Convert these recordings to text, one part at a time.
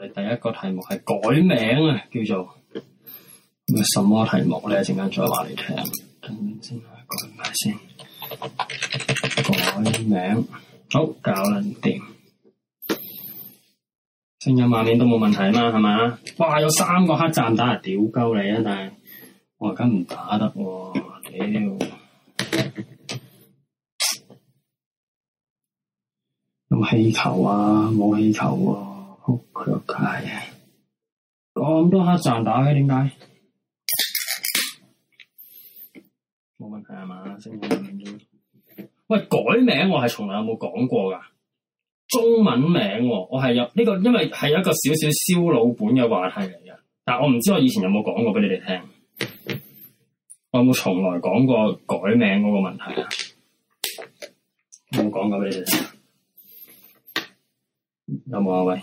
我哋第一個題目係改名啊，叫做咩什麼題目咧？陣間再話你聽。等先改先。改名好，搞掂，聲音畫面都冇問題嘛？係嘛？哇！有三個黑站打啊！屌鳩你啊！但係我而家唔打得喎，屌，有氣球啊？冇氣球啊。好，咁多黑站打嘅，點解？冇問題啊嘛，先講喂，改名我係從來有冇講過噶中文名我，我係有呢個，因為係一個少少燒腦本嘅話題嚟嘅，但係我唔知我以前有冇講過俾你哋聽，我有冇從來講過改名嗰個問題啊？有冇講過俾你哋聽？有冇啊？喂？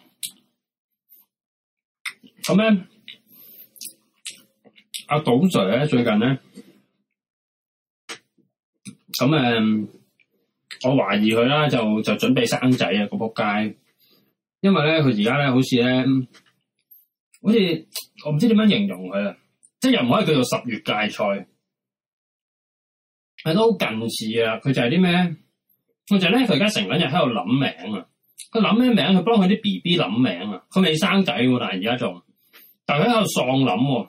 咁咧，阿、啊、董 Sir 咧最近咧，咁誒，我懷疑佢啦，就就準備生仔啊！嗰仆街，因為咧佢而家咧好似咧，好似我唔知點樣形容佢啊，即係又唔可以叫做十月芥菜，係都好近似啊！佢就係啲咩，我就咧佢而家成兩日喺度諗名啊，佢諗咩名？佢幫佢啲 B B 諗名啊，佢未生仔喎，但係而家仲。但佢喺度喪諗喎，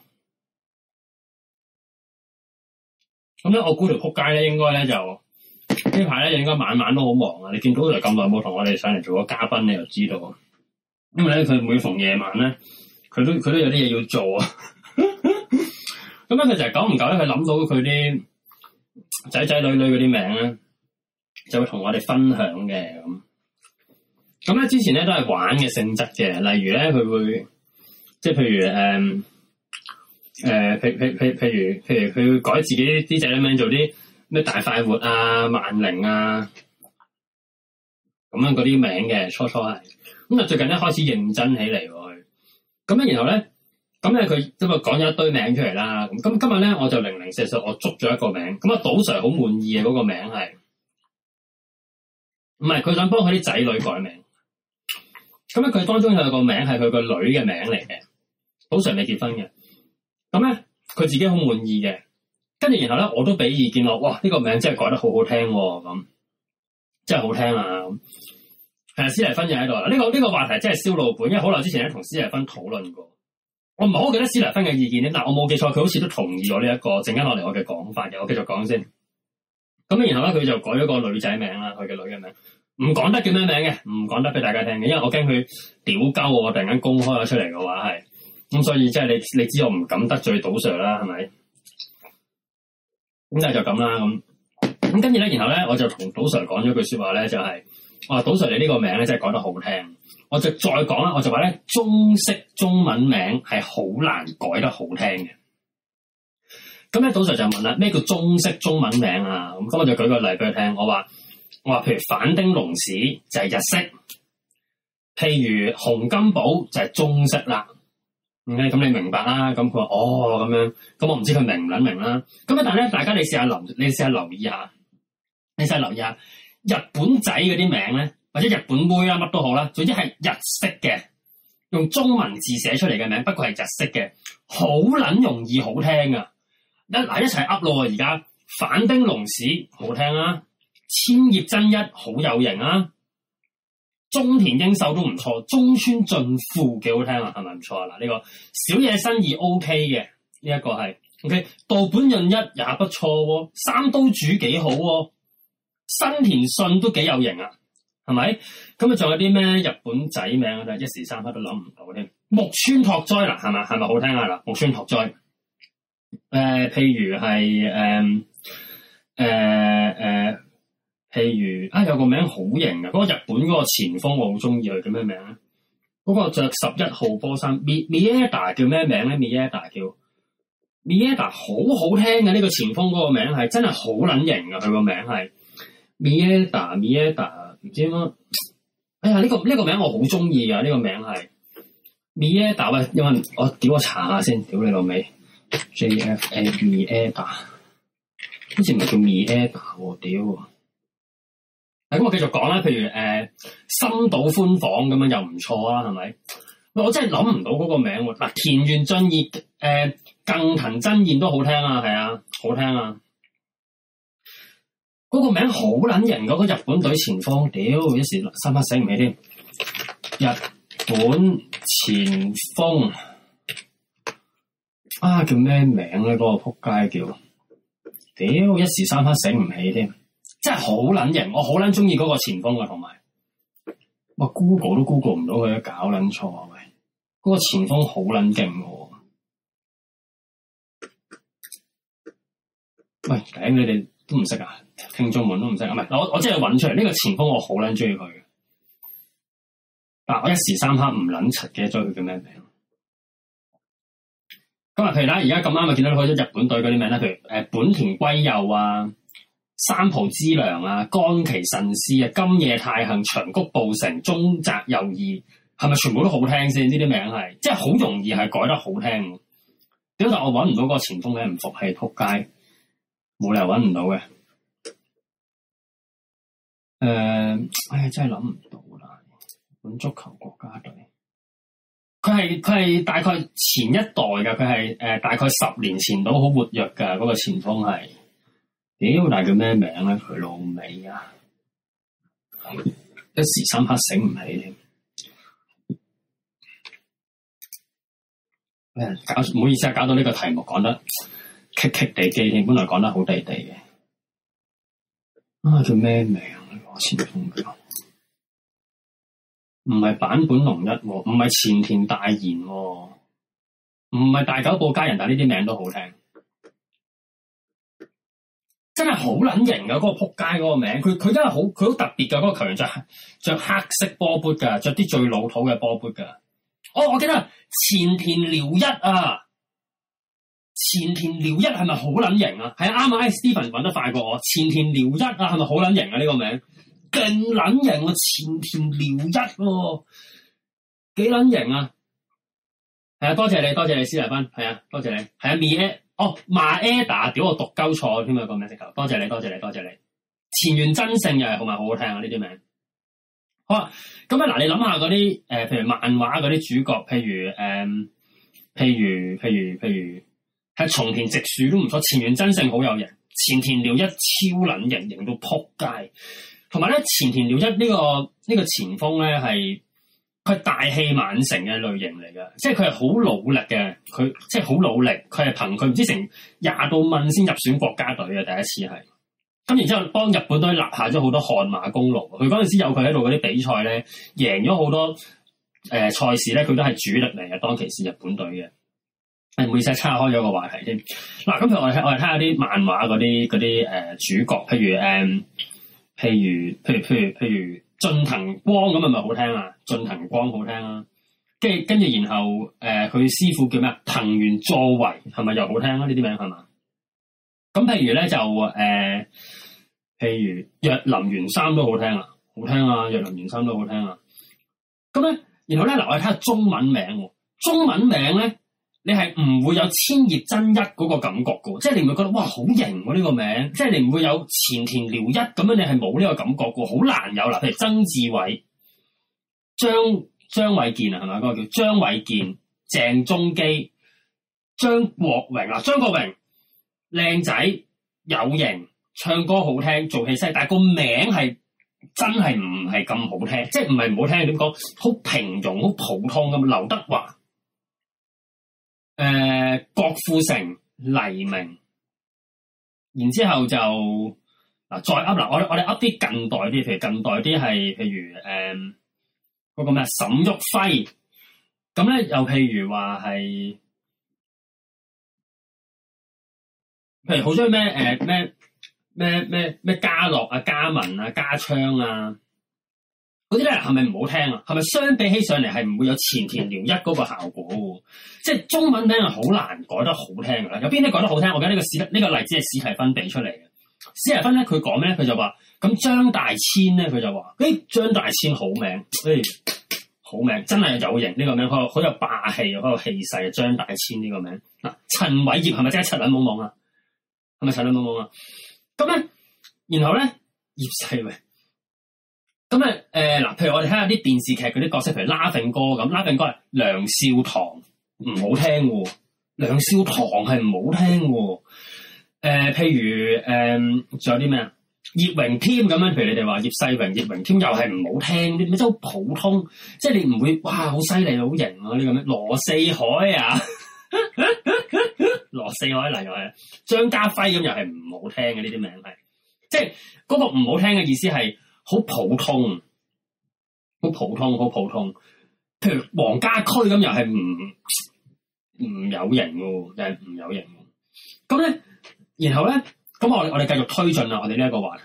咁咧我估條撲街咧應該咧就呢排咧應該晚晚都好忙啊！你見到佢就咁耐冇同我哋上嚟做過嘉賓，你又知道，因為咧佢每逢夜晚咧，佢都佢都有啲嘢要做啊 久久。咁咧佢就係久唔久咧，佢諗到佢啲仔仔女女嗰啲名咧，就會同我哋分享嘅咁。咁咧之前咧都係玩嘅性質嘅，例如咧佢會。即係、嗯呃、譬，譬，譬，譬如誒誒，譬譬譬譬如譬如佢改自己啲仔女名做啲咩大快活啊、萬寧啊，咁樣嗰啲名嘅初初係，咁啊最近咧開始認真起嚟喎，咁樣然後咧，咁咧佢今日講咗一堆名出嚟啦，咁今今日咧我就零零舍舍我捉咗一個名，咁啊賭 Sir 好滿意嘅嗰個名係，唔係佢想幫佢啲仔女改名，咁樣佢當中有個名係佢個女嘅名嚟嘅。好常未結婚嘅，咁咧佢自己好滿意嘅，跟住然後咧我都俾意見我，哇呢、這個名真係改得好好聽咁、哦，真係好聽啊！係啊，斯麗芬就喺度啦，呢、這個呢、這個話題真係燒腦本，因為好耐之前咧同斯麗芬討論過，我唔係好記得斯麗芬嘅意見咧，但係我冇記錯，佢好似都同意咗、這個、呢一個，陣間落嚟我嘅講法嘅，我繼續講先。咁然後咧佢就改咗個女仔名啦，佢嘅女嘅名，唔講得叫咩名嘅，唔講得俾大家聽嘅，因為我驚佢屌鳩喎，我突然間公開咗出嚟嘅話係。咁所以即係你，你知我唔敢得罪賭 Sir 啦，係咪？咁就就咁啦。咁咁跟住咧，然後咧，我就同賭 Sir 講咗句説話咧，就係話賭 Sir 你呢個名咧，真係講得好聽。我就再講啦，我就話咧，中式中文名係好難改得好聽嘅。咁咧，賭 Sir 就問啦，咩叫中式中文名啊？咁，咁我就舉個例俾佢聽，我話我話，譬如反丁龍屎就係日式，譬如洪金寶就係中式啦。咁、嗯、你明白啦，咁佢話哦咁樣，咁我唔知佢明唔捻明啦。咁啊但係咧，大家你試下留，你試下留意下，你試下留意下日本仔嗰啲名咧，或者日本妹呀乜都好啦，總之係日式嘅，用中文字寫出嚟嘅名，不過係日式嘅，好捻容易好聽呀。一嗱一齊噏咯，而家反町隆史好聽啊，千葉真一好有型啊。中田英壽都唔錯，中村俊輔幾好聽啊，係咪唔錯啊？嗱、呢個，呢個小野伸二 O K 嘅，呢、呢、一個係 O K，稻本潤一也不錯喎，三都主幾好喎，新田信都幾有型啊，係咪？咁啊，仲有啲咩日本仔名咧？一時三刻都諗唔到添。木村拓哉啦，係咪？係咪好聽啊？木村拓哉，誒、呃，譬如係誒誒誒。呃呃呃譬如啊、哎，有個名好型啊，嗰、那個日本嗰個前鋒，我好中意佢，叫咩名啊？嗰、那個着十一號波衫，Mi Mieda 叫咩名咧？Mieda 叫 Mieda，好好聽嘅呢、這個前鋒嗰個名係真係好撚型啊。佢個名係 Mieda，Mieda 唔知乜？哎呀，呢、這個呢、這個名我好中意啊。呢、這個名係 m i e d a 喂，因為我屌，我查一下先，屌你老味。J F M m i e d a 之前咪叫 m i e d a 喎，屌。咁我繼續講啦，譬如誒、呃、深度寬房咁樣又唔錯啊，係咪？我真係諗唔到嗰個名喎。嗱、呃，田原俊二誒近藤真彥都好聽啊，係啊，好聽啊。嗰、那個名好撚人，嗰、那個日本隊前鋒，屌！一時三刻醒唔起添。日本前鋒，啊，叫咩名咧？嗰、那個撲街叫屌！一時三刻醒唔起添。真係好撚型，我好撚中意嗰個前鋒㗎。同埋，哇 Google 都 Google 唔到佢，搞撚錯啊！喂，嗰個前鋒好撚勁喎，喂，頂你哋都唔識啊，聽眾們都唔識啊，唔係，我我，我真係揾出嚟，呢個前鋒我好撚中意佢嘅，但係我一時三刻唔撚柒記得咗佢叫咩名。今日譬如啦，而家咁啱咪見到佢咗日本隊嗰啲名咧，譬如本田圭佑啊。三浦知良啊，干其神師啊，今夜太行長谷步城，中澤佑二，係咪全部都好聽先、啊？呢啲名係，即係好容易係改得好聽。點解我揾唔到嗰個前鋒名唔服氣扑街，冇理由揾唔到嘅。誒、呃，唉，真係諗唔到啦！本足球國家隊，佢係佢係大概前一代噶，佢係誒大概十年前到，好活躍噶嗰個前鋒係。咦，好大個咩名咧？佢老味啊！一時三刻醒唔起。搞，唔好意思啊，搞到呢個題目講得棘棘地地，本嚟講得好地地嘅。啊，叫咩名啊？前鋒叫唔係坂本龍一喎，唔、啊、係前田大賢喎，唔、啊、係大久保家人，但呢啲名字都好聽。真係好撚型噶嗰個撲街嗰個名，佢佢真係好佢好特別噶嗰個球員着着黑色波波噶，着啲最老土嘅波波噶。我、哦、我記得前田遼一啊，前田遼一係咪好撚型啊？係啊，啱啱，Stephen 搵得快過我。前田遼一啊，係咪好撚型啊？呢、這個名，勁撚型啊，前田遼一，幾撚型啊？係啊，多謝你，多謝你，施萊芬，係啊，多謝你，係啊 m e 哦、oh,，Maeda 屌我讀鳩錯添啊！個名識鳩，多謝你，多謝你，多謝你。前原真性又係好咪好好聽啊！呢啲名好啊。咁啊，嗱，你諗下嗰啲誒，譬如漫畫嗰啲主角，譬如誒、呃，譬如譬如譬如係松田直樹都唔錯，前原真性好有型，前田遼一超撚型，型到撲街，同埋咧前田遼一呢、呢個呢、呢個前鋒咧係。是佢大器晚成嘅類型嚟嘅，即係佢係好努力嘅，佢即係好努力，佢係憑佢唔知成廿到蚊先入選國家隊嘅第一次係，咁然之後幫日本隊立下咗好多汗馬功勞。佢嗰陣時有佢喺度嗰啲比賽咧，贏咗好多誒賽、呃、事咧，佢都係主力嚟嘅，當其時日本隊嘅。誒，唔好意思，叉開咗個話題添。嗱，咁譬如我哋我哋睇下啲漫畫嗰啲啲誒主角，譬如誒、呃，譬如譬如譬如譬如。譬如譬如譬如進藤光咁係咪好聽啊？進藤光好聽啊？跟跟住然後誒佢、呃、師傅叫咩啊？藤原佐為係咪又好聽啊？呢啲名係嘛？咁譬如咧就誒、呃，譬如若林元三都好聽啊，好聽啊，若林元三都好聽啊。咁咧，然後咧，嗱我睇下中文名，中文名咧。你係唔會有千葉真一嗰個感覺噶，即係你唔會覺得哇好型喎呢個名，啊，即係你唔會有前田遼一咁樣，你係冇呢個感覺噶，好難有啦。譬如曾志偉、張張衛健啊，係咪？嗰個叫張衛健、鄭中基、張國榮啊，張國榮靚仔有型，唱歌好聽，做戲犀，但係個名係真係唔係咁好聽，即係唔係唔好聽點講，好平庸、好普通咁。劉德華。誒、呃，郭富城、黎明，然之後就嗱再噏啦，我我哋噏啲近代啲，譬如近代啲係譬如誒嗰、呃那個咩沈旭輝，咁咧又譬如話係譬如好中意咩誒咩咩咩咩家樂啊嘉文啊家昌啊。嗰啲咧係咪唔好聽啊？係咪相比起上嚟，係唔會有前田遼一嗰個效果？即係中文名係好難改得好聽噶啦。有邊啲改得好聽？我記得呢、這個史呢、這個例子係史提芬俾出嚟嘅。史提芬咧佢講咩？佢就話：，咁張大千咧佢就話：，誒、欸、張大千好名，誒、欸、好名，真係有型呢、這個名，好有霸氣，好有氣勢啊！張大千呢個名嗱，陳偉業係咪真係七捻懵懵啊？係咪七捻懵懵啊？咁咧，然後咧，葉世榮。咁啊，誒、呃、嗱，譬如我哋睇下啲電視劇嗰啲角色，譬如拉頓哥咁，拉頓哥係梁少棠唔好聽喎，梁少棠係唔好聽喎、呃。譬如誒，仲、呃、有啲咩啊？葉榮添咁樣，譬如你哋話葉世榮、葉榮添又係唔好聽，啲咩真係好普通，即係你唔會哇，好犀利，好型啊！呢個咩？羅四海啊， 羅四海又，嚟如係張家輝咁，又係唔好聽嘅呢啲名，係即係嗰、嗰個唔好聽嘅意思係。好普通，好普通，好普通。譬如黃家駒咁，又係唔唔有型喎，又係唔有型喎。咁咧，然後咧，咁我我哋繼續推進啦，我哋呢一個話題。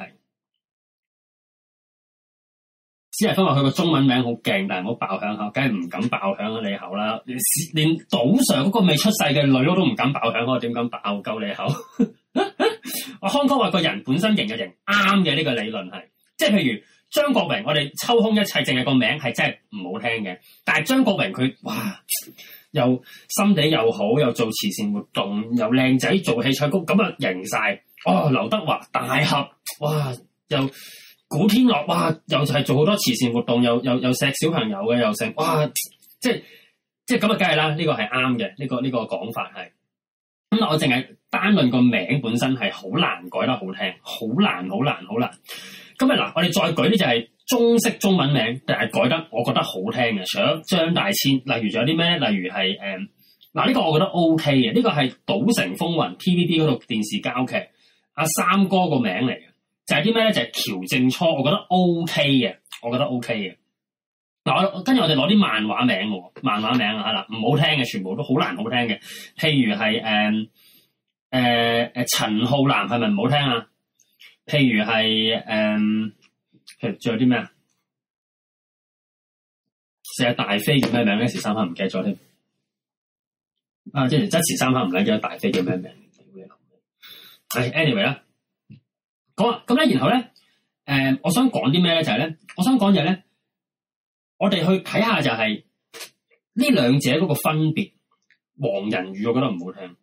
只係因為佢個中文名好勁，但係唔好爆響口，梗係唔敢爆響你口啦。連連島上嗰個未出世嘅女都都唔敢爆響，我點敢爆鳩你口？ 我康哥話個人本身型嘅型啱嘅呢個理論係。即係譬如張國榮，我哋抽空一切，淨係個名係真係唔好聽嘅。但係張國榮佢哇，又心地又好，又做慈善活動，又靚仔，做戲唱曲，咁啊型晒。哦，劉德華大俠，哇，又古天樂，哇，又係做好多慈善活動，又又又錫小朋友嘅，又成哇，即係即係咁啊，梗係啦，呢個係啱嘅，呢個呢個講法係。咁我淨係單論個名本身係好難改得好聽，好難，好難，好難。今日嗱，我哋再舉啲就係中式中文名，定係改得我覺得好聽嘅，除咗張大千。例如仲有啲咩？例如係誒嗱，呢、嗯這個我覺得 O K 嘅，呢、這個係《賭城風雲》T V B 嗰度電視交劇，阿、啊、三哥個名嚟嘅，就係啲咩咧？就係、是、喬正初，我覺得 O K 嘅，我覺得 O K 嘅。嗱，跟住我哋攞啲漫畫名喎，漫畫名啊嗱，唔好聽嘅全部都好難好聽嘅，譬如係誒陳浩南係咪唔好聽啊？譬如係誒、嗯，譬如仲有啲咩啊？成日大飛叫咩名？一時三刻唔記得咗添。啊，即係一時三刻唔記得咗大飛叫咩名？你係，anyway 啦。講啦，咁咧，然後咧、嗯，我想講啲咩咧？就係、是、咧，我想講就係咧，我哋去睇下就係、是、呢兩者嗰個分別。黃仁宇，我覺得唔好聽。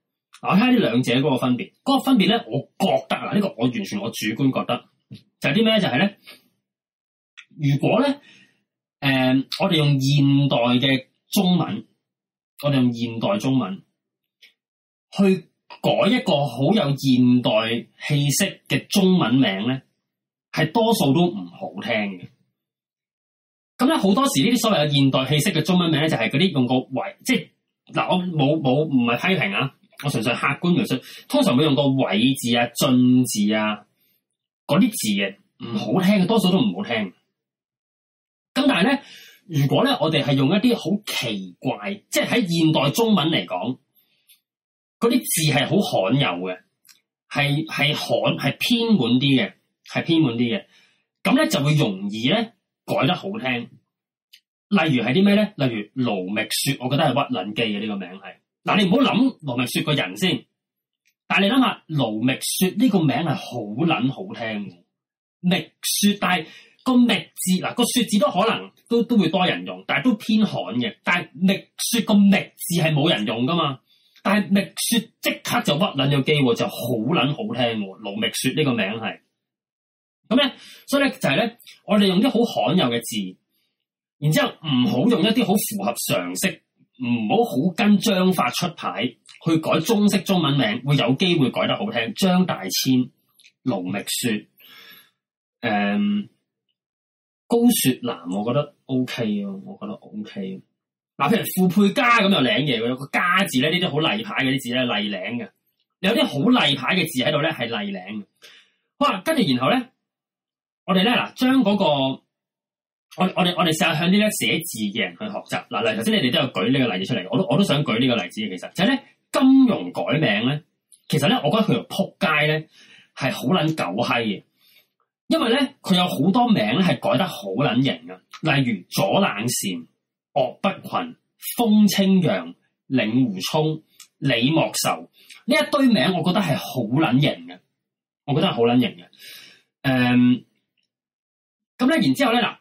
我睇下呢兩者嗰個分別，嗰個分別咧，我覺得嗱，呢個我完全我主觀覺得就係啲咩？就係咧，如果咧，誒，我哋用現代嘅中文，我哋用現代中文去改一個好有現代氣息嘅中文名咧，係多數都唔好聽嘅。咁咧，好多時呢啲所謂嘅現代氣息嘅中文名咧，就係嗰啲用個維，即係嗱，我冇冇唔係批評啊。我純粹客觀描述，通常會用個委字啊、進字啊嗰啲字嘅，唔好聽嘅，多數都唔好聽。咁但係咧，如果咧我哋係用一啲好奇怪，即係喺現代中文嚟講，嗰啲字係好罕有嘅，係係罕係偏滿啲嘅，係偏滿啲嘅，咁咧就會容易咧改得好聽。例如係啲咩咧？例如勞覓雪，我覺得係屈麟基嘅呢個名係。嗱，你唔好諗盧覓雪個人先，但係你諗下盧覓雪呢個名係好撚好聽嘅，覓雪，但係個覓字嗱個雪字都可能都都會多人用，但係都偏罕嘅，但係覓雪個覓字係冇人用噶嘛，但係覓雪即刻就屈撚個機會，就好撚好聽，盧覓雪呢個名係，咁咧，所以咧就係、是、咧，我哋用啲好罕有嘅字，然之後唔好用一啲好符合常識。唔好好跟章法出牌去改中式中文名，會有機會改得好聽。張大千、龍鳴雪、嗯、高雪藍、OK，我覺得 OK 咯，我覺得 OK。嗱，譬如傅佩嘉咁又領嘢有個家字咧，呢啲好例牌嘅啲字咧，例領嘅。有啲好例牌嘅字喺度咧，係例領嘅。好啦跟住然後咧，我哋咧嗱，將嗰個。我我哋我哋成日向啲咧寫字嘅人去學習嗱，例如頭先你哋都有舉呢個例子出嚟，我都我都想舉呢個例子嘅，其實就係咧金庸改名咧，其實咧我覺得佢條撲街咧係好捻狗嗨嘅，因為咧佢有好多名咧係改得好捻型嘅，例如左冷禪、岳不群、風清揚、令狐沖、李莫愁呢一堆名，我覺得係好捻型嘅，我覺得係好捻型嘅，我覺得係好捻型嘅，誒，咁咧然之後咧嗱。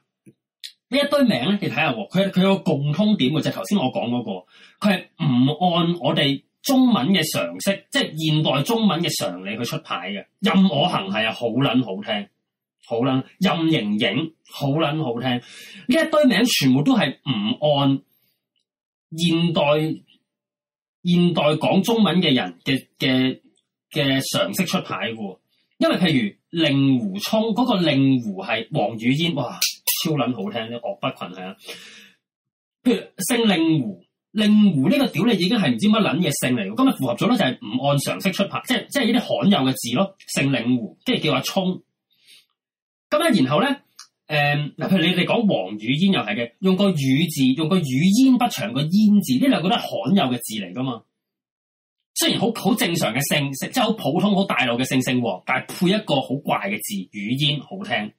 呢一堆名咧，你睇下，佢佢有共通點嘅就係頭先我講嗰個，佢係唔按我哋中文嘅常識，即係現代中文嘅常理去出牌嘅。任我行係啊，好撚好聽，好撚，任盈盈，好撚好聽。呢一堆名全部都係唔按現代現代講中文嘅人嘅嘅嘅常識出牌嘅，因為譬如。令狐沖嗰，那個令狐係王語嫣，哇，超捻好聽咧，岳不群係啊，譬如姓令狐，令狐呢個屌，咧已經係唔知乜捻嘢姓嚟，咁咪符合咗咯，就係唔按常識出牌，即係即係呢啲罕有嘅字咯，姓令狐，即係叫阿沖，咁咧然後咧，誒、呃、嗱，譬如你哋講王語嫣又係嘅，用個語字，用個語焉不詳個煙字，呢兩個都係罕有嘅字嚟噶嘛。雖然好好正常嘅姓，即係好普通好大路嘅姓，但係配一個好怪嘅字，語音好聽。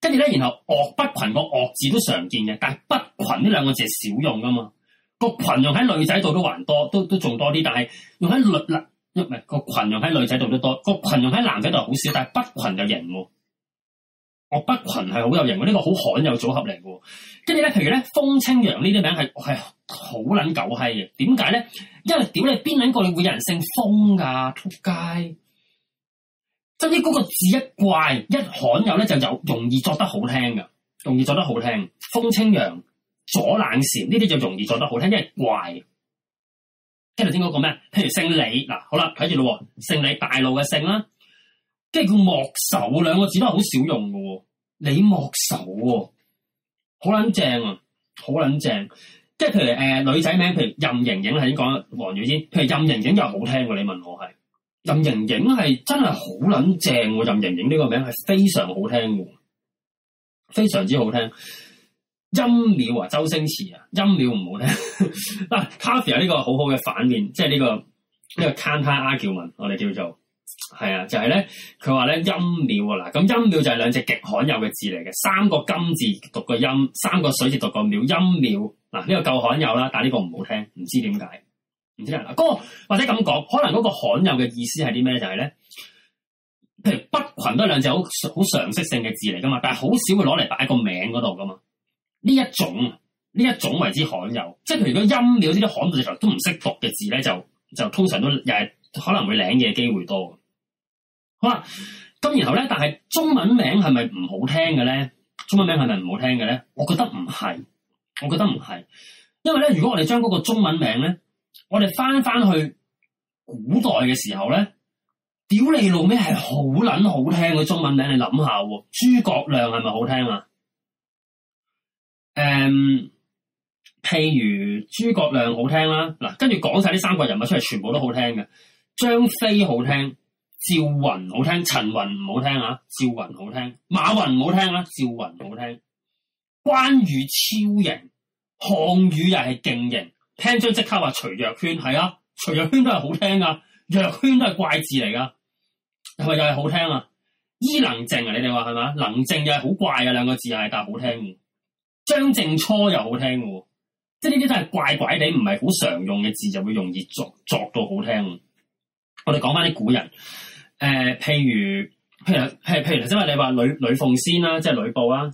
跟住咧，然後岳不群個岳字都常見嘅，但係不群呢兩個字是少用噶嘛。個群用喺女仔度都還多，都都仲多啲，但係用喺女男，唔係個群用喺女仔度都多，個群用喺男仔度好少，但係不群就型。我岳不群係好有型嘅，呢、這個好罕有組合嚟喎，跟住咧，譬如咧，風清揚、哎、呢啲名係係好捻狗閪嘅。點解咧？因為屌你邊捻個你會有人姓風噶？撲街！真係嗰個字一怪一罕有咧，就有容易作得好聽㗎。容易作得好聽。風清揚、左冷禪呢啲就容易作得好聽，因為怪。聽頭先嗰個咩？譬如姓李嗱，好啦，睇住喎。姓李大路嘅姓啦。即係佢「莫愁兩個字都係好少用嘅，你、啊「莫愁，好撚正啊，好撚正、啊。即係譬如誒、呃、女仔名，譬如任盈盈係點講？已經黃耀先譬如任盈盈又好聽嘅。你問我係任盈盈係真係好撚正，任盈盈呢、啊、個名係非常好聽嘅，非常之好聽。音了啊，周星馳啊，音了唔好聽。嗱，Kathy 呢個好好嘅反面，即係呢、這個呢、這個 counter argument，我哋叫做。係啊，就係、是、咧，佢話咧音淼啊啦，咁音淼就係兩隻極罕有嘅字嚟嘅，三個金字讀個音，三個水字讀個淼，音淼嗱呢個夠罕有啦，但係呢個唔好聽，唔知點解，唔知啊嗰、那個或者咁講，可能嗰個罕有嘅意思係啲咩？就係、是、咧，譬如北群都係兩隻好好常識性嘅字嚟噶嘛，但係好少會攞嚟擺個名嗰度噶嘛，呢一種呢一種為之罕有，即係如果音淼呢啲罕到你頭都唔識讀嘅字咧，就就通常都又係可能會領嘢機會多。哇！咁然後咧，但係中文名係咪唔好聽嘅咧？中文名係咪唔好聽嘅咧？我覺得唔係，我覺得唔係，因為咧，如果我哋將嗰個中文名咧，我哋翻翻去古代嘅時候咧，屌你老味係好捻好聽嘅中文名，你諗下，諸葛亮係咪好聽啊？誒、嗯，譬如諸葛亮好聽啦、啊，嗱，跟住講晒呢三個人物出嚟，全部都好聽嘅，張飛好聽。趙雲好聽，陳雲唔好聽啊！趙雲好聽，馬雲唔好聽啊！趙雲好聽，關羽超型，項羽又係勁型，聽咗即刻話徐若瑄係啊，徐若瑄都係好聽噶、啊，若瑄都係怪字嚟噶，係咪又係好聽啊？伊能靜啊，你哋話係嘛？能靜又係好怪啊兩個字、啊，係但係好聽嘅，張靜初又好聽嘅，即係呢啲都係怪怪地，唔係好常用嘅字，就會容易作作到好聽。我哋講翻啲古人。誒、呃，譬如譬如譬如譬如，譬如你話呂奉先啦，即係呂布啦，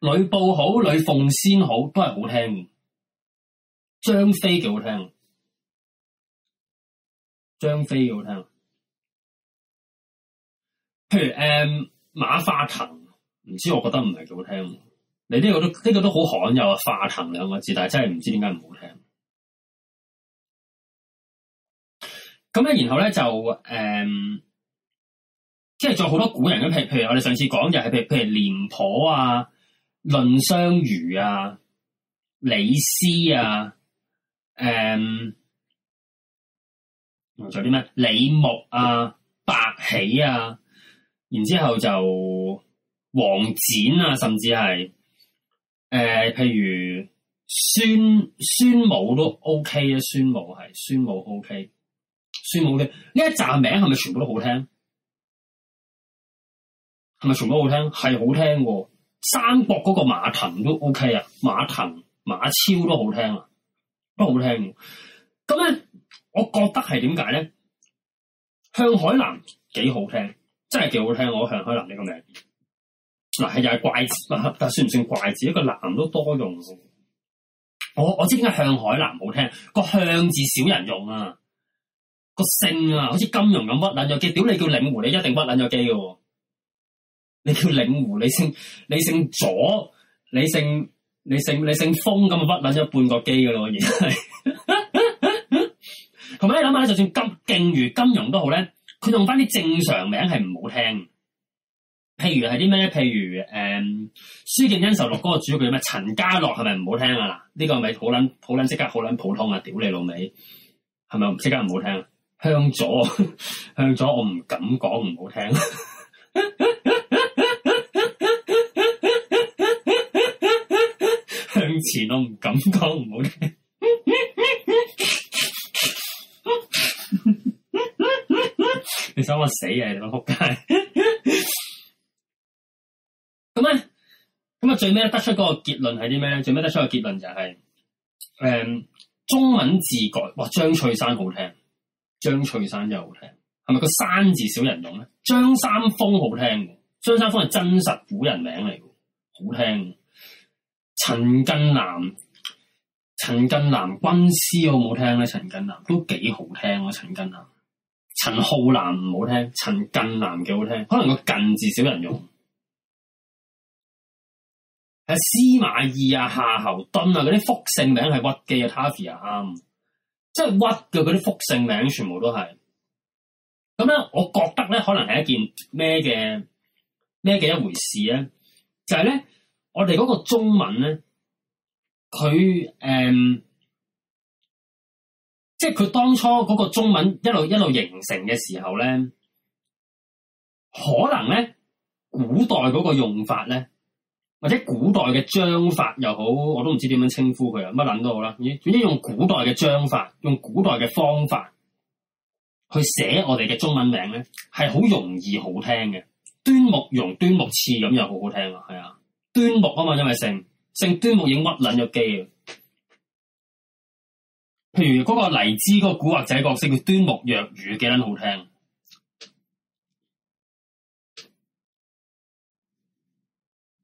呂布好，呂奉先好，都係好，好聽。張飛幾好聽，張飛幾好聽。譬如誒、呃，馬化騰，唔知我覺得唔係幾好聽的。你呢個都呢、呢個都好罕有啊，化騰兩個字，但係真係唔知點解唔好聽。咁咧、嗯嗯，然後咧就誒，即係仲有好多古人咁。譬譬如我哋上次講就係，譬譬如廉頗啊、藺相如啊、李斯啊，誒，仲有啲咩？李牧啊、白起啊，然之後就王翦啊，甚至係誒，譬如孫孫武都 OK 啊。孫武係孫武 OK。算好聽，呢一集名係咪全部都好聽？係咪全部都好聽？係好聽喎。三國嗰個馬騰都 OK 啊，馬騰、馬超都好聽啊，都好聽喎。咁咧，我覺得係點解咧？向海南幾好聽，真係幾好聽。我向海南呢個名，嗱、啊、係又係怪字，但係算唔算怪字？一個南都多用。我我知點解向海南好聽，個向字少人用啊。個姓啊，好似金庸咁屈捻咗機，屌你叫令狐，你一定屈捻咗機嘅、啊。你叫令狐，你姓你姓左，你姓你姓你姓封咁啊，屈捻咗半個機噶咯、啊，然係。同 埋你諗下，就算金勁如金庸都好咧，佢用翻啲正常名係唔好聽。譬如係啲咩？譬如誒，書、呃、劍恩仇錄嗰個主角叫咩？陳家洛係咪唔好聽啊？嗱、這個，呢個係咪好捻好捻即刻好捻普通啊？屌你老味，係咪唔即刻唔好聽、啊？向左，向左，我唔敢講，唔好聽。呵呵向前，我唔敢講，唔好聽。 你想我死啊？你想我扑街？咁啊，咁啊，最尾得出嗰個結論係啲咩咧？最尾得出個結論就係、是、誒、嗯，中文字改哇，張翠珊好聽。張翠山真係好聽，係咪個山字少人用咧？張三豐好聽，張三豐係真實古人名嚟嘅，好聽。陳近南，陳近南軍師好唔好聽咧？陳近南都幾好聽啊。陳近南。陳浩南唔好聽，陳近南幾好聽，可能個近字少人用。阿 司馬懿啊，夏侯惇啊，嗰啲複姓名係屈機啊 Taffy 啊啱。即係屈嘅嗰啲複姓名，全部都係。咁、嗯、咧，我覺得咧，可能係一件咩嘅咩嘅一回事咧，就係、是、咧，我哋嗰個中文咧，佢、嗯、即係佢當初嗰個中文一路一路形成嘅時候咧，可能咧，古代嗰個用法咧。或者古代嘅章法又好，我都唔知點樣稱呼佢啊，乜撚都好啦。總之用古代嘅章法，用古代嘅方法去寫我哋嘅中文名咧，係好容易好聽嘅。端木容、端木刺咁又好好聽啊，係啊，端木啊嘛，因為姓姓端木已經屈撚咗機。啊。譬如嗰個黎姿嗰個古惑仔角色叫端木若愚，幾撚好聽。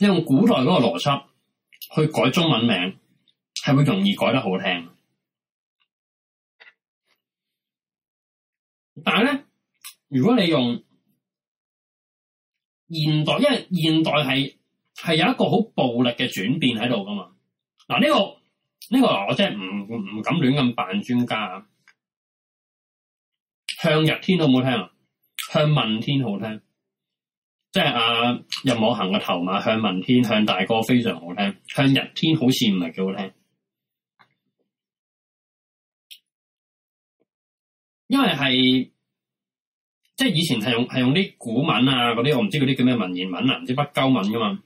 你用古代嗰個邏輯去改中文名，係會容易改得好聽。但係咧，如果你用現代，因為現代係係有一個好暴力嘅轉變喺度㗎嘛、這個。嗱呢個呢個我真係唔唔敢亂咁扮專家啊。向日天好唔好聽啊？向問天好聽。即係啊！任我行嘅頭馬向問天向大哥非常好聽，向日天好似唔係幾好聽。因為係即係以前係用係用啲古文啊嗰啲，我唔知嗰啲叫咩文言文啊，唔知不溝文噶嘛。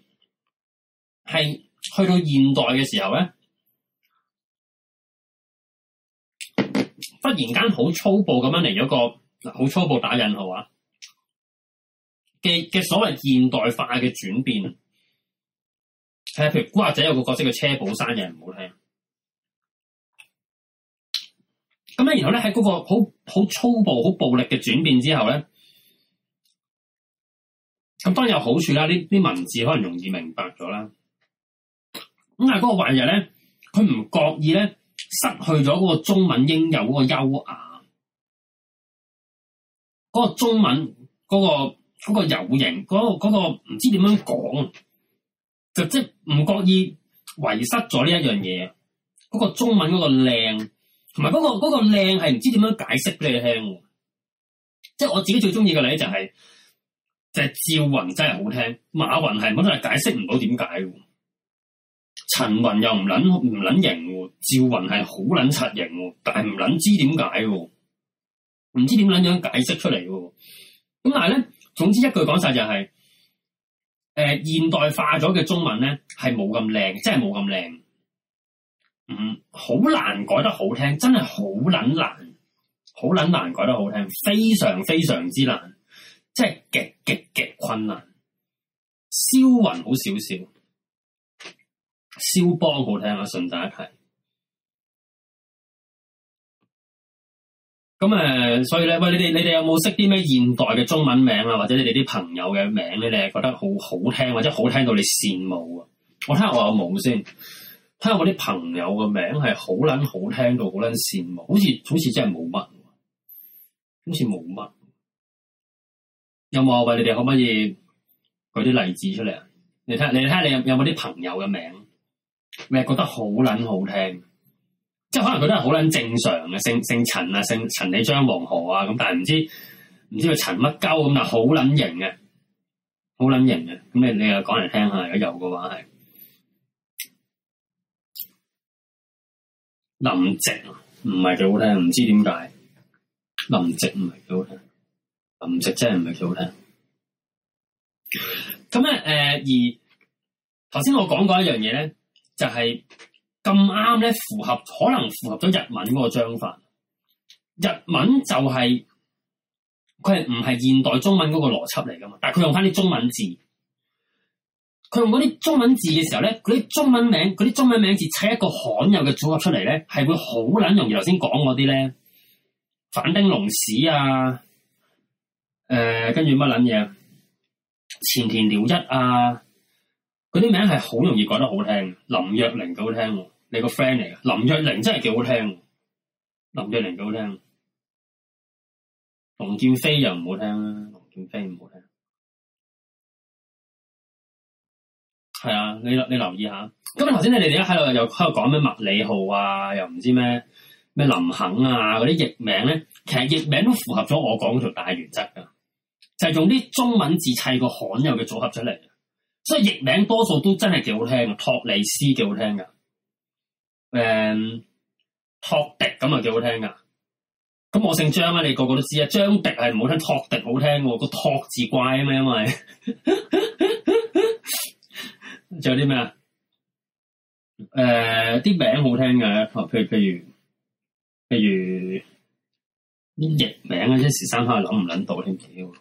係去到現代嘅時候咧，忽然間好粗暴咁樣嚟咗個好粗暴打引號啊！嘅嘅所謂現代化嘅轉變，係譬如古惑仔有個角色叫車寶山人，唔好聽。咁咧，然後咧喺嗰個好好粗暴，好暴力嘅轉變之後咧，咁當然有好處啦，呢啲文字可能容易明白咗啦。咁但係嗰個壞人咧，佢唔覺意咧失去咗嗰個中文應有嗰個優雅，嗰個中文嗰個。嗰個有型，嗰個、嗰個唔知點樣講，就即係唔覺意遺失咗呢一樣嘢。嗰個中文嗰個靚，同埋嗰個嗰個靚係唔知點樣解釋俾你聽的。即係我自己最中意嘅咧，就係就係趙雲真係好聽，馬雲係我能係解釋唔到點解。陳雲又唔捻唔捻型，趙雲係好捻出型，但係唔捻知點解，唔知點捻樣解釋出嚟。咁但係咧。總之一句講晒就係、是呃，現代化咗嘅中文咧係冇咁靚，真係冇咁靚，嗯，好難改得好聽，真係好撚難，好撚難改得好聽，非常非常之難，即係極極極困難。肖雲好少少，肖邦好聽啊，順帶一提。咁、嗯、誒，所以咧，餵你哋，你哋有冇識啲咩現代嘅中文名啊？或者你哋啲朋友嘅名咧，你係覺得好好聽，或者好聽到你羨慕啊？我聽下我有冇先，聽下我啲朋友嘅名係好撚好聽到好撚羨慕，好似好似真係冇乜，好似冇乜。有冇餵你哋可唔可以舉啲例子出嚟啊？你睇下，你睇下你有有冇啲朋友嘅名，你係覺得好撚好聽？即係可能佢都係好捻正常嘅，姓姓陳啊，姓陳李張黃河啊咁，但係唔知唔知佢陳乜鳩咁，但係好捻型嘅，好捻型嘅。咁你你又講嚟，聽下，如果有嘅話，係林夕唔係幾好聽，唔知點解林夕唔係幾好聽，林夕真係唔係幾好聽。咁啊誒，而頭先我講過一樣嘢咧，就係、是。咁啱咧，符合可能符合咗日文嗰個章法。日文就係佢係唔係現代中文嗰個邏輯嚟噶嘛？但係佢用翻啲中文字，佢用嗰啲中文字嘅時候咧，佢啲中文名、佢啲中文名字砌一個罕有嘅組合出嚟咧，係會好捻容易。頭先講嗰啲咧，反丁龍史啊，誒、呃，跟住乜捻嘢？前田遼一啊，佢啲名係好容易講得好聽，林若寧，幾好聽。你個 friend 嚟嘅林若玲真係幾好聽，林若玲幾好聽，龍劍飛又唔好聽啦。龍劍飛唔好聽，係啊，你你留意下。咁頭先你哋而家喺度又喺度講咩麥理浩啊，又唔知咩咩林肯啊嗰啲譯名咧，其實譯名都符合咗我講條大原則㗎，就係用啲中文字砌個罕有嘅組合出嚟，所以譯名多數都真係幾好聽。托利斯幾好聽㗎。誒、嗯，托迪咁啊，幾好聽噶。咁我姓張啊，你個個都知啊。張迪係唔好聽，托迪好聽。個托字怪啊嘛，因為。仲 有啲咩、呃、啊？誒，啲名好聽嘅，譬譬如譬如啲譯名啊，一時三刻諗唔諗到添嘅。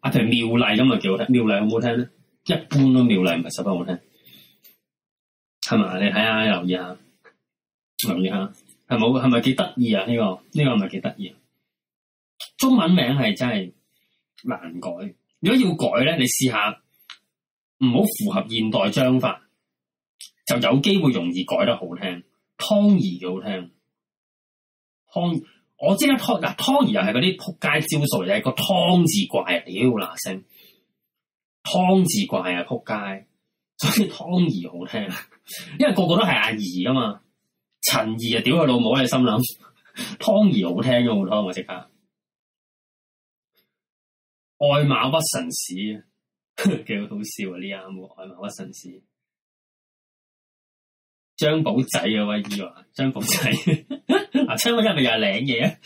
阿條妙麗咁啊，幾好聽。妙麗好唔好聽咧？一般都妙麗唔係十分好聽，係咪？你睇下，留意下，留意下，係冇？係咪幾得意啊？呢個呢個係咪幾得意啊？中文名係真係難改，如果要改咧，你試下，唔好符合現代章法，就有機會容易改得好聽。湯兒幾好聽，湯，我知啦，湯啊，湯兒又係嗰啲撲街招數嚟嘅，個湯字怪了嗱聲。湯字怪啊，撲街！所以湯怡好聽啊，因為個個都係阿怡㗎嘛。陳怡啊，屌佢老母！你心諗湯怡好聽嘅好多，我即刻愛馬屈臣氏，幾好笑啊！呢啱喎，愛馬屈臣氏，張寶仔啊。喂，呢個，張寶仔嗱，張寶仔係咪又係領嘢啊！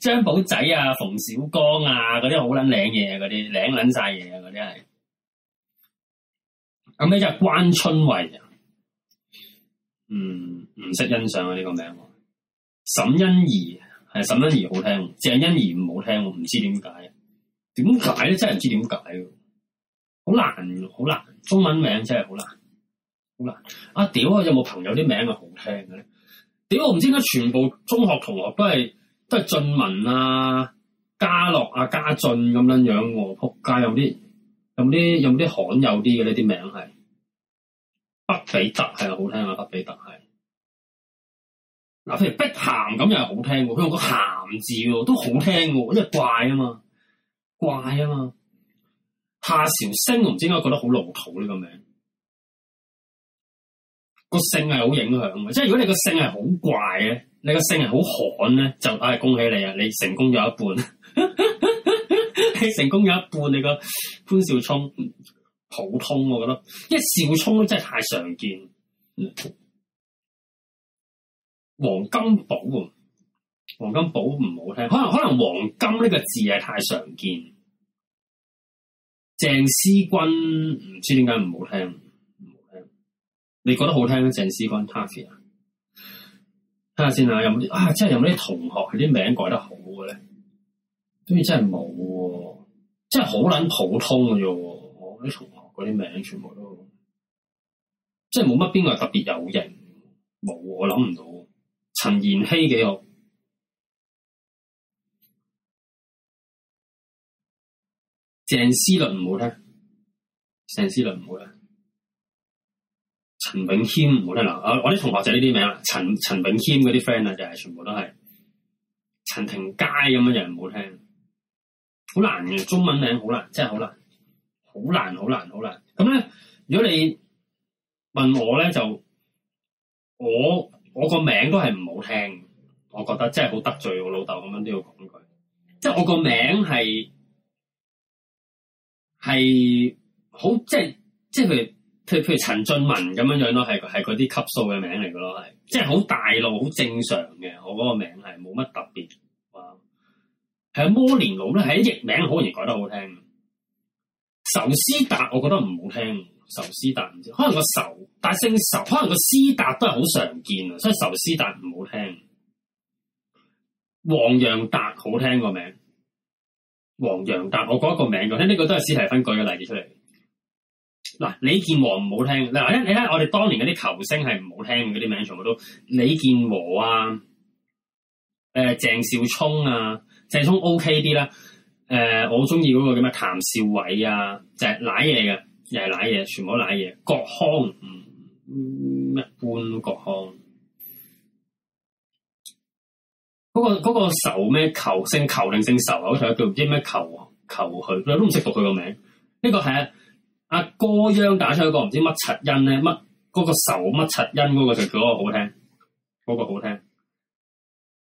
張寶仔啊，馮小剛啊，嗰啲好撚領嘢啊，嗰啲領撚晒嘢啊，嗰啲係。咁咧就關春慧，嗯，唔識欣賞啊呢，這個名，啊，沈欣宜係，嗯，沈欣宜好聽，啊，鄭欣宜唔好聽，啊，我唔知點解，啊，點解咧真係唔知點解，啊，好難好難，中文名真係好難，好難。啊屌有有啊，有冇朋友啲名係好聽嘅咧？屌我唔知點解，全部中學同學都係都係俊文啊，嘉樂啊，嘉俊咁樣樣，啊，我仆街有啲。有冇啲有啲罕有啲嘅呢啲名係？北比特係好聽啊，北比特係。嗱，譬如碧咸咁又係好聽嘅，佢用個「咸」字喎都好聽喎。因為怪啊嘛，怪啊嘛。夏朝星，我唔知點解覺得好老土呢個名。個姓係好影響嘅，即係如果你個姓係好怪咧，你個姓係好罕咧，就唉恭喜你啊，你成功咗一半。 你成功有一半，你個潘少聰、嗯、普通，我覺得，因為少聰真係太常見。黃金寶，黃金寶唔好聽，可能可能黃金呢個字係太常見。嗯、鄭思君唔知點解唔好聽，唔好聽，你覺得好聽咧，啊？鄭思君 Tavia，睇下先啊，有冇啲啊？真係有冇啲同學佢啲名改得好嘅咧？都真係冇，真係好捻普通嘅啫。我啲同學嗰啲名全部都，即係冇乜邊個特別有型，冇，我諗唔到。陳妍希幾好，鄭思倫唔好聽，鄭思倫唔好，好聽，陳炳謙唔好聽啦、啊。我我啲同學就呢啲名啦。陳炳謙嗰啲 friend 啊，就係全部都係陳廷佳咁樣就唔好聽。好難嘅，中文名好難，真係好難，好難好難好難。咁咧，如果你問我咧，就我我個名都係唔好聽，我覺得真係好得罪我老豆咁樣都要講句，即係我個名係係好即係即係譬如譬如譬如陳俊文咁樣樣咯，係係嗰啲級數嘅名嚟噶咯，係即係好大路好正常嘅，我嗰個名係冇乜特別。係摩連奴咧，係譯名容易好易改得好聽。仇斯達，我覺得唔好聽。仇斯達唔知，可能個仇，但姓仇，可能個斯達都係好常見啊，所以仇斯達唔好聽。黃洋達好聽個，名黃洋達，我個名字聽，黃洋達我講一個名嘅，呢個都係史提芬舉嘅例子出嚟。嗱，李健和唔好聽。嗱你睇下我哋當年嗰啲球星係唔好聽嗰啲名，全部都李健和啊，誒鄭少聰啊。謝聰 O K 啲啦，誒、呃，我中意嗰個叫咩譚少偉啊，就係瀨嘢嘅，又係瀨嘢，全部都瀨嘢。郭康，嗯，咩般郭康，嗰、嗰個嗰、嗰個仇咩球，姓球定姓仇、這個，啊？好似叫唔知咩球球佢，我都唔識讀佢個名。呢個係阿阿哥央打出一、嗰個唔知乜柒音咧，乜、那、嗰個仇乜柒音嗰個就叫好聽，嗰、嗰個好聽。嗰個好聽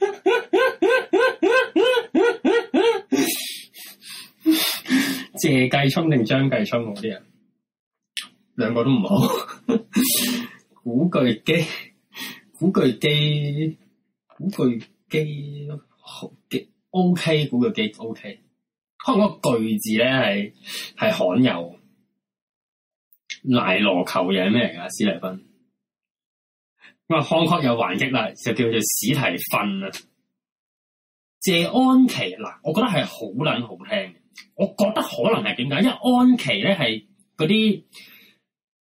謝繼聰定張繼聰嗰啲人，兩個都唔好。 古巨基，古巨基，古巨基，好極，O K，古巨基 O K。可能嗰個巨字咧係係罕有羅求人。奶酪球嘢咩嚟㗎？史麗芬。咁啊，康克有還擊啦，就叫做史提芬啦。謝安琪嗱，我覺得係好撚好聽。我覺得可能係點解？因為安琪咧係嗰啲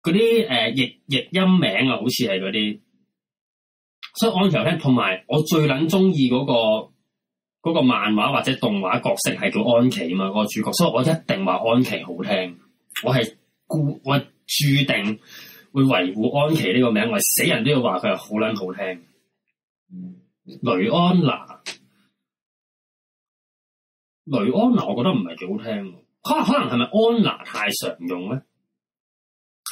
嗰啲誒，譯譯音名啊，好似係嗰啲。所以安琪好聽。同埋我最撚中意嗰個嗰、嗰個漫畫或者動畫角色係叫安琪啊嘛，個主角。所以我一定話安琪好聽。我係固，我係注定，會維護安琪呢個名，我係死人都要話佢係好撚好聽。雷安娜、雷安娜，我覺得唔係幾好聽，啊。可可能係咪安娜太常用咧？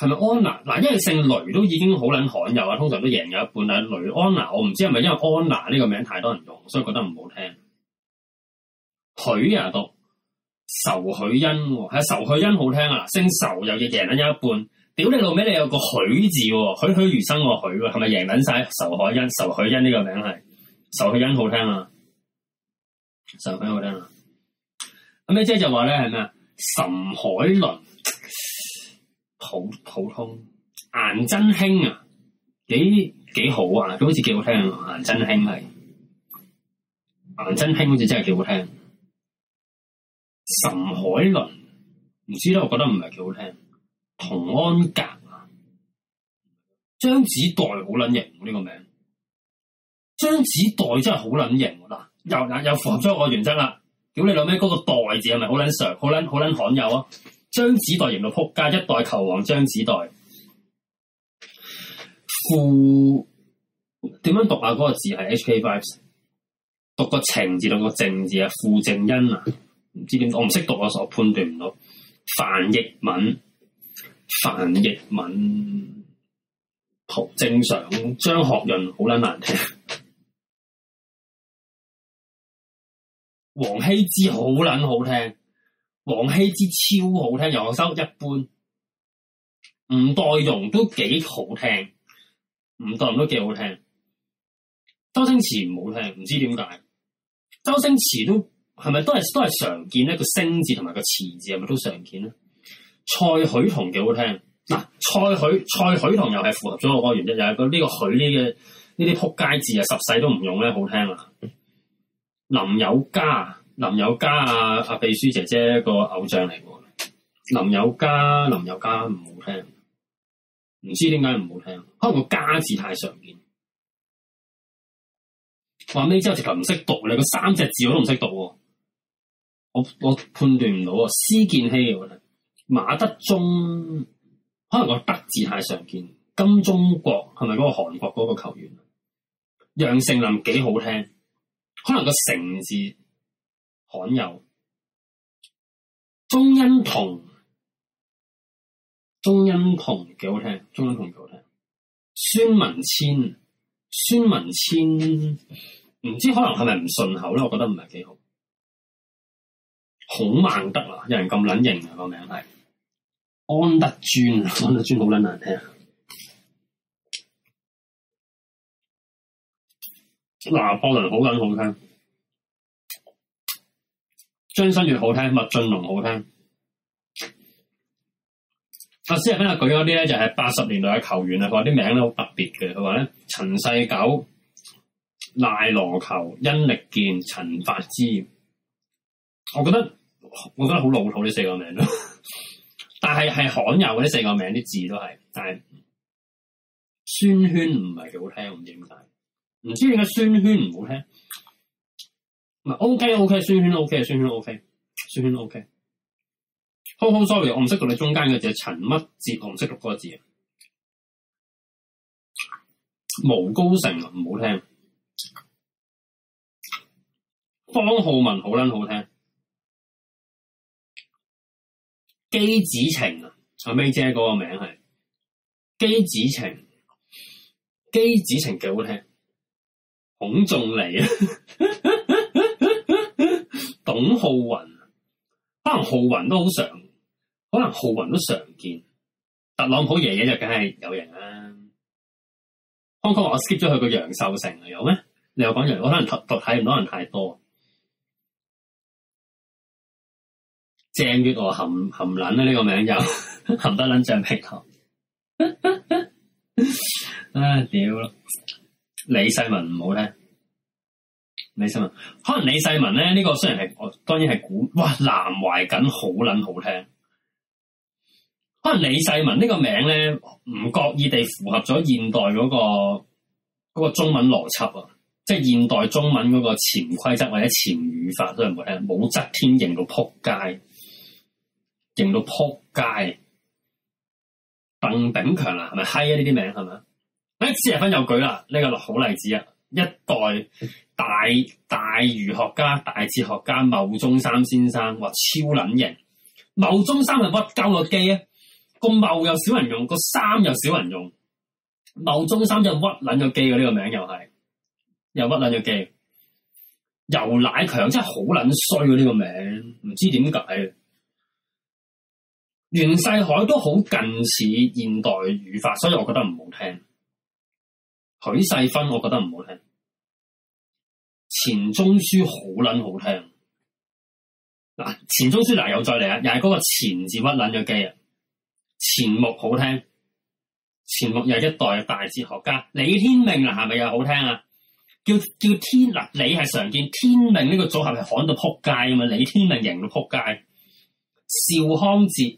係咪安娜嗱？因為姓雷都已經好撚罕有啊，通常都贏有一半。但雷安娜，我唔知係咪因為安娜呢個名太多人用，所以覺得唔好聽。許啊讀仇許欣，係、啊、仇許欣好聽啊！姓仇又要贏咗一半。屌你老味，你有個許字喎，許許如生我許喎，係咪贏緊晒仇海欣、仇海欣呢個名係？仇海欣好聽啊，仇海好聽啊。咁咧即係就話咧係咩啊？岑海倫普普通，顏真卿啊，幾幾好啊？佢好似幾好聽啊！顏真卿係，顏真卿好似真係幾好聽。岑海倫唔知咧，我覺得唔係幾好聽。同安格啊，張子岱好卵型，呢個名張子岱真係好卵型嗱。又又符合我原則啦。屌你老咩嗰個岱字係咪好卵傻？好卵好卵罕有啊！張子岱型到仆街，一代球王張子岱。傅點樣讀啊？嗰、那個字係 H K Five 讀個情字同個正字啊。傅正恩啊，唔知點，我唔識讀，啊。所以我判斷唔到。范逸敏。范逸敏好正常，張學潤好撚難聽，王羲之好撚好聽，王羲之超好聽，又收一般，吳代容都幾好聽，吳代容都幾好聽，周星馳唔好聽，唔知點解，周星馳都係咪都係都係常見咧？個星字同埋個詞字係咪都常見咧？蔡許同幾好聽嗱、啊，蔡許蔡許同又係符合咗我個個原因，就係個呢個許呢嘅呢啲撲街字啊，十世都唔用咧，好聽啦。林有嘉，林有嘉啊阿秘書姐姐個偶像嚟喎。林有嘉林有嘉唔好聽，唔知點解唔好聽，可能個嘉字太常見。話尾之後直頭唔識讀你個三隻字我都唔識讀，我我判斷唔到啊。施建熙馬德中可能個德字太常見，金鐘國係咪嗰個韓國嗰個球員？楊丞琳幾好聽，可能個成字罕有。鐘欣桐，鐘欣桐幾好聽，鐘欣桐幾好聽。孫文千，孫文千唔知可能係咪唔順口咧，我覺得唔係幾好。孔孟德啊，有人咁撚型啊，那個名係。安德尊，安德尊好捻難聽。拿破崙好捻好聽，張新月好聽，麥浚龍好聽。阿師今日舉咗啲咧，就係八十年代嘅球員啊，佢話啲名咧好特別嘅，佢話咧陳世九、賴羅球、殷力健、陳發枝。我覺得我覺得好老土呢四個名咯。但係係罕有啲四個名啲字都係，但係孫軒唔係幾好聽，唔知點解，唔知點解孫軒唔好聽。唔係 OK OK，孫軒 OK，孫軒 OK，孫軒 OK, OK, OK。好，好 sorry，我唔識讀你中間嗰隻陳乜節，我唔識讀嗰個字。毛高成唔好聽，方浩文好撚好聽。姬子晴啊，阿 May 姐嗰個名係姬子晴，姬子晴幾好聽。孔仲尼啊，董浩雲，可能浩雲都好常，可能浩雲都常見。特朗普爺爺就梗係有人啦。剛剛我 skip 咗佢個楊秀成啊，有咩？你又講楊，我可能睇唔到人太多。鄭月娥含含撚、這個、啊！呢個名就含得撚正鼻頭，唉屌咯！李世民唔好聽，李世民可能李世民咧呢、這個雖然係當然係古哇南懷瑾好撚好聽，可能李世民呢個名咧唔覺意地符合咗現代嗰、那個、那個中文邏輯啊，即係現代中文嗰個潛規則或者潛語法都唔好聽。武則天型到撲街。型到撲街，鄧炳強啦，係咪閪啊？呢啲名係咪啊？誒，施亞、哎、分又舉啦，呢、呢個好例子啊！一代大大儒學家、大哲學家牟宗三先生，話超卵型。牟宗三係屈鳩個機啊！個牟又少人用，個三又少人用。牟宗三就屈卵咗機嘅呢個名又係，又屈卵咗機。尤乃強真係好卵衰嘅呢個名，唔知點解。袁世凱都好近似現代語法，所以我覺得唔好聽。許世芬我覺得唔好聽。錢鍾書好捻好聽。嗱，錢鍾書嗱又再嚟啊，又係嗰個錢字屈捻咗機啊。錢穆好聽，錢穆又一代大哲學家。李天命嗱係咪又好聽啊？叫叫天嗱係係常見，天命呢個組合係罕到扑街啊嘛，李天命贏到扑街。邵康節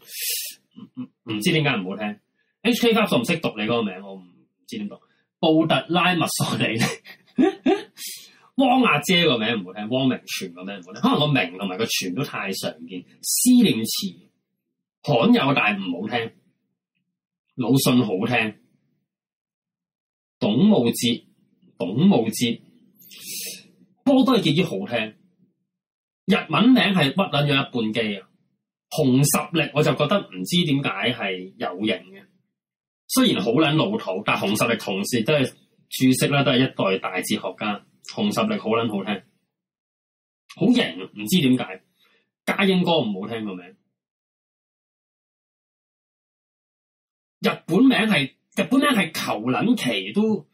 唔唔唔知點解唔好聽，HK p l 唔識讀你嗰個名，我唔唔知點讀。布特拉密索尼，汪阿姐個名唔好聽，汪明荃個名唔好聽，可能個名同埋個荃都太常見。思念詞罕有，但係唔好聽。魯迅好聽，董武節，董武節，武波多都係幾好聽。日文名係屈捻咗一半機啊！熊十力，我就覺得唔知點解係有型嘅。雖然好捻老土，但係熊十力同時都係注釋啦，都係一代大哲學家。熊十力好捻好聽，好型，唔知點解。嘉英哥唔好聽個名，日本名係日本名係求撚其都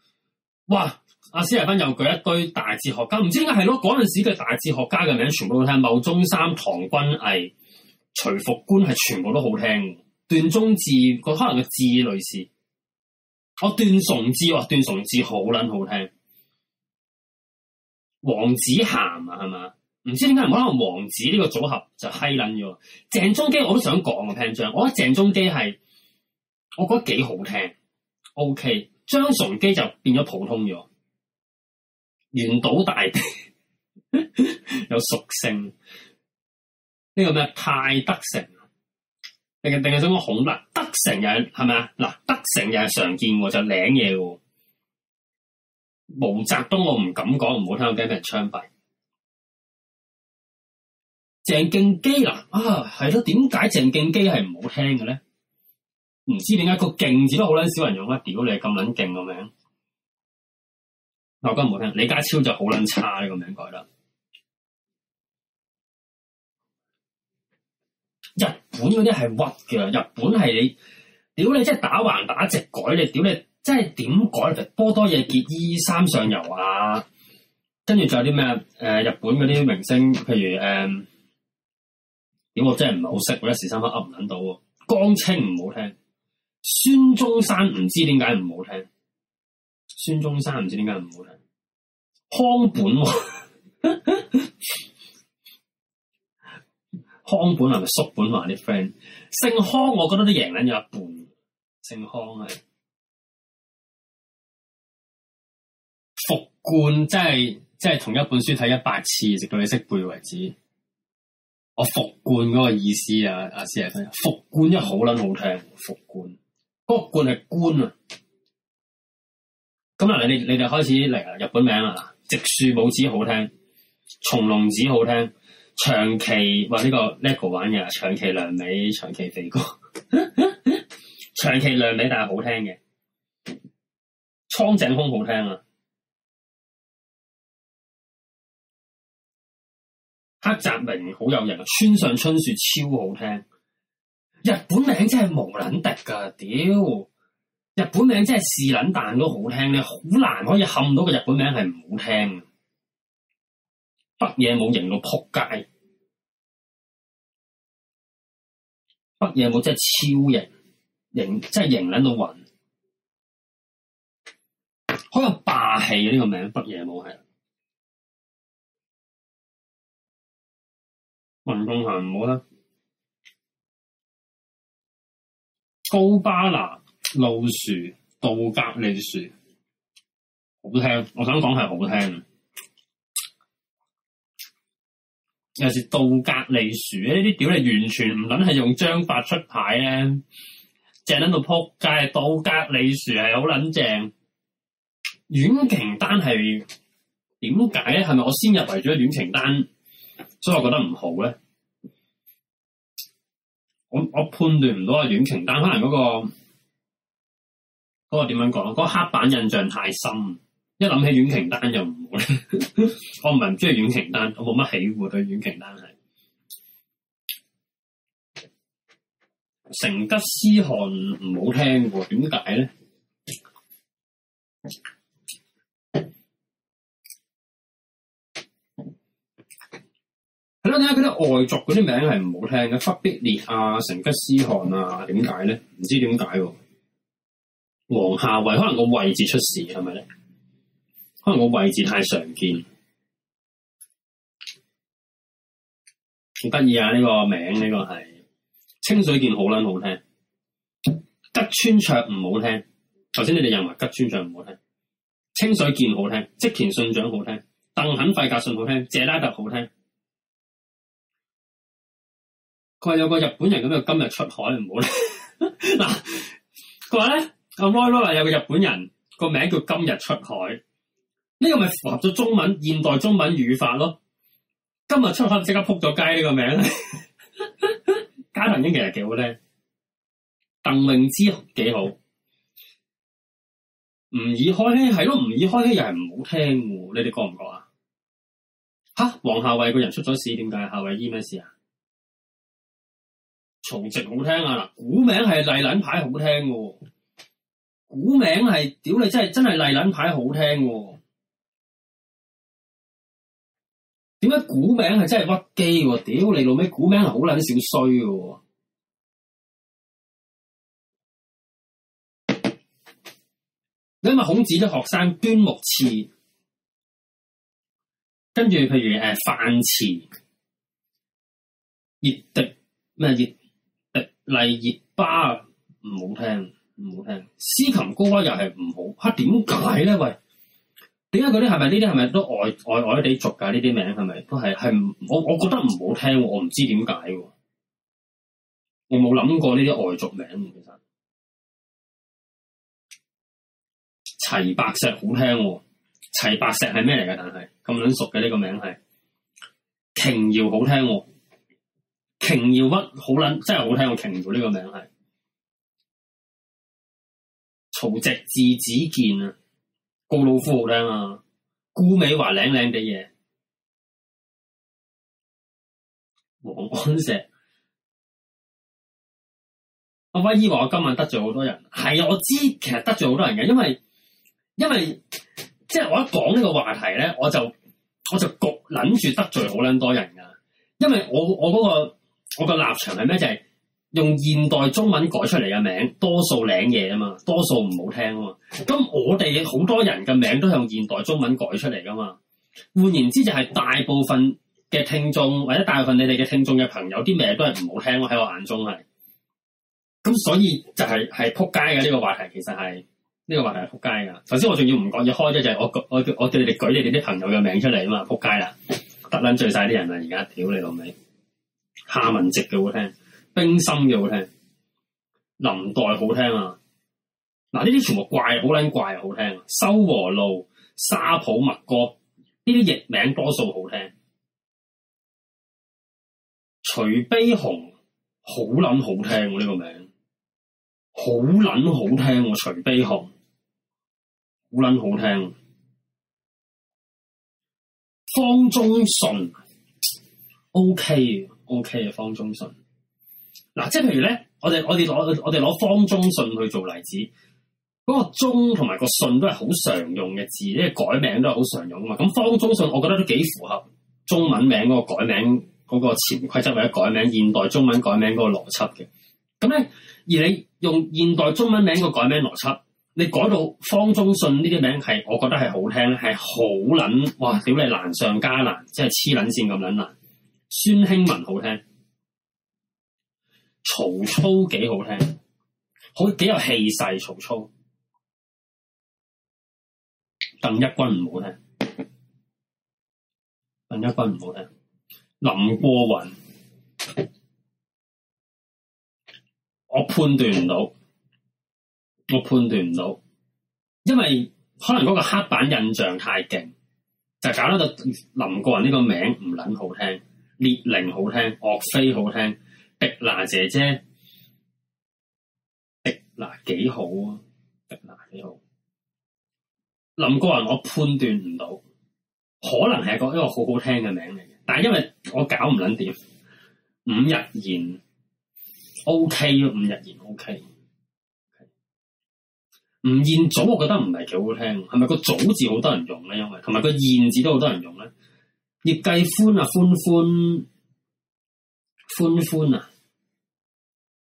哇。阿斯利芬又舉一堆大哲學家，唔知點解係咯。嗰陣時嘅大哲學家嘅名全部都聽，牟宗三、唐君毅。徐福官，係全部都好聽的段宗。段中志，佢可能個志類似，我段崇志，我段崇志好捻好聽，王子涵啊，係嘛，唔知點解，可能王子呢個組合就嗨捻咗。鄭中基，我都想講個聽張，我覺得，鄭中基係我覺得幾好聽，OK，張崇基就變咗普通咗，圓島大地 有屬性。呢個咩？太德成定定係想講恐怖德成嘅係咪啊？嗱，德成又係常見喎，就領嘢喎。毛澤東我唔敢講，唔好聽，驚俾人槍斃。鄭敬基嗱啊，係、啊、咯，點解鄭敬基係唔好聽嘅咧？唔知點解個敬字都好撚少人用啦！屌你咁撚勁個名！我覺得唔好聽。李家超就好撚差呢個名改得。日本嗰啲係屈嘅，日本係你屌你，即係打橫打直改你屌你，即係點改？波多野結衣三上悠亞，跟住仲有啲咩誒？日本嗰啲明星，譬如誒，屌、呃呃、我真係唔係好識，一時三刻噏唔撚到，江青唔好聽，孫中山唔知點解唔好聽，孫中山唔知點解唔好聽，康本。 康本係咪叔本華啲 friend？姓康，我覺得都贏緊有一半。姓康係復冠，即係即係同一本書睇一百次，直到你識背為止。我復冠嗰個意思啊，阿師係復冠一好捻好聽，復冠復冠係官啊。咁嗱，你你哋開始嚟啊，日本名啊，直樹母子好聽，松隆子好聽。長期話呢、這個叻哥、這個、玩嘅，長期亮尾、長期肥哥。長期亮尾，但係好聽嘅。蒼井空好聽啊，黑澤明好有型，村上春樹超好聽。日本名真係無捻敵噶，屌！日本名真係是捻但都好聽，你好難可以撼到個日本名係唔好聽的。北野武型到撲街，北野武真係超型，型，真係型，撚到暈。好有霸氣嘅呢個名，北野武係。運動鞋唔好啦，高巴拿、路樹、道格利樹，好聽。我想講係好聽。有是杜格利樹，呢啲屌你完全唔捻係用張法出牌咧，正喺度扑街。杜格利樹係好捻正，遠情單係點解？係咪我先入為咗遠情單，所以我覺得唔好咧？我我判斷唔到啊，軟情單可能嗰、那個嗰、那個點樣講嗰個黑板印象太深。一諗起遠擎丹又唔好咧， 我唔係唔中意遠擎丹，我冇乜喜喎。對遠擎丹係成吉思汗唔好聽喎？點解咧？係 咯？睇下佢啲外族嗰啲名係唔好聽嘅，忽必烈啊、成吉思汗啊？點解咧？唔知點解喎？黃夏蕙可能個位置出事係咪咧？因為我位置太常見，好得意啊！呢、呢個名呢、呢個係清水健好啦，好聽，吉川卓唔好聽。頭先你哋又話吉川卓唔好聽，清水健好聽，織田信長好聽，鄧肯費格遜好聽，謝拉特好聽。佢話有個日本人咁樣今日出海唔好聽嗱。佢話咧阿威羅有個日本人個名叫今日出海。呢、這個咪符合咗中文現代中文語法咯？今日出發，即刻撲咗街呢個名字呢，嘉 騰英其實幾好咧，鄧穎芝幾好，吳 以開咧係咯，吳以開咧又係唔好聽喎，你哋覺唔覺啊？吓，黃夏蕙個人出咗事，點解夏蕙姨咩事啊？重直好聽啊！嗱，古名係麗捻牌好聽嘅，古名係屌你真係真係麗捻牌好聽。點解古名係真係屈機啊？屌你老味，古名係好撚少衰嘅。因為孔子啲學生端木賜，跟住譬如誒范遲，葉迪咩，葉迪麗熱巴，唔好聽，唔好聽。斯琴高娃又係唔好，吓，點解咧？喂？點解嗰啲係咪？呢啲係咪都外外外地族噶？呢啲名係咪都係？係我我覺得唔好聽，我唔知點解。我冇諗過呢啲外族名。其實齊白石好聽，齊白石係咩嚟嘅？但係咁撚熟嘅呢個名係。瓊瑤好聽，瓊瑤屈好撚真係好聽。我瓊瑤呢個名係。曹植字子建。啊。高老夫好靚啊，顧美華靚靚嘅嘢，黃君石阿威姨話我今晚得罪好多人，係啊，我知其實得罪好多人嘅，因為因為即係、就是、我一講呢個話題咧，我就我就局諗住得罪好撚多人噶，因為我我嗰、那個我個立場係咩就係、是。用現代中文改出嚟嘅名，多數領嘢啊嘛，多數唔好聽啊嘛。咁我哋好多人嘅名都用現代中文改出嚟噶嘛。換言之，就係大部分嘅聽眾或者大部分你哋嘅聽眾嘅朋友，啲名都係唔好聽咯。喺我眼中係。咁所以就係係撲街嘅呢、這個話題，其實係呢、這個話題係撲街噶。首先、就是，我仲要唔講要開啫，就係我我我叫你哋舉你哋啲朋友嘅名出嚟啊嘛，撲街啦，特捻醉晒啲人啊，而家屌你老味，蝦文直嘅會聽。冰心嘅好聽，林黛好聽啊！嗱、啊，呢啲全部怪好撚怪好聽、啊，修和路、沙普麥歌呢啲譯名多數好聽。徐悲鴻好撚好聽、啊，呢、呢個名好撚好聽、啊，我徐悲鴻好撚好聽、啊。方中信 OK 嘅、OK 嘅方中信。嗱，即係譬如咧，我哋我哋攞我哋攞方中信去做例子，嗰個中同埋個信都係好常用嘅字，因為改名都係好常用啊嘛。咁方中信，我覺得都幾符合中文名嗰個改名嗰個潛規則或者改名現代中文改名嗰個邏輯嘅。咁咧，而你用現代中文名個改名邏輯，你改到方中信呢啲名係，我覺得係好聽咧，係好撚哇！屌你難上加難，即係黐撚線咁撚難。孫興文好聽。曹操幾好聽，好幾有氣勢。曹操，鄧一君唔好聽，鄧一君唔好聽。林過雲，我判斷唔到，我判斷唔到，因為可能嗰個黑板印象太勁，就搞到林過雲呢個名唔撚好聽，列寧好聽，岳飛好聽。迪娜姐姐，迪娜幾好啊？迪娜幾好？林哥啊，我判斷唔到，可能係一個一個好好聽嘅名嚟嘅，但係因為我搞唔捻掂。五日言 O K 咯，OK，五日言 O、OK、K。吳彥祖我覺得唔係幾好聽，係咪個祖字好多人用咧？因為同埋個彥字都好多人用咧。葉繼歡啊，歡歡。歡歡啊，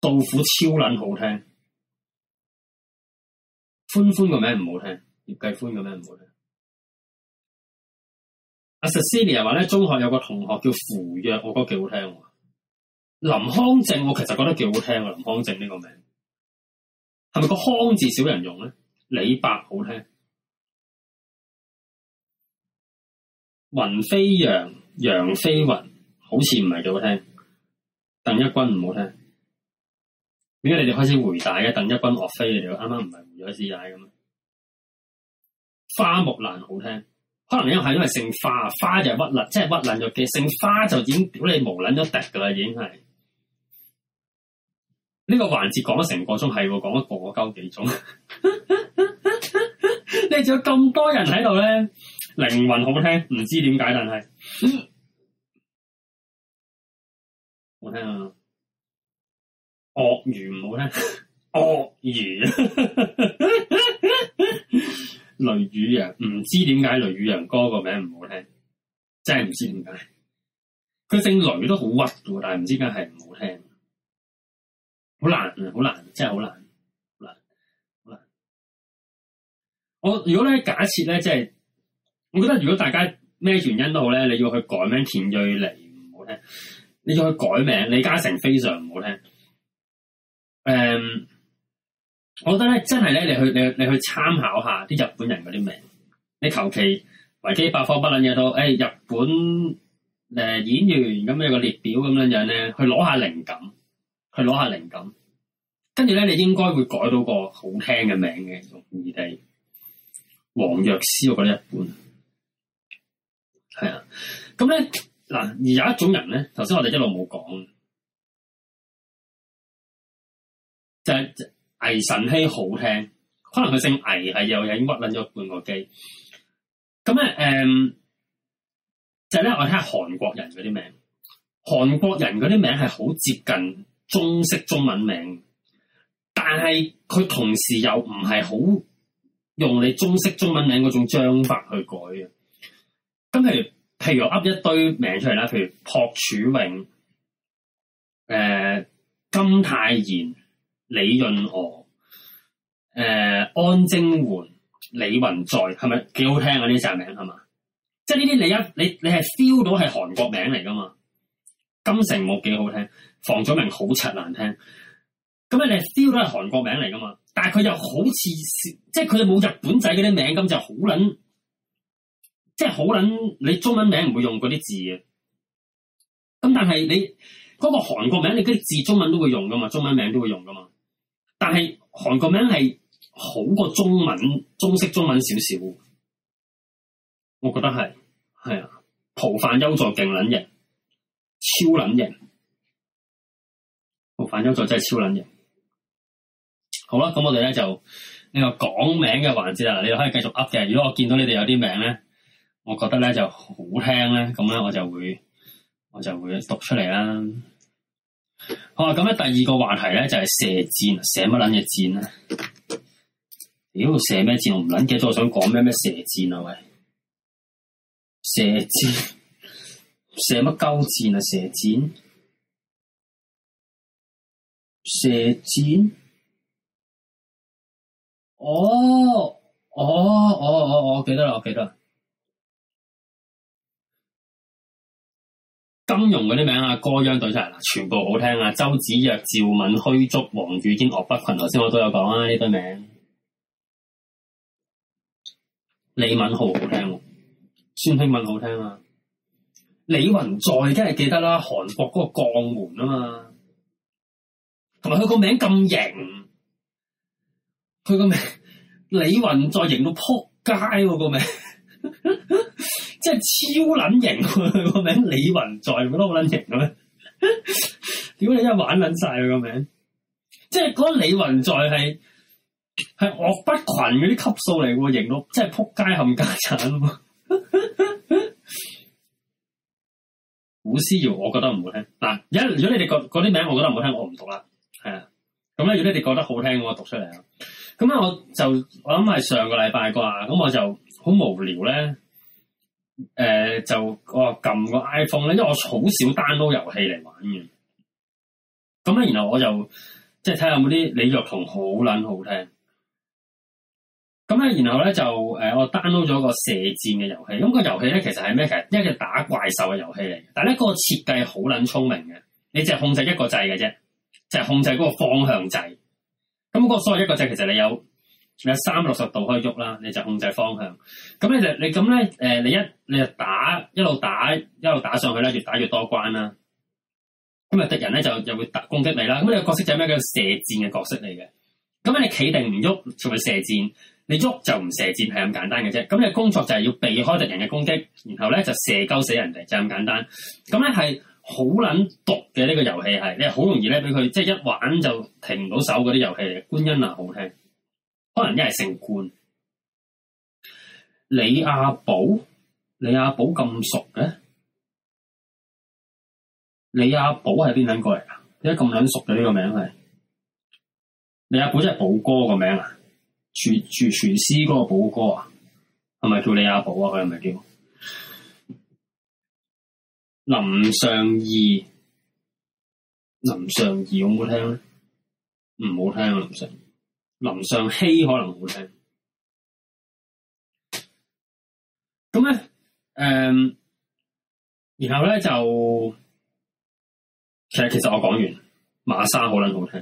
杜甫超捻好聽。歡歡個名唔好聽，葉繼歡個名唔好聽。阿 Susie 又話咧，中學有個同學叫扶若，我覺得幾好聽。林康正我其實覺得幾好聽，林康正呢個名係咪個康字少人用咧？李白好聽，雲飛揚、楊飛雲，好似唔係幾好聽。鄧一君唔好聽，點解你哋開始回帶嘅？鄧一君岳飛，你哋啱啱唔係回咗師奶嘅咩？花木蘭好聽，可能因為係因為姓花，花就係屈辣，即係屈辣肉雞，姓花就已經屌你無撚咗滴噶啦，已經係呢個環節講咗成個鐘，係講咗個鳩幾鐘，個多個多個 你仲有咁多人喺度咧？靈魂好聽，唔知點解，但係。好聽啊！鱷魚唔好聽，鱷魚 雷雨陽，唔知點解雷雨陽哥個名唔好聽，真係唔知點解。佢姓雷都好屈嘅，但係唔知點解係唔好聽，好難，好難，真係好難，好難，好難。我如果咧假設咧，即係我覺得如果大家咩原因都好咧，你要去改名，田瑞妮唔好聽。你再去改名，李嘉誠非常唔好聽、嗯。我覺得咧，真係咧，你去你你去參考下啲日本人嗰啲名，你求其維基百科不論嘢都，誒、哎、日本、呃、演員咁樣個列表咁樣樣咧，去攞下靈感，去攞下靈感，跟住咧你應該會改到個好聽嘅名嘅，容易啲黃若詩，我覺得一般。係啊，咁咧。嗱，而有一種人咧，頭先我哋一路冇講，就係、是、魏晨曦好聽，可能佢姓魏，係又係屈撚咗半個機。咁咧、嗯，就係咧，我睇下韓國人嗰啲名，韓國人嗰啲名係好接近中式中文名，但係佢同時又唔係好用你中式中文名嗰種章法去改嘅，譬如我噏一堆名出嚟啦，譬如朴柱永、誒、呃、金泰賢、李潤和、誒、安貞媛、李雲在，係咪幾好聽啊？呢啲名係嘛？即係呢啲你一你你係 feel 到係韓國名嚟㗎嘛？金城木幾好聽，房祖名好柒難聽。咁啊，你係 feel 到係韓國名嚟㗎嘛？但佢又好似即係佢哋冇日本仔嗰啲名咁就好撚。即係好捻，你中文名唔會用嗰啲字嘅。咁但係你嗰個韓國名，你嗰啲字中文都會用噶嘛，中文名都會用噶嘛。但係韓國名係好過中文，中式中文少少。我覺得係係啊，浦飯幽助勁捻型，超捻型。浦飯幽助真係超捻型。好啦，咁我哋咧就呢個講名嘅環節啦，你又可以繼續 up 嘅。如果我見到你哋有啲名咧，我覺得咧就好聽咧，咁咧我就會我就會讀出嚟啦。好啦，咁咧第二個話題咧就係、是、射箭，射乜撚嘢箭啊？屌，射咩箭？我唔撚記得，我想講咩咩射箭啊？喂，射箭，射乜鳩箭啊？射箭，射箭，哦，哦，哦，我我記得啦，我記得啦。金庸嗰啲名啊，歌央隊出嚟啦，全部好聽啊！周芷若、趙敏、虛竹、王語嫣、岳不群，頭先我都有講啊，呢堆名。李敏鎬好聽，孫興慜好聽啊！李雲在梗係記得啦，韓國嗰個鋼門啊嘛，同埋佢個名咁型，佢個名李雲在型到撲街喎個名。 即係超撚型，個名李雲在覺得好撚型嘅咩？屌 你一玩撚晒佢個名！即係嗰個李雲在係係岳不群嗰啲級數嚟，喎型到真係撲街冚家鏟，喎 古詩瑤我覺得唔好聽嗱。如果如果你哋覺嗰啲名我覺得唔好聽，我唔讀啦，係啊。咁咧，如果你哋覺，覺，覺得好聽，我讀出嚟啊。咁咧，我就我諗係上個禮拜啩，咁我就好無聊咧。誒、呃，就我撳個 iPhone 咧，因為我好少 download 遊戲嚟玩嘅。咁咧，然後我就即係睇下有冇啲李若彤好撚好聽。咁咧，然後咧就誒、呃，我 download 咗個射箭嘅遊戲。咁、那個遊戲咧其實係咩？其實一個打怪獸嘅遊戲嚟嘅。但係咧個設計好撚聰明嘅，你就係控制一個掣嘅啫，就係控制嗰個方向掣。咁、那個所謂一個掣其實你有你有三六十度可以喐啦，你就控制方向。咁你就你咁咧，誒，你一你就打，一路打，一路打上去啦，越打越多關啦。咁啊，敵人咧就又會攻擊你啦。咁、那、你個角色就係咩？叫射箭嘅角色嚟嘅。咁你企定唔喐，就會射箭；你喐就唔射箭，係咁簡單嘅啫。咁你工作就係要避開敵人嘅攻擊，然後咧就射鳩死人哋，就咁簡單。咁咧係好撚毒嘅呢個遊戲係，你好容易咧俾佢即係一玩就停唔到手嗰啲遊戲嚟。觀音啊，好聽。可能一係姓冠李，李阿寶，李阿寶咁熟嘅，李阿寶係邊捻過嚟啊？點解咁捻熟嘅呢個名係？李阿寶真係寶哥個名啊？傳傳傳師個寶哥啊？係咪叫李阿寶啊？佢係咪叫林尚義？林尚義好冇聽咧？唔好聽啊！林尚。林尚希可能好聽，咁咧，誒、嗯，然後咧就，其實其實我講完，馬沙可能好聽，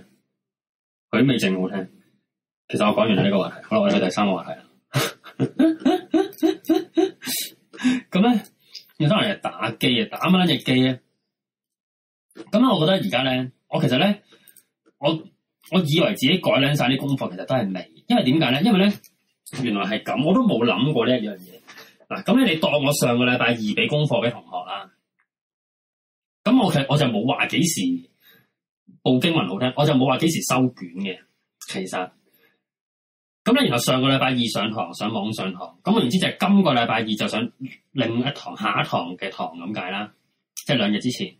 許美靜好聽，其實我講完係呢個話題， 好啦，我哋去第三個話題。咁咧，有啲人打機啊，打乜嘢機啊？咁咧，我覺得而家咧，我其實咧，我。我以為自己改良晒啲功課，其實都係未，因為點解咧？因為咧，原來係咁，我都冇諗過呢一樣嘢。嗱，咁咧，你當我上個禮拜二俾功課俾同學啦，咁我其實我就冇話幾時報經文好聽，我就冇話幾時收卷嘅。其實咁咧，然後上個禮拜二上堂上網上堂，咁我總之就係今個禮拜二就上另一堂下一堂嘅堂咁解啦，即係兩日之前。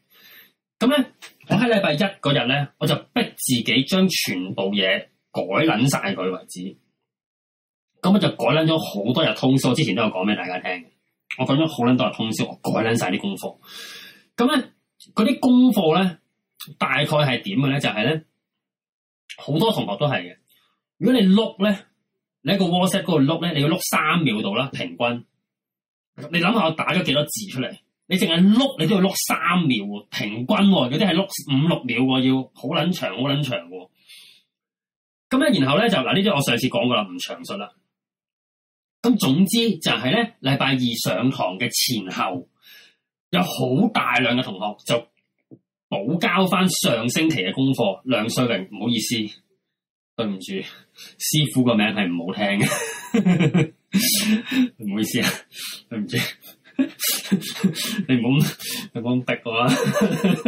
咁咧，我喺禮拜一嗰日咧，我就逼自己將全部嘢改捻晒佢為止。咁我就改捻咗好多日通宵，之前都有講俾大家聽。我改咗好捻多日通宵，我改捻晒啲功課。咁咧，嗰啲功課咧，大概係點嘅咧？就係咧，好多同學都係嘅。如果你碌咧，你喺個 WhatsApp 嗰度碌咧，你要碌三秒度啦，平均。你諗下，我打咗幾多字出嚟？你淨係碌，你都要碌三秒喎，平均喎、啊，嗰啲係碌五六秒喎，要好撚長，好撚長喎。咁咧，然後咧就嗱，呢啲我上次講過啦，唔詳述啦。咁總之就係咧，禮拜二上堂嘅前後，有好大量嘅同學就補交翻上星期嘅功課。梁瑞榮，唔好意思，對唔住，師傅個名係唔好聽嘅，唔、嗯 嗯嗯、好意思啊，對唔住。 你唔好，你唔好逼，啊、 逼我啊！Ho,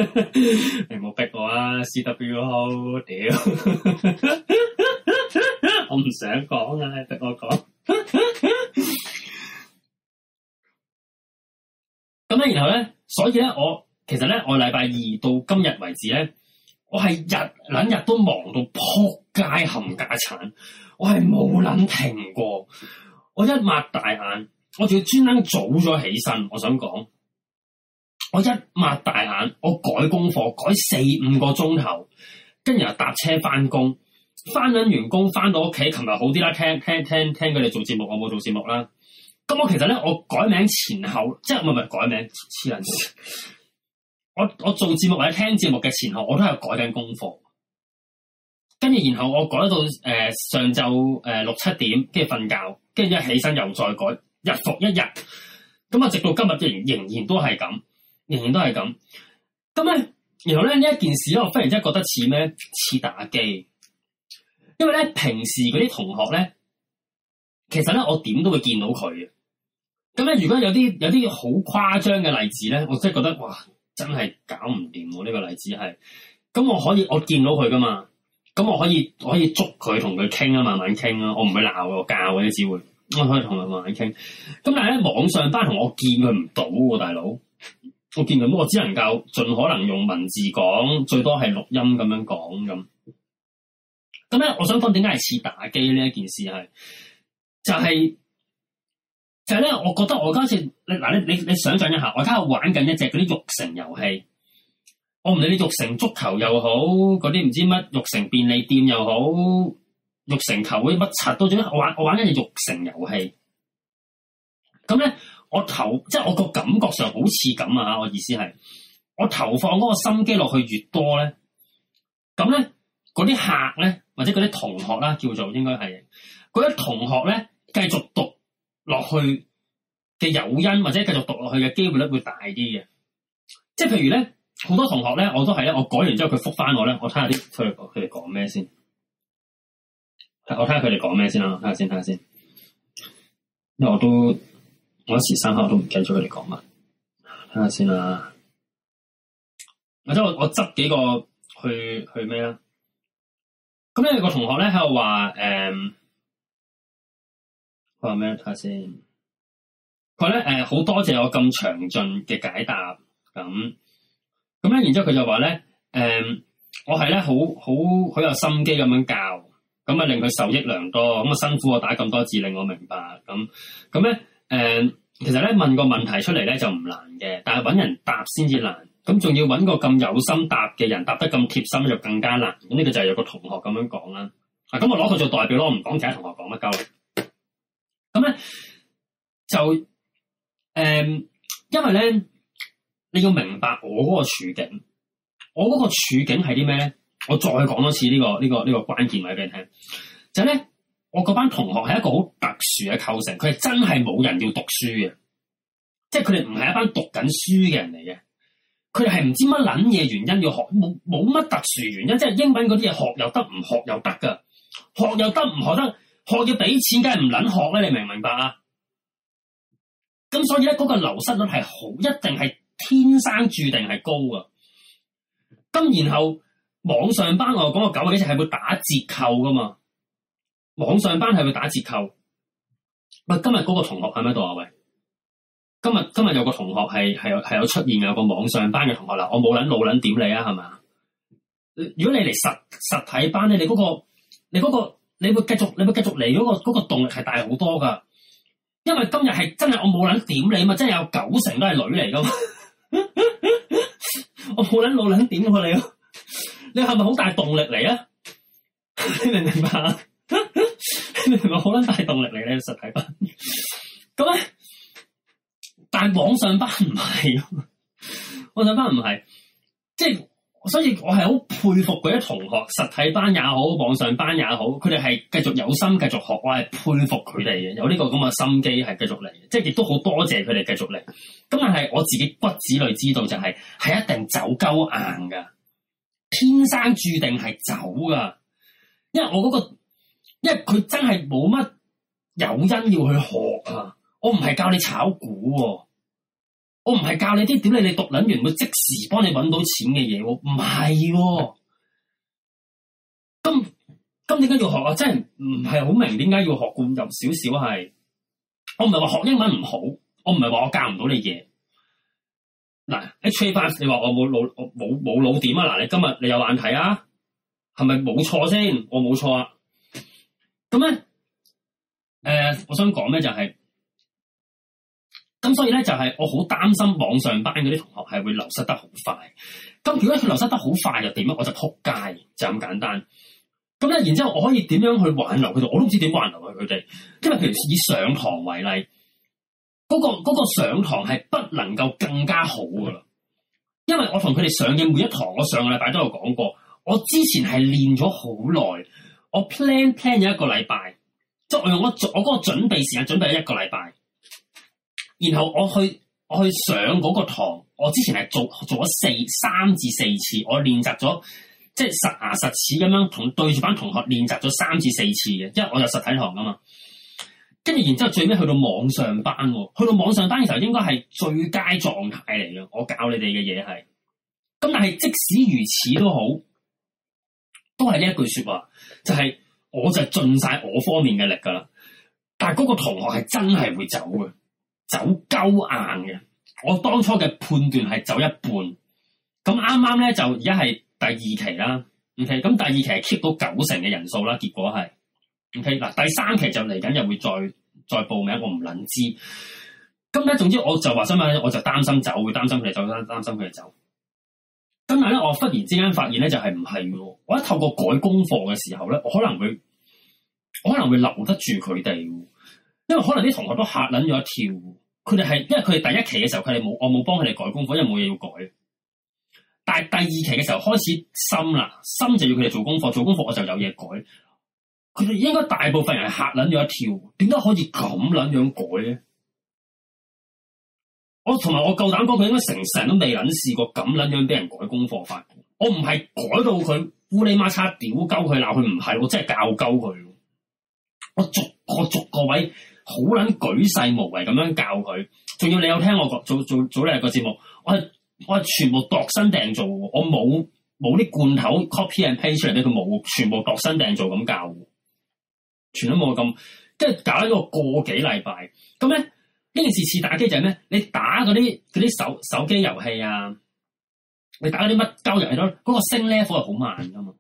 我啊，你唔好逼我啊！C W O 屌，我唔想講啊！逼我講。咁咧，然後咧，所以咧，我其實咧，我禮拜二到今日為止咧，我係日兩日都忙到扑街，冚家鏟，我係冇諗停過，我一擘大眼。我仲要專登早咗起身，我想講，我一擘大眼，我改功課改四五個鐘頭，跟住又搭車翻工，翻緊完工，翻到屋企，琴日好啲啦，聽聽聽聽佢哋做節目，我冇做節目啦。咁我其實咧，我改名前後，即係唔係唔係改名，黐人， 我我做節目或者聽節目嘅前後，我都係改緊功課。跟住然後我改到誒、呃、上晝誒六七點，跟住瞓覺，跟住一起身又再改。日復一日，咁啊，直到今日仍然都係咁，仍然都係咁。咁咧，然後咧呢一件事咧，我忽然之間覺得似咩？似打機。因為咧平時嗰啲同學咧，其實咧我點都會見到佢嘅。咁咧，如果有啲有啲好誇張嘅例子咧，我真係覺得哇，真係搞唔掂喎，呢個例子係。咁、嗯、我可以我見到佢噶嘛？咁、嗯、我可以我可以捉佢同佢傾啊，慢慢傾啊，我唔會鬧我教佢，只會。我可以同佢同人傾，咁但係咧網上班同我見佢唔到喎，大佬，我見佢，我只能夠盡可能用文字講，最多係錄音咁樣講咁。咁咧，我想講點解係似打機呢一件事係，就係、是、就係咧，我覺得我今次你嗱，你你你，你想象一下，我而家玩緊一隻嗰啲育成遊戲，我唔理你育成足球又好，嗰啲唔知乜育成便利店又好。玉成球嗰啲乜柒都仲，我玩我玩一隻玉成遊戲。咁咧，我投即係我個感覺上好似咁啊！我意思係，我投放嗰個心機落去越多咧，咁咧嗰啲客咧，或者嗰啲同學啦，叫做應該係嗰啲同學咧，繼續讀落去嘅誘因，或者繼續讀落去嘅機會率會大啲嘅。即係譬如咧，好多同學咧，我都係咧，我改完之後佢復返我咧，我睇下啲佢佢哋講咩先。我睇下佢哋講咩先啦，睇下先，睇下先。因為我都我一時三刻都唔記得咗佢哋講乜，睇下先啦。或者我我執幾個去去咩啦？咁、那、咧個同學咧喺度話，誒，佢話咩？睇下先。佢咧誒好多謝我咁詳盡嘅解答，咁咁咧，然之後佢就話咧，誒、嗯，我係咧好好好有心機咁樣教。咁啊，令佢受益良多。咁啊，辛苦我打咁多字，令我明白。咁咁咧，誒、嗯，其實咧問個問題出嚟咧就唔難嘅，但係搵人答先至難。咁、嗯、仲要搵個咁有心答嘅人，答得咁貼心就更加難。咁呢個就係、是、有個同學咁樣講啦。啊、嗯，咁我攞佢做代表咯，唔講其他同學講乜鳩。咁咧、嗯、就誒、嗯，因為咧你要明白我嗰個處境，我嗰個處境係啲咩咧？我再講多次呢個呢個呢個關鍵位俾你聽，就係咧，我嗰班同學係一個好特殊嘅構成，佢係真係冇人要讀書嘅，即係佢哋唔係一班讀緊書嘅人嚟嘅，佢哋係唔知乜捻嘢原因要學，冇冇乜特殊原因，即係英文嗰啲嘢學又得，唔學又得噶，學又得，唔學得，學要俾錢，梗係唔捻學啦，你明唔明白啊？咁所以咧，嗰個流失率係好，一定係天生注定係高噶。咁然後。網上班我又講個九幾折係會打折扣噶嘛？網上班係會打折扣的。喂，今日嗰個同學係咪度啊？喂，今日今日有個同學係係係有出現的，有個網上班嘅同學啦。我冇捻老捻點你啊？係嘛？如果你嚟，實實體班咧，你嗰個你嗰個你嗰個你會繼續你會繼續嚟嗰個嗰個動力係大好多噶。因為今日係真係我冇捻點你啊嘛，真係有九成都係女嚟噶嘛。 我冇捻老捻點佢你、啊。你啊你係咪好大動力嚟？啊？明 唔明白啊？ 你係咪好捻大動力嚟咧？實體班咁咧， 但係網上班唔係，啊，網上班唔係，即係，所以我係好佩服嗰啲同學，實體班也好，網上班也好，佢哋係繼續有心繼續學，我係佩服佢哋嘅，有呢個咁嘅心機係繼續嚟嘅，即係亦都好多謝佢哋繼續嚟。咁但係我自己骨子裏知道就係、係、係一定走鳩硬噶。天生注定係走噶，因為我嗰、那個，因為佢真係冇乜誘因要去學啊！我唔係教你炒股、啊，我唔係教你啲點你讀讀捻完會即時幫你搵到錢嘅嘢、啊，唔係、啊，咁咁點解要學啊？真係唔係好明點解要學，咁有少少係，我唔係話學英文唔好，我唔係話我教唔到你嘢。嗱，HA 班你話我冇腦，我冇冇腦點啊？嗱，你今日你有眼睇啊？係咪冇錯先？我冇錯啊？咁咧，誒、呃，我想講咧就係、是，咁所以咧就係我好擔心網上班嗰啲同學係會流失得好快。咁如果佢流失得好快又點啊？我就仆街，就咁簡單。咁咧，然之後我可以點樣去挽留佢哋？我都唔知點挽留佢哋。今日譬如以上堂為例。嗰個嗰個上堂係不能夠更加好噶啦，因為我同佢哋上嘅每一堂，我上個禮拜都有講過，我之前係練咗好耐，我 plan plan 咗一個禮拜，即係我用我我嗰個準備時間準備咗一個禮拜，然後我去我去上嗰個堂，我之前係做做咗四三至四次，我練習咗即係實牙實齒咁樣同對住班同學練習咗三至四次嘅，因為我有實體堂噶嘛。跟住，然之後最尾去到網上班，去到網上班嘅時候，應該係最佳狀態嚟嘅。我教你哋嘅嘢係，咁但係即使如此都好，都係呢一句說話，就係我就盡晒我方面嘅力噶啦。但係嗰個同學係真係會走嘅，走鳩硬嘅。我當初嘅判斷係走一半，咁啱啱咧就而家係第二期啦。OK，咁第二期係 keep 到九成嘅人數啦，結果係。OK 嗱，第三期就嚟緊又會再再報名，我唔捻知。咁咧，總之我就話想問咧，我就擔心走，會擔心佢哋走擔心佢哋走。咁但係咧，我忽然之間發現咧，就係唔係喎。我一透過改功課嘅時候咧，我可能會，我可能會留得住佢哋。因為可能啲同學都嚇捻咗一跳，佢哋係因為佢哋第一期嘅時候，佢哋冇我冇幫佢哋改功課，因為冇嘢要改。但係第二期嘅時候開始深啦，深就要佢哋做功課，做功課我就有嘢改。佢哋應該大部分人係嚇撚咗一跳，點解可以咁撚樣改咧？我同埋我夠膽講，佢應該成世人都未撚試過咁撚樣俾人改功課法。我唔係改到佢烏哩媽叉屌鳩佢鬧佢，唔係我真係教鳩佢。我逐個逐個位好撚舉世無為咁樣教佢，仲要你有聽我做早早早呢個節目，我係我係全部度身訂造，我冇冇啲罐頭 copy and paste 出嚟俾佢，冇全部度身訂造咁教。全都冇咁，即係搞咗個過幾禮拜咁咧。呢件事次打機就係咩？你打嗰啲啲手手機遊戲啊，你打嗰啲乜鳩遊戲囉，嗰、那個升 level 係好慢噶嘛。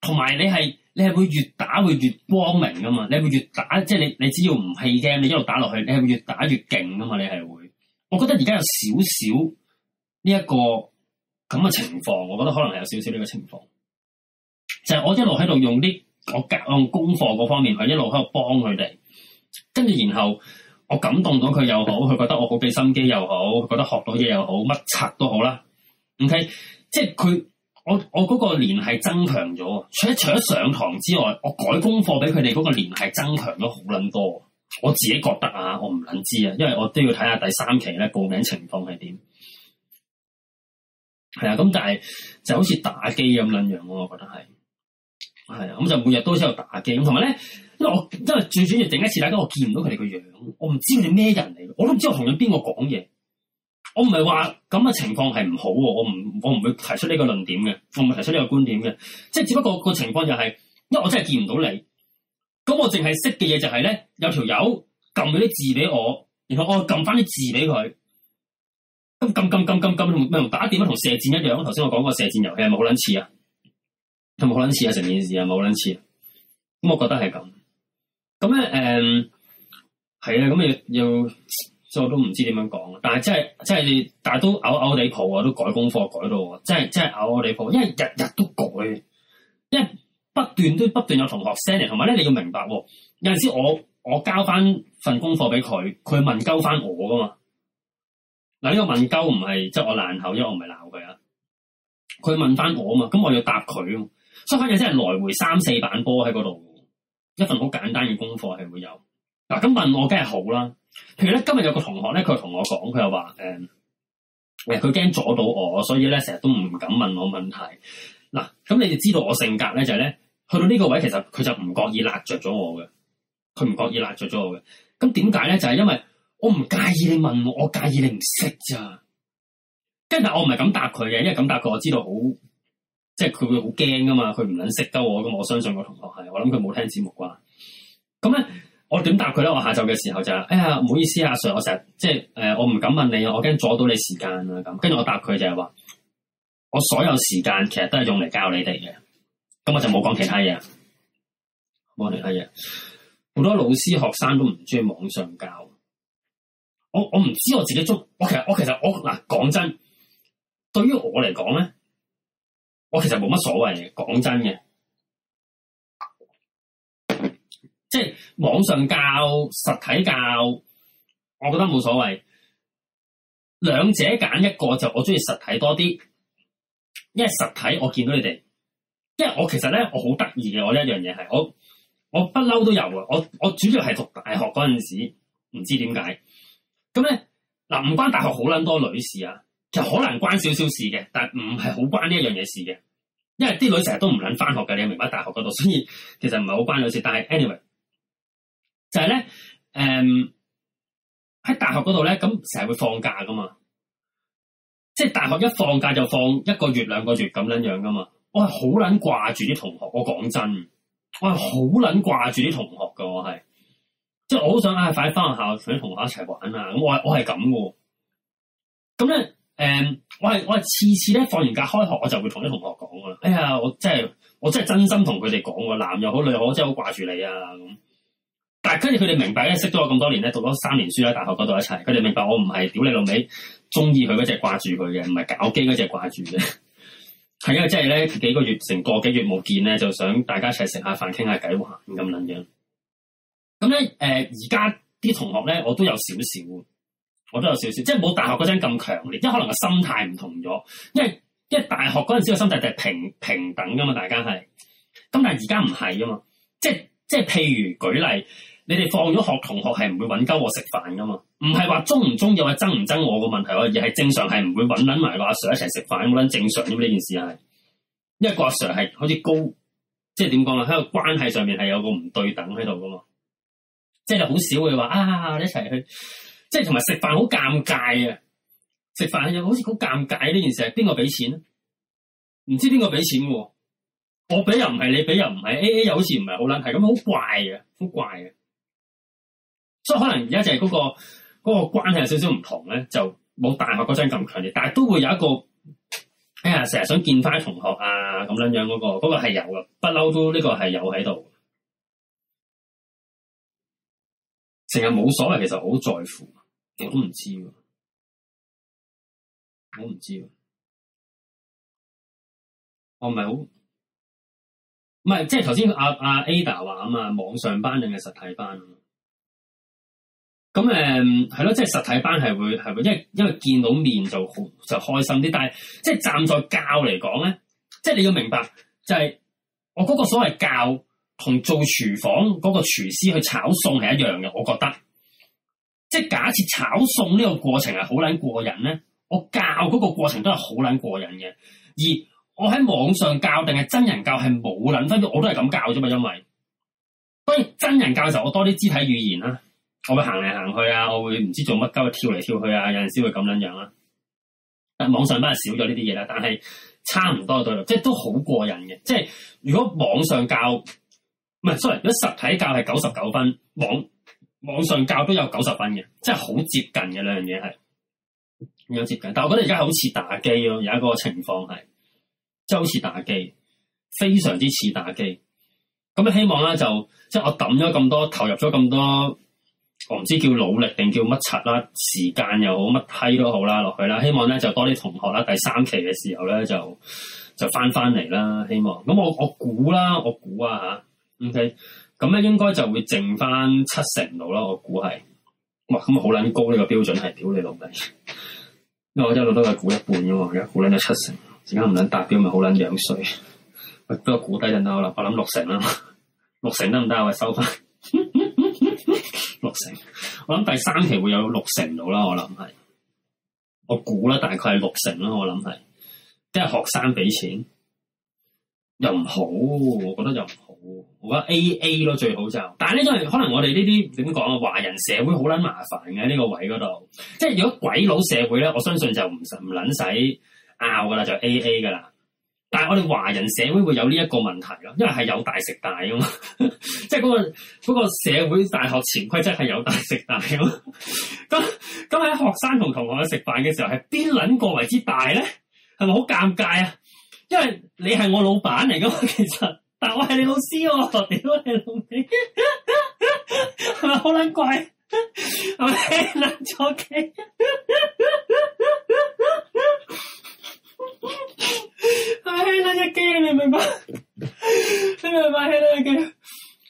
同埋你係你係會越打會越光明噶嘛？你會越打即係、就是、你你只要唔棄 game 你一路打落去，你係會越打越勁噶嘛？你係會，我覺得而家有少少呢、這、一個咁嘅、這個、情況，我覺得可能係有少少呢個情況，就係、是、我一路喺度用啲。我靠！用功課嗰方面，佢一路喺度幫佢哋，跟住然後我感動到佢又好，佢覺得我好俾心機又好，佢覺得學到嘢又好，乜柒都好啦。OK，嗯，即係佢我我嗰個聯繫增強咗，除咗除咗上堂之外，我改功課俾佢哋嗰個聯繫增強咗好撚多。我自己覺得啊，我唔撚知啊，因為我都要睇下第三期咧報名情況係點。係啊，咁但係就好似打機咁撚樣，我覺得係。係啊，咁就每日都喺度打機，咁同埋咧，因為我因為最主要第一次大家我見唔到佢哋個樣，我唔知佢哋咩人嚟，我都唔知我同緊邊個講嘢。我唔係話咁嘅情況係唔好，我唔我唔會提出呢個論點嘅，我唔會提出呢個觀點嘅，即係只不過個情況就係、是，因為我真係見唔到你，咁我淨係識嘅嘢就係、是、咧，有條友撳啲字俾我，然後我撳翻啲字俾佢，咁撳撳撳撳打電話同射箭一樣，頭先我講個射箭遊戲係咪好卵似啊？係咪好卵次啊？成件事啊，冇卵次啊。咁我覺得係咁。咁咧，誒、嗯，係啊。咁要要，即係我都唔知點樣講。但係真係真係，但係都嘔嘔地抱啊！都改功課改到，真係真係嘔我地抱，因為日日都改，因為不斷都不斷有同學 send 嚟。同埋咧，你要明白，有陣時我我交翻份功課俾佢，佢問鳩翻我噶嘛。嗱，呢個問鳩唔係即係我爛口，因為我唔係鬧佢啊。佢問翻我嘛，咁我要答佢。所以反正真係來回三四板波喺嗰度，一份好簡單嘅功課係會有。嗱，咁問我梗係好啦。譬如咧，今日有個同學咧，佢同我講，佢又話誒，誒、欸，佢驚阻到我，所以咧成日都唔敢問我問題。嗱，咁你就知道我性格咧，就係、是、咧，去到呢個位，其實佢就唔覺意辣着咗我嘅，佢唔覺意辣着咗我嘅。咁點解咧？就係、是、因為我唔介意你問我，我介意你唔識咋。跟住但我唔係咁答佢嘅，因為咁答佢我知道好。即係佢會好驚噶嘛？佢唔認識得我咁，我相信個同學係，我諗佢冇聽節目啩。咁咧，我點答佢咧？我下晝嘅時候就係、哎呀，唔好意思啊，Sir，我成日即係誒、呃，我唔敢問你啊，我驚阻到你時間啊咁。跟住我答佢就係、是、話，我所有時間其實都係用嚟教你哋嘅。咁我就冇講其他嘢，冇講其他嘢。好多老師學生都唔中意網上教。我我唔知道我自己中，我其實我其實我嗱，講真，對於我嚟講咧，我其實冇乜所謂嘅，講真嘅，即係網上教、實體教，我覺得冇所謂。兩者揀一個就我中意實體多啲，因為實體我見到你哋，因為我其實咧我好得意嘅，我呢一樣嘢係我我不嬲都有啊，我我主要係讀大學嗰陣時唔知點解咁咧嗱，唔關大學好捻多女士啊。就可能關少少事嘅，但唔係好關呢一樣嘢事嘅，因為啲女成日都唔捻翻學嘅，你明唔明白大學嗰度，所以其實唔係好關女事。但係 anyway，就係、是、咧，誒、嗯，喺大學嗰度咧，咁成日會放假噶嘛，即係大學一放假就放一個月、兩個月咁樣樣噶嘛。我係好捻掛住啲同學，我講真，我係好捻掛住啲同學噶，我係，即係我好想啊，快啲翻學校，同啲同學一齊玩啊！咁我係我係咁噶，咁咧。誒、嗯，我係我係次次咧，放完假開學，我就會同啲同學講啊，哎呀，我真係我真係真心同佢哋講，男又好女又好，真係好掛住你啊！咁，但係跟住佢哋明白咧，識咗我咁多年咧，讀咗三年書喺大學嗰度一齊，佢哋明白我唔係屌你老味中意佢嗰隻掛住佢嘅，唔係搞基嗰隻掛住嘅，係因為真係咧，幾個月成個幾個月冇見咧，就想大家一齊食下飯，傾下偈，玩咁樣樣。咁、呃、咧，誒，而家啲同學咧，我都有少少。我都有少少，即係冇大學嗰陣咁強烈，因為可能個心態唔同咗，因為因為大學嗰陣時個心態就係平平等噶嘛，大家係，咁但係而家唔係噶嘛，即係即係譬如舉例，你哋放咗學同學係唔會搵鳩我食飯噶嘛，唔係話中唔中意又係爭唔憎我個問題而，而係正常係唔會搵捻埋個阿 Sir 一齊食飯，咁捻正常嘅嘛，呢件事係，因為個阿 Sir 係好似高，即係點講咧，喺個關係上面係有個唔對等喺度噶嘛，即係就好少會話啊你一齊去。即係同埋食飯好尷尬啊！食飯好似好尷尬呢件事呢，係邊個俾錢？唔知邊個俾錢喎？我俾又唔係，你俾又唔係，A A 又好似唔係好捻係咁，好怪嘅，好怪嘅。所以可能而家就係嗰個嗰個關係有少少唔同咧，就冇大學嗰陣咁強烈，但係都會有一個哎呀，成日想見翻同學啊咁樣樣嗰個，嗰個係有噶，不嬲都呢個係有喺度。成日冇所謂，其實好在乎。我都唔知喎，我唔知喎，我唔係好，唔係即係頭先阿阿 Ada 話啊嘛，網上班定係實體班？咁誒係咯，即係實體班係會係會，因為因為見到面就好就開心啲。但係即係站在教嚟講咧，即係你要明白，就係、是、我嗰個所謂教同做廚房嗰個廚師去炒餸係一樣嘅，我覺得。即係假設炒餸呢個過程係好捻過癮咧，我教嗰個過程都係好捻過癮嘅。而我喺網上教定係真人教係冇捻分，我都係咁教啫嘛。因為當然真人教嘅時候我多啲肢體語言啦，我會行嚟行去啊，我會唔知做乜鳩跳嚟跳去啊，有陣時會咁樣樣啦。但網上班係少咗呢啲嘢啦，但係差唔多對，即係都好過癮嘅。即係如果網上教唔係 sorry，如果實體教係九十九分，網。網上教都有九十分嘅，即係好接近嘅。兩樣嘢係，有接近。但係我覺得而家好似打機咯，有一個情況係，即係好似打機，非常之似打機。咁希望咧就，即係我抌咗咁多，投入咗咁多，我唔知叫努力定叫乜柒啦，時間又好，乜閪都好啦，落去啦。希望咧就多啲同學啦，第三期嘅時候咧就就翻翻嚟啦。希望。咁我我估啦，我估啊吓，OK。咁咧應該就會剩翻七成度啦，我估係。哇，咁好撚高呢個標準係，屌你老味，因為我一路都係估一半嘅喎，而家估撚咗七成，而家唔撚達標咪好撚樣衰。不過估低得啱啦，我諗六成啦嘛，六成得唔得？我我收翻 六成，我諗第三期會有六成度啦，我諗係。我估啦，大概係六成啦，我諗係。即係學生俾錢又唔好，我覺得又唔好。哦、我覺得 A A 咯，最好就，但係呢都係可能我哋呢啲點講啊？華人社會好撚麻煩嘅，呢個位嗰度，即係如果鬼佬社會咧，我相信就唔唔撚使拗噶啦，就 A A 噶啦。但係我哋華人社會會有呢一個問題咯，因為係有大食大啊嘛，呵呵即係嗰、嗰個、嗰個社會大學潛規則係有大食大咁。咁咁喺學生同同學去食飯嘅時候，係邊撚個為之大咧？係咪好尷尬啊？因為你係我老闆嚟噶嘛，其實。但我係你老師喎、喔，屌你老味，係咪好撚怪？係咪傾撚咗偈？係咪傾撚咗偈？你明唔明？你明唔明？係咪傾撚咗偈？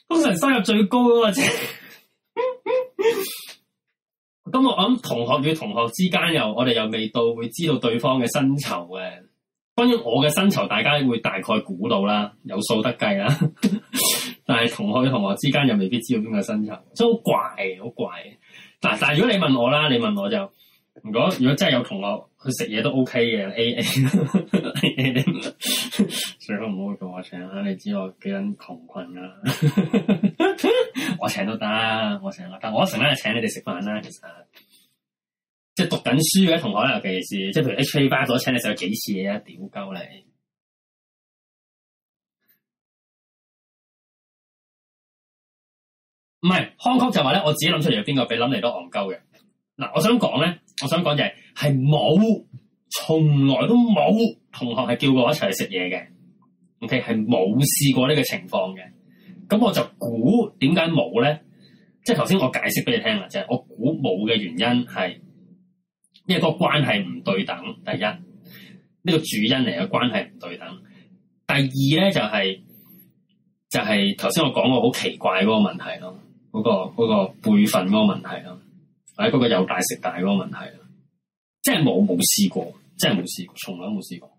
通常收入最高啊，真。咁我諗同學與同學之間又，我哋又未到會知道對方嘅薪酬嘅。關於我嘅薪酬，大家會大概估到啦，有數得計啦。但係同我啲同學之間又未必知道邊個薪酬，真係好怪，好怪，但但係如果你問我啦，你問我就，如果如果真係有同學去食嘢都 OK 嘅 ，AA 你不最好唔好叫我請啦。你知我幾咁窮困啦， 我請都得，我請都得，我成日請你哋食飯啦。其實即係讀緊書嘅同學啦，尤其是即係譬如 H A 班所請你時候幾次嘢啊，屌鳩你唔係康曲就話咧，我自己諗出嚟有邊個俾諗嚟都戇鳩嘅嗱。我想講咧，我想講就係係冇，從來都冇同學係叫過我一齊去食嘢嘅。O K 係冇試過呢個情況嘅，咁我就估點解冇咧？即係頭先我解釋俾你聽啦，就係我估冇嘅原因係。因、這、為個關係唔對等，第一呢、這個主因嚟嘅關係唔對等。第二咧就係、是、就係頭先我講過，好奇怪嗰個問題咯，嗰、那個嗰、那個輩分嗰個問題咯，或、那、嗰個有大食大嗰個問題咯，即係冇冇試過，真係冇試過，從來冇試過。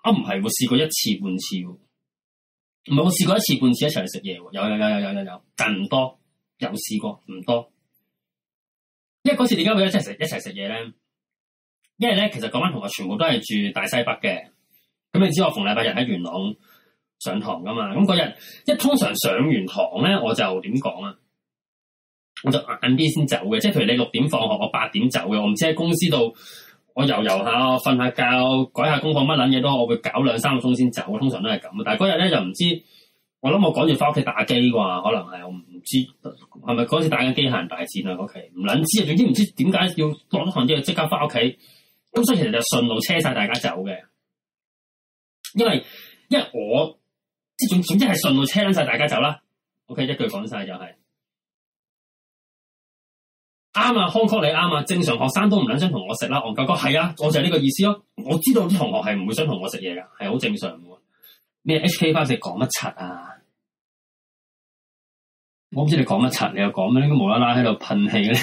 啊唔係，我試過一次半次，唔係我試過一次半次一齊去食嘢，有有有有有有，有，但唔多，有試過，唔多。因為嗰次點解會一齊食一齊食嘢咧？因為咧其實嗰班同學全部都係住大西北嘅，咁你知我逢禮拜日喺元朗上堂噶嘛，咁嗰日一通常上完堂咧，我就點講啊？我就晏啲先走嘅，即係譬如你六點放學，我八點走嘅，我唔知喺公司度，我遊游下，我瞓下覺，改下功課，乜捻嘢都，我會搞兩三個鐘先走，我通常都係咁。但係嗰日咧就唔知。我諗我趕住翻屋企打機啩，可能係我唔知係咪嗰時打緊機械人大戰啊嗰期唔捻知啊，總之唔知點解要攞咗行之即刻翻屋企，咁、嗯、所以其實就順路車晒大家走嘅，因為因為我即係總總之係順路車捻晒大家走啦。O、okay, K，一句講晒就係、是、啱啊康 o 你啱啊，正常學生都唔捻想同我食啦，我、嗯、哥哥係啊，我就係呢個意思咯。我知道啲同學係唔會想同我食嘢噶，係好正常嘅。咩 H K 巴士講乜柒啊？我唔知你講乜柒，你又講咩？應該無啦啦喺度噴氣咧，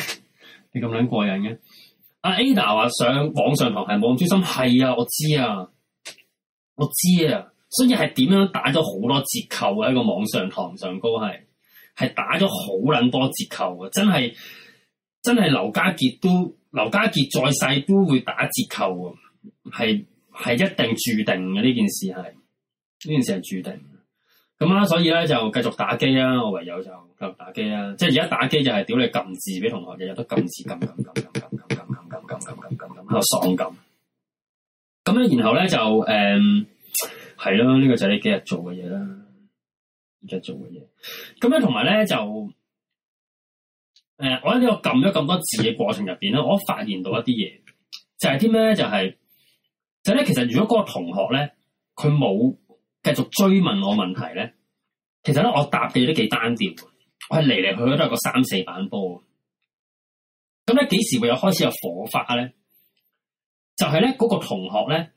你咁撚過癮嘅？阿 Ada 話上網上堂係冇專心，係啊，我知啊，我知啊，所以係點樣打咗好多折扣喺個網上堂上高係，係打咗好撚多折扣啊。真係真係劉家杰都劉家杰再世都會打折扣嘅，係係一定注定嘅呢件事係呢件事係注定。咁啦、啊，所以呢就繼續打機啦。我唯有就繼續打機啦。即係而家打機就係屌你撳字俾同學嘅，日日都撳字。撳撳撳撳撳撳撳撳撳，喺度喪咁。咁呢，然後呢就，嗯、uh, 係囉。呢個就係你幾日做嘅嘢啦，而家做嘅嘢。咁呢，同埋呢就，我喺呢度撳咗咁多字嘅過程入面呢，我發現到一啲嘢，就係啲咩？就係，就係呢。其實如果嗰個同學呢，佢冇。繼續追問我問題咧，其實咧我答嘅嘢都幾單調，我係嚟嚟去去都係個三四板波。咁咧幾時會有開始有火花咧？就係咧嗰個同學咧，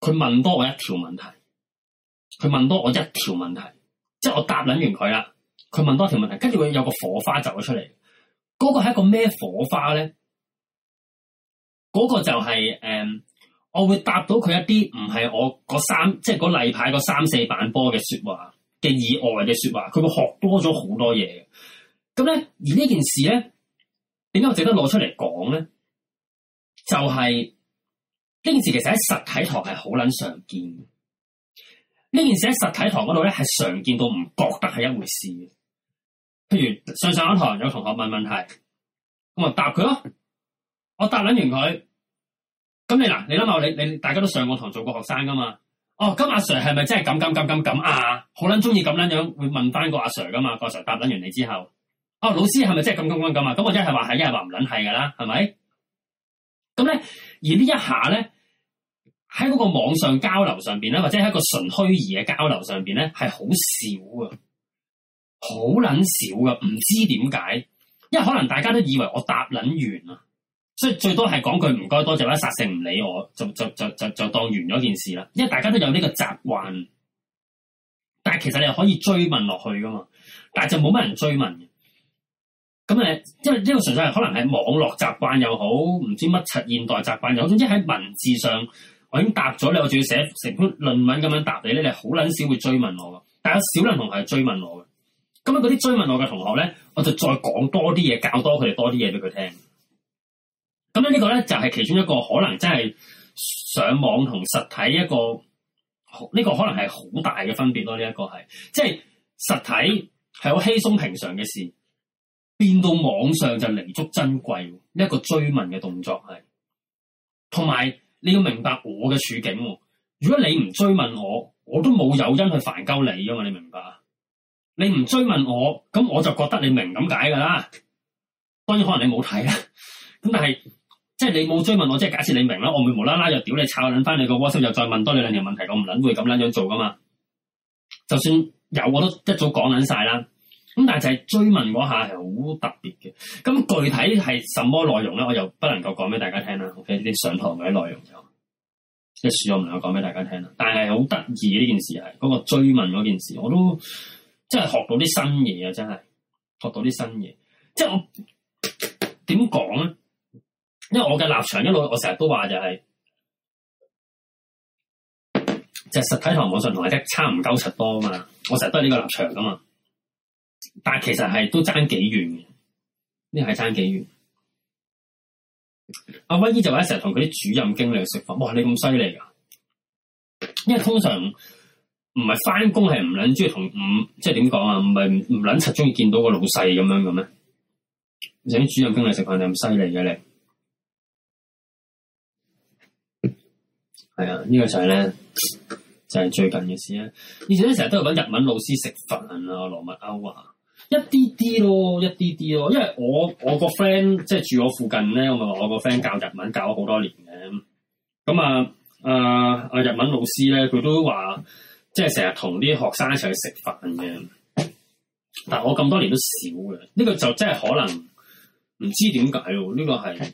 佢問多我一條問題，佢問多我一條問題，即係我答撚完佢啦，佢問多條問題，跟住會有個火花走咗出嚟。嗰、那個係一個咩火花咧？嗰、那個就係、是、誒。呃我會答到佢一啲唔係我個三，即係例牌個三四版波嘅說話嘅意外嘅說話，佢會學多咗好多嘢。咁咧，而呢件事咧，點解我值得攞出嚟講咧？就係、是、呢件事其實喺實體堂係好撚常見嘅。呢件事喺實體堂嗰度咧係常見到唔覺得係一回事嘅。譬如上上一堂有同學問問題，我咪答佢咯，我答撚完佢。咁你嗱，你諗下，你你大家都上過堂做過學生噶嘛？哦，咁阿 Sir 係咪真係咁咁咁咁咁啊？好捻中意咁樣樣，會問翻個阿 Sir 噶嘛？個、啊、Sir 答捻完你之後，哦、啊，老師係咪真係咁咁咁咁啊？咁我一係話係，一係話唔捻係噶啦，係咪？咁咧、嗯，而呢一下咧，喺嗰個網上交流上邊咧，或者喺一個純虛擬嘅交流上邊咧，係好少啊，好捻少噶，唔知點解，因為可能大家都以為我答捻完所以最多係講句唔該多謝啦，殺性唔理我就就就就就當完咗件事啦，因為大家都有呢個習慣，但係其實你可以追問落去噶嘛，但係就冇乜人追問嘅。咁誒，因為呢個純粹係可能係網絡習慣又好，唔知乜柒現代習慣又好，總之喺文字上我已經答咗你，我仲要寫成篇論文咁樣答你咧，你好撚少會追問我嘅。但係少量同學係追問我嘅，咁啊嗰啲追問我嘅同學咧，我就再講多啲嘢，教多佢哋多啲嘢俾佢聽。咁咧呢個咧就係其中一個可能真係上網同實體一個呢個可能係好大嘅分別咯。呢一個係即係實體係好稀鬆平常嘅事，變到網上就彌足珍貴。呢個追問嘅動作係，同埋你要明白我嘅處境。如果你唔追問我，我都冇有因去煩鳩你噶嘛。你明白啊？你唔追問我，咁我就覺得你明咁解噶啦。當然可能你冇睇啦。咁但係。即係你冇追問我，即係假設你明啦，我唔會無啦啦又屌你炒捻翻你個 WhatsApp 又再問多你兩條問題，我唔捻會咁捻樣做噶嘛。就算有，我都一早講捻晒啦。咁但係就係追問嗰下係好特別嘅。咁具體係什麼內容咧？我又不能夠講俾大家聽啦。O K，啲上堂嘅啲內容就，即係恕我唔能夠講俾大家聽啦。但係好得意呢件事係嗰、嗰個追問嗰件事，我都即係學到啲新嘢啊！真係學到啲新嘢。即係我點講咧？因為我嘅立場，一路，我成日都話就係，就係實體同網上同埋一差唔多實多啊嘛。我成日都係呢個立場噶嘛。但係其實係都爭幾遠嘅，呢係爭幾遠。阿威姨就話：成日同佢啲主任經理食飯，哇！你咁犀利㗎。因為通常唔係翻工係唔撚中意同五，即係點講啊？唔係唔撚柒中意見到個老細咁樣嘅咩？成啲主任經理食飯你咁犀利嘅你。係啊，這個，呢個就係咧，就係、是、最近嘅事啊。以前咧成日都去揾日文老師食飯啊，羅密歐啊，一啲啲咯，一啲啲咯。因為我我個 friend 即係住我附近咧，我咪話我個 friend 教日文教咗好多年嘅。咁啊，誒、啊、誒，日文老師咧佢都話，即係成日同啲學生一齊去食飯嘅。但係我咁多年都少嘅，呢、這個就真係可能唔知點解咯。呢、這個係。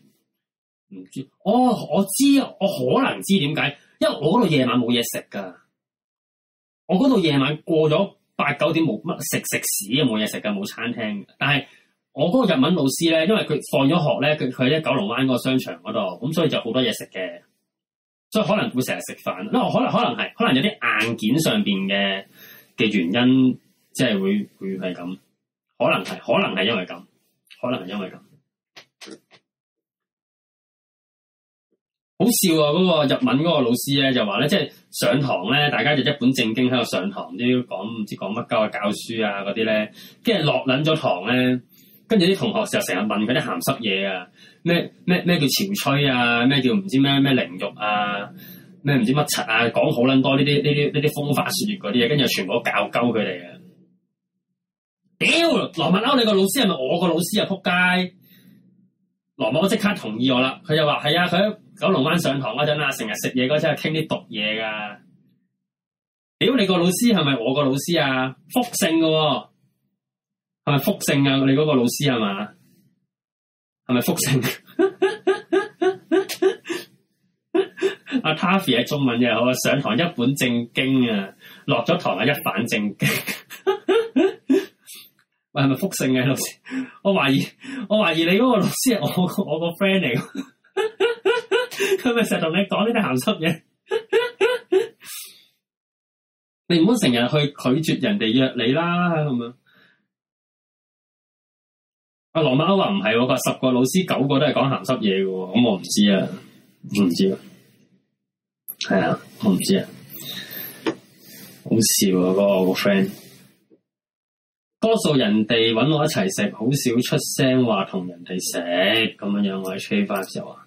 唔知，哦，我知，我可能知點解，因為我嗰度夜晚冇嘢食噶，我嗰度夜晚過咗八九點冇乜食食屎啊，冇嘢食噶，冇餐廳。但係我嗰個日文老師咧，因為佢放咗學咧，佢佢喺九龍灣嗰個商場嗰度，咁所以就好多嘢食嘅，所以可能會成日食飯。因為可能可能係可能有啲硬件上邊嘅嘅原因，即係會會係咁，可能係可能係因為咁，可能係因為咁。可能好笑啊！嗰個日文嗰個老師咧就話咧，即係上堂咧，大家就一本正經喺度上堂，都要講唔知講乜鳩啊，教書啊嗰啲咧，跟住落撚咗堂咧，跟住啲同學就成日問佢啲鹹濕嘢啊，咩咩咩叫潮吹啊，咩叫唔知咩咩靈肉啊，咩唔知乜柒啊，講好撚多呢啲呢啲呢啲風花雪月嗰啲嘢，跟住全部搞鳩佢哋啊！屌羅文歐，你個老師係咪我個老師啊？撲街！羅文歐即刻同意我啦，佢又話：係啊，佢。九龍灣上堂嗰陣啊，成日食嘢嗰陣，傾啲毒嘢噶。屌你個老師係咪我個老師啊？福姓噶、哦，係咪福姓啊？你嗰個老師係嘛？係咪福姓？阿、 啊、Taffy 係中文嘅，我上堂一本正經啊，落咗堂啊一反正經。 喂，係咪福姓嘅老師？我懷疑，我懷疑你嗰個老師係我我個 friend 嚟。 佢咪成日同你講呢啲鹹濕嘢， 你唔好成日去拒絕人哋約你啦咁樣。阿羅麥歐話唔係喎，話十個老師九個都係講鹹濕嘢嘅，咁、嗯、我唔知啊，唔知啊，係、哎、啊，我唔知啊，好笑啊嗰、那個個 friend。多數人哋揾我一齊食，好少出聲話同人哋食咁樣樣，我喺吹翻時候。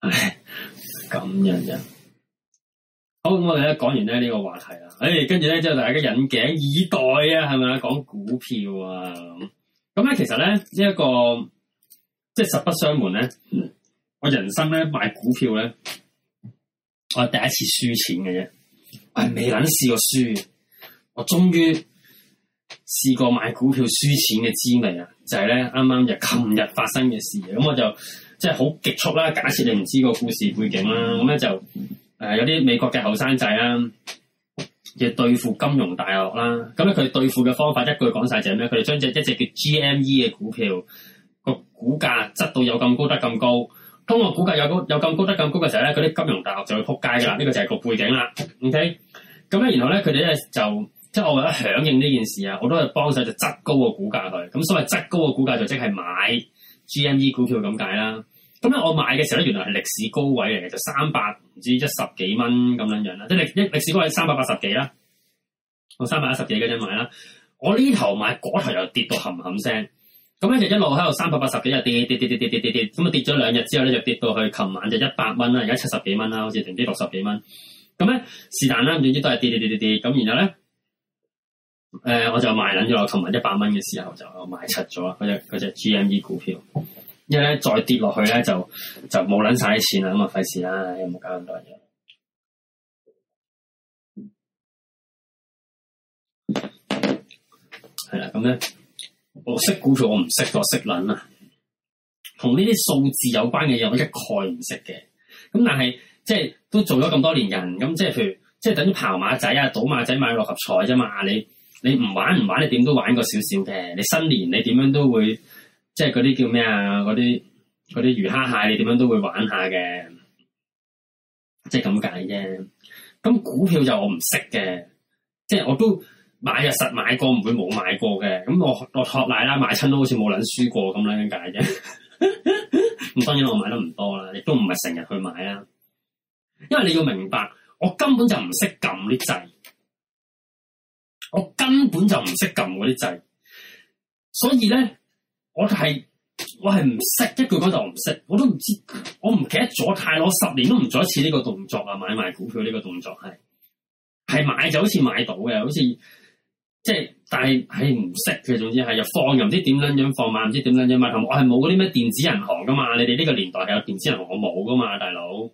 唉，咁樣樣，好，我哋咧講完咧呢個話題啦。誒、欸，跟住咧之後大家引頸以待啊，係咪啊？講股票啊，咁咁咧，其實咧呢一、這個即係實不相瞞咧，我人生咧買股票咧，我係第一次輸錢嘅啫，我係未撚試過輸，我終於試過買股票輸錢嘅滋味啊！就係咧啱啱就琴日發生嘅事，咁我就。即係好極速啦！假設你唔知個故事背景啦，咁、嗯、咧就、呃、有啲美國嘅後生仔啦，要對付金融大學啦。咁咧佢對付嘅方法一句講晒就係咩？佢哋將隻一隻叫 GME 嘅股票個股價質到有咁高得咁高。當個股價有高有咁高得咁高嘅時候咧，嗰啲金融大學就會撲街㗎啦。呢、呢個就係個背景啦。OK，咁咧然後咧佢哋咧就即係我為咗響應呢件事啊，我都係幫手就質高個股價佢。咁所謂質高個股價就即係買 GME 股票咁解啦。咁咧，我買嘅時候咧，原來係歷史高位嚟嘅，就三百唔知一十幾蚊咁樣樣啦，即係歷歷史高位三百八十幾啦，我三百一十幾嘅啫買啦。我呢頭買嗰頭又跌到冚冚聲，咁咧就一路喺度三百八十幾日跌跌跌跌跌跌跌，咁啊跌咗兩日之後咧，就跌到去琴晚就一百蚊啦，而家七十幾蚊啦，好似停啲六十幾蚊。咁咧是但啦，總之都係跌跌跌跌跌。咁然後咧，誒、呃、我就賣撚咗，erre. 我同埋一百蚊嘅時候就賣出咗嗰隻隻 GME 股票。即係咧，再下跌落去咧，就就冇捻曬啲錢啦，咁啊費事啦，有冇搞咁多嘢？係啦，咁咧我識股票，我唔識做識捻啊。同呢啲數字有關嘅嘢，我一概唔識嘅。咁但係即係都做咗咁多年人，咁即係譬如即係等於跑馬仔啊、賭馬仔、買六合彩啫嘛。你你唔玩唔玩，你點都玩過少少嘅。你新年你點樣都會。即係嗰啲叫咩啊？嗰啲啲魚蝦蟹，你點樣都會玩下嘅，即係咁解啫。咁股票就我唔識嘅，即係我都買啊，實買過，唔會冇買過嘅。咁我我學奶啦，買親都好似冇撚輸過咁啦，咁解啫。咁當然我買得唔多啦，亦都唔係成日去買啦。因為你要明白，我根本就唔識撳啲掣，我根本就唔識撳嗰啲掣，所以咧。我係我係唔識，一句講就唔識，我都唔知，我唔記得咗太耐，十年都唔做一次呢個動作啊，買賣股票呢個動作係係買就好似買到嘅，好似即係，但係係唔識嘅，總之係又放又唔知點樣樣放慢，唔知點樣樣買，同我係冇嗰啲咩電子銀行噶嘛，你哋呢個年代係有電子銀行，我冇噶嘛，大佬，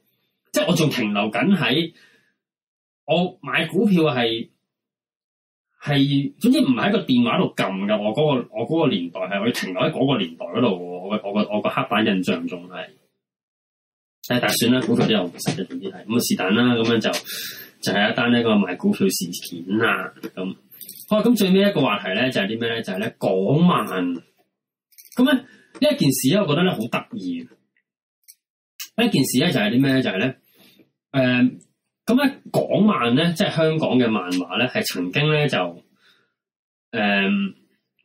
即係我仲停留緊喺我買股票係。係，總之唔係喺個電話度撳噶，我嗰、嗰個我嗰個年代係可以停留喺嗰個年代嗰度，我我個我個黑板印象仲係，但算啦，估到啲又唔實際，總之係咁啊，就就是但啦，咁樣就就係一單呢個賣股票事件啦，咁，好啊，咁最尾一個話題咧就係啲咩咧，就係、是、咧、就是、港漫，咁咧呢一件事咧，我覺得咧好得意，呢件事咧就係啲咩咧，就係、是、咧，誒、呃。咁咧港漫咧，即係香港嘅漫畫咧，係曾經咧就誒係、嗯、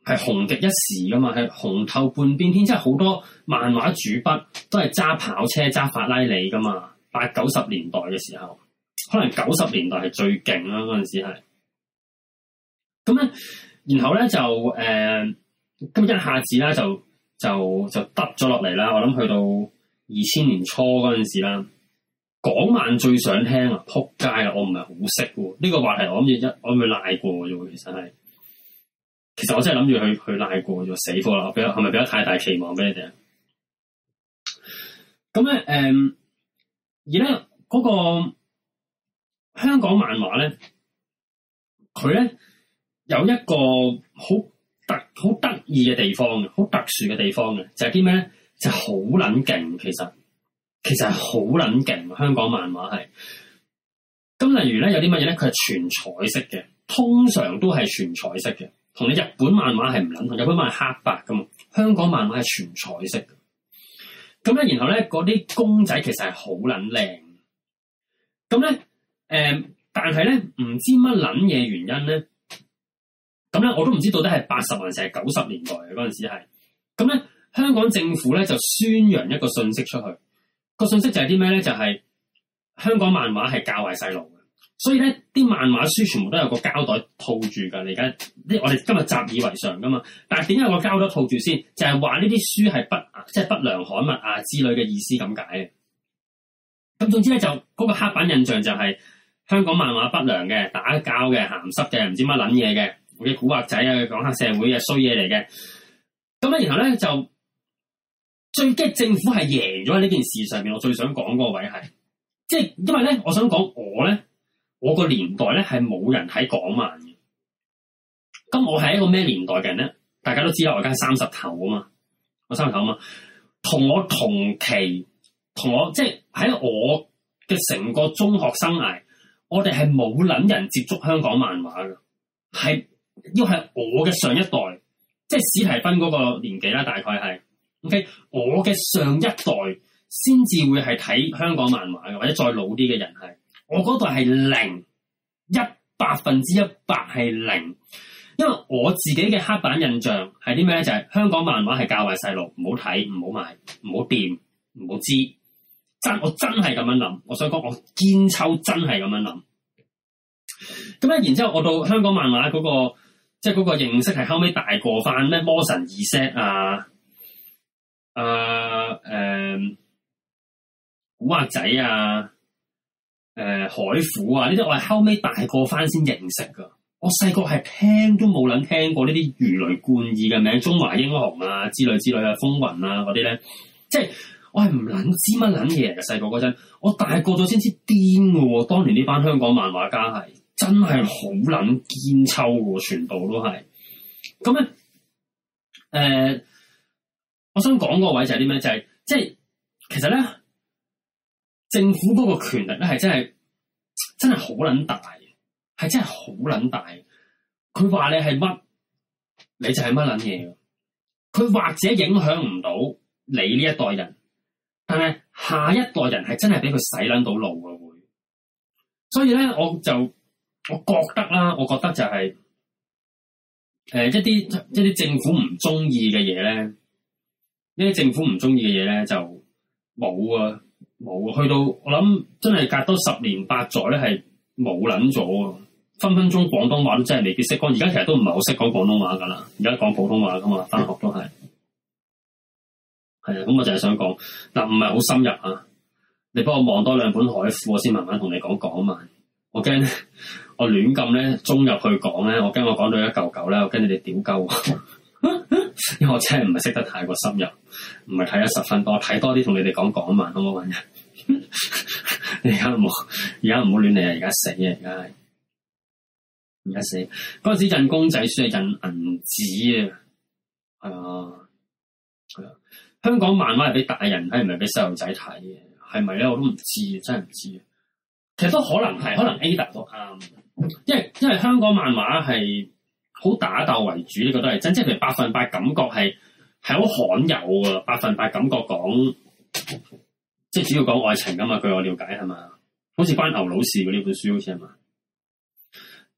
紅極一時噶嘛，係紅透半邊天，即係好多漫畫主筆都係揸跑車、揸法拉利噶嘛。八九十年代嘅時候，可能九十年代係最勁啦、啊，嗰陣時係。咁咧，然後咧就誒，咁、嗯、一下子咧就就就耷咗落嚟啦。我諗去到二千年初嗰陣時啦。港漫最想聽啊，仆街啊！我唔係好識喎，呢個話題我諗住一，我咪瀨過啫。其實係，其實我真係諗住去去瀨過，就死火啦！我俾係咪俾咗太大期望俾你哋？啊？咁咧，誒，而咧嗰個香港漫畫咧，佢咧有一個好特好得意嘅地方好特殊嘅地方嘅，就係啲咩咧，就好撚勁其實。其實係好捻勁，香港漫畫係。咁例如咧，有啲乜嘢咧？佢係全彩色嘅，通常都係全彩色嘅，同你日本漫畫係唔捻同。日本漫畫係黑白噶嘛，香港漫畫係全彩色嘅。咁咧，然後咧，嗰啲公仔其實係好捻靚。咁咧，誒、呃，但係咧，唔知乜捻嘢原因咧，咁咧，我都唔知到底係八十年代定係九十年代嗰陣時係。咁咧，香港政府咧就宣揚一個信息出去。那個信息就係啲咩咧？就係、是、香港漫畫係教壞細路嘅，所以咧啲漫畫書全部都有個膠袋套住噶。你而家啲我哋今日習以為常噶嘛？但係點解有個膠袋套住先？就係話呢啲書係不即係、就是、不良刊物啊之類嘅意思咁解嘅。咁總之咧就嗰個黑板印象就係香港漫畫不良嘅、打交嘅、鹹濕嘅、唔知乜撚嘢嘅，或者古惑仔啊、講黑社會啊、衰嘢嚟嘅。咁啊，然後咧就。最激政府係贏咗喺呢件事上面。我最想講嗰個位係，即係因為咧，我想講我咧，我個年代咧係冇人喺港漫嘅。咁我係一個咩年代嘅人咧？大家都知道我而家三十頭啊嘛，我三十頭啊嘛，同我同期同我即係喺我嘅成個中學生涯，我哋係冇諗人接觸香港漫畫嘅，係要係我嘅上一代，即係史提芬嗰個年紀啦，大概係。O.K. 我嘅上一代先至會係睇香港漫畫嘅，或者再老啲嘅人，係我嗰代係零，一百分之一百係零，因為我自己嘅黑板印象係啲咩咧？就係、是、香港漫畫係教壞細路，唔好睇，唔好買，唔好掂，唔好知。真我真係咁樣諗，我想講我堅抽真係咁樣諗。咁咧，然之後我到香港漫畫嗰、那個即係嗰個認識係後尾大過翻咩魔神二世啊。啊、呃，誒、嗯，古惑仔啊，誒、呃，海虎啊，呢啲我係後尾大個翻先認識噶。我細個係聽都冇諗聽過呢啲如雷貫耳嘅名，中華英雄啊之類之類啊，風雲啊嗰啲咧，即係我係唔諗知乜諗嘢嘅。細個嗰陣，我大個咗先知癲噶。當年呢班香港漫畫家係真係好諗堅抽喎，全部都係。咁咧，誒、呃。我想講嗰位就係啲咩？就係即係，其實咧，政府嗰個權力咧係真係真係好捻大嘅，係真係好捻大。佢話你係乜，你就係乜捻嘢。佢或者影響唔到你呢一代人，但係下一代人係真係俾佢洗捻到腦嘅會。所以咧，我就我覺得啦，我覺得就係、是、誒、呃、一啲一啲政府唔中意嘅嘢咧。呢啲政府唔中意嘅嘢咧，就冇啊，冇啊，去到我諗真係隔多十年八載咧，係冇捻咗啊！分分鐘廣東話都真係未必識講，而家其實都唔係好識講廣東話噶啦，而家講普通話噶嘛，返學都係，係啊，咁我就係想講嗱，唔係好深入啊，你幫我望多兩本海虎，我先慢慢同你講講啊嘛，我驚我亂咁咧，深入去講咧，我驚我講到一嚿嚿咧，我驚你哋點鳩啊！啊、因為我真係唔係識得太過深入，唔係睇得十分多，睇多啲同你哋講講嘛，好唔好啊？你而家唔好而家唔好亂嚟啊！而家死啊！而家死！嗰陣時印公仔書係印銀紙啊，係啊，係啊！香港漫畫係俾大人睇，唔係俾細路仔睇嘅，係咪咧？我都唔知，真係唔知。其實都可能係，可能 Ada 都啱，因為因為香港漫畫係。好打鬥為主，呢、呢個都係真。即係佢如百分百感覺係好罕有啊，百分百感覺講即係主要講愛情噶嘛。據我了解係嘛，好似關牛老師嘅呢本書好似係嘛。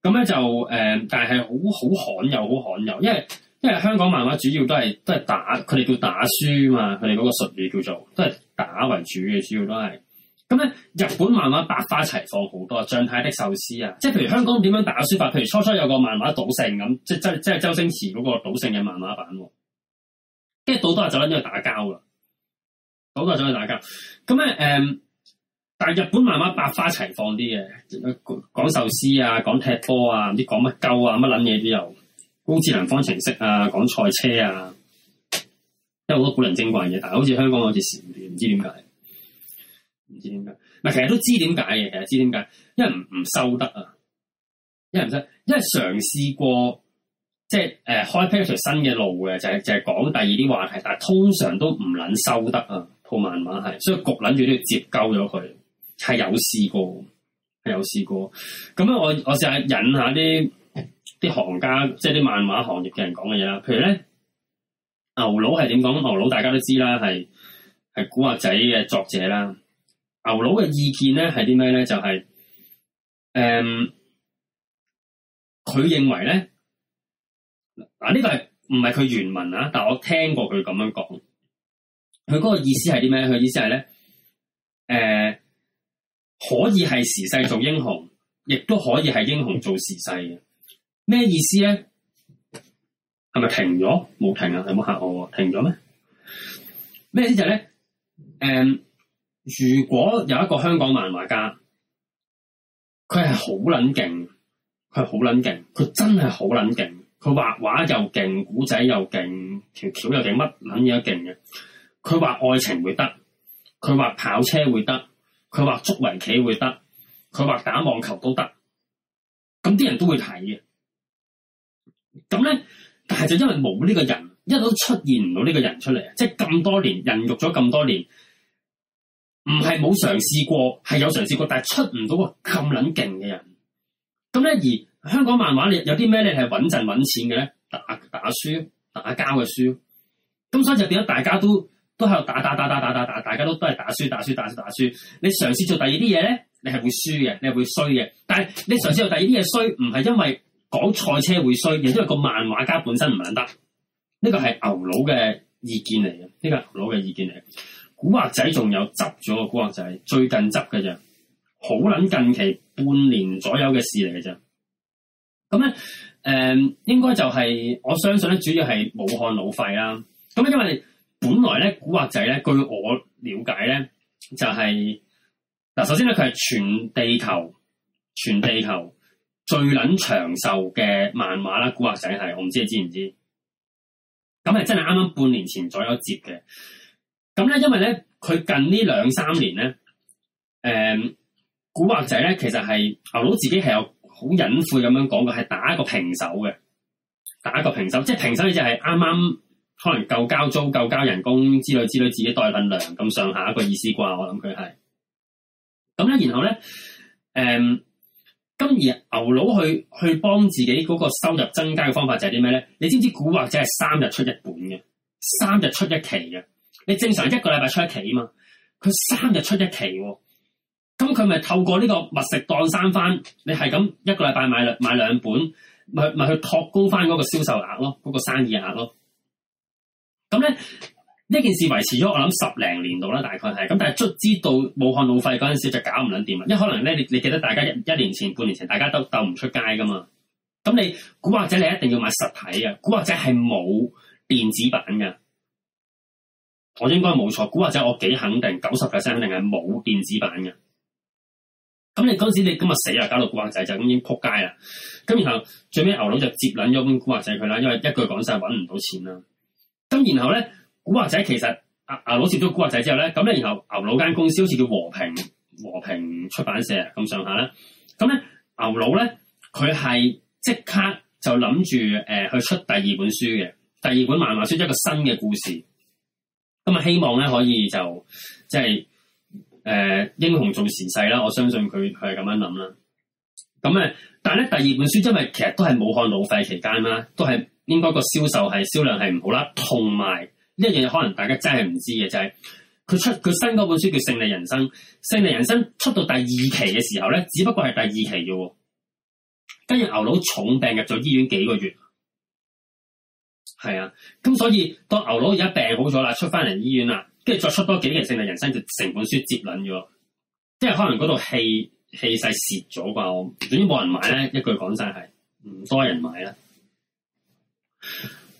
咁咧就、呃、但係好好罕有，好罕有。因為因為香港漫畫主要都係都係打，佢哋叫打書嘛，佢哋嗰個術語叫做都係打為主嘅，主要都係。咁咧，日本漫畫百花齊放好多，將太的壽司啊，即係譬如香港點樣打書法，譬如初初有個漫畫賭聖咁，即係即係即係周星馳嗰個賭聖嘅漫畫版，即係都多走就呢度打交啦賭多就喺度打交。咁咧，誒，但係日本漫畫百花齊放啲嘅，講壽司啊，講踢波啊，唔知講乜鳩啊乜撚嘢都有，高智能方程式啊，講賽車啊，即係好多古靈精怪嘢。但係好似香港好似唔知點解。唔知點解，唔係其實都知點解嘅，其實知點解，因為唔唔收得啊，因為唔得，因為嘗試過即係誒開 petal 新嘅路嘅，就係、是呃、就係、是、講、就是、第二啲話題，但係通常都唔捻收得啊，套漫畫係，所以焗捻住都要接鳩咗佢，係有試過，係有試過。咁咧，我我試下引下啲啲行家，即係啲漫畫行業嘅人講嘅嘢啦，譬如咧，牛佬係點講？牛佬大家都知啦，係係古惑仔嘅作者啦。牛佬嘅意見咧係啲咩咧？就係、是、誒，佢、嗯、認為咧嗱呢、啊這個係唔係佢原文啊？但我聽過佢咁樣講，佢嗰個意思係啲咩？佢意思係咧，誒、嗯，可以係時勢造英雄，亦都可以係英雄造時勢嘅。咩意思咧？係咪停咗？冇停啊？有冇吓我？停咗咩？咩意思咧、就是？誒、嗯。如果有一個香港漫畫家，佢係好撚勁，佢好撚勁，佢真係好撚勁。佢畫畫又勁，古仔又勁，條橋又勁，乜撚嘢都勁嘅。佢話愛情會得，佢話跑車會得，佢話捉圍棋會得，佢話打網球都得。咁啲人都會睇嘅。咁咧，但係就因為冇呢個人，一路都出現唔到呢個人出嚟，即係咁多年，孕育咗咁多年。唔係冇嘗試過，係有嘗試過，但係出唔到個咁捻勁嘅人。咁咧，而香港漫畫有啲咩咧係穩陣穩錢嘅咧？打打書、打交嘅書。咁所以就變咗大家都都喺度打打打打打打打，大家都都係打書打書打書打書。你嘗試做第二啲嘢咧，你係會輸嘅，你係會衰嘅。但係你嘗試做第二啲嘢衰，唔係因為講賽車會衰，而係因為個漫畫家本身唔捻得。呢個係牛佬嘅意見嚟嘅，呢個牛佬嘅意見嚟。古惑仔仲有執咗個古惑仔，最近執嘅啫，好撚近期半年左右嘅事嚟嘅啫。咁咧，嗯，應該就係，我相信咧，主要係武漢老廢啦。咁因為本來咧古惑仔咧，據我了解咧，就係，嗱，首先咧佢係全地球全地球最撚長壽嘅漫畫啦，古惑仔係，我唔知你知唔知？咁係真係啱啱半年前左右接嘅。咁咧，因為咧，佢近呢兩三年咧，誒、嗯，古惑仔咧，其實係牛佬自己係有好隱晦咁樣講嘅，係打一個平手嘅，打一個平手，即係平手呢？就係啱啱可能夠交租、夠交人工之類之類，自己袋份糧咁上下一個意思啩？我諗佢係。咁咧，然後咧，誒、嗯，今而牛佬去去幫自己嗰個收入增加嘅方法就係啲咩咧？你知唔知古惑仔係三日出一本嘅，三日出一期嘅？你正常一個禮拜出一期啊嘛，佢三日出一期喎，啊，咁佢咪透過呢個物食當生翻，你係咁一個禮拜買兩本，咪咪去托高翻嗰個銷售額咯，嗰、嗰個生意額咯。咁咧呢件事維持咗我諗十零年度啦，大概係咁，但係卒之到武漢路費嗰陣時就搞唔撚掂，因為一可能咧，你你記得大家一一年前半年前大家都鬥唔出街噶嘛，咁你古惑仔你一定要買實體啊，古惑仔係冇電子版噶。我應該冇錯，古惑仔我幾肯定，九十 percent 肯定係冇電子版嘅。咁你嗰時你今日死啊，搞到古惑仔就咁已經撲街啦。咁然後最尾牛佬就接捻咗本古惑仔佢啦，因為一句講晒揾唔到錢啦。咁然後咧，古惑仔其實啊牛佬接咗古惑仔之後咧，咁咧然後牛佬間公司好似叫和平，和平出版社咁上下啦。咁咧牛佬咧佢係即刻就諗住誒去出第二本書嘅，第二本漫畫書一個新嘅故事。咁啊，希望咧可以就即係誒，英雄做時勢啦。我相信佢佢係咁樣諗啦。咁啊，但係咧第二本書，因為其實都係武漢老肺期間啦，都係應該個銷售係銷量係唔好啦。同埋呢一樣嘢，這個、可能大家真係唔知嘅就係、是、佢出佢新嗰本書叫《勝利人生》，《勝利人生》出到第二期嘅時候咧，只不過係第二期啫。跟住牛佬重病入咗醫院幾個月。係啊，咁所以當牛佬而家病好咗啦，出翻嚟醫院啦，跟住再出多幾啲人勝人生，就成本書接卵咗，即係可能嗰度氣氣勢蝕咗啩，總之冇人買咧，一句講晒係唔多人買啦。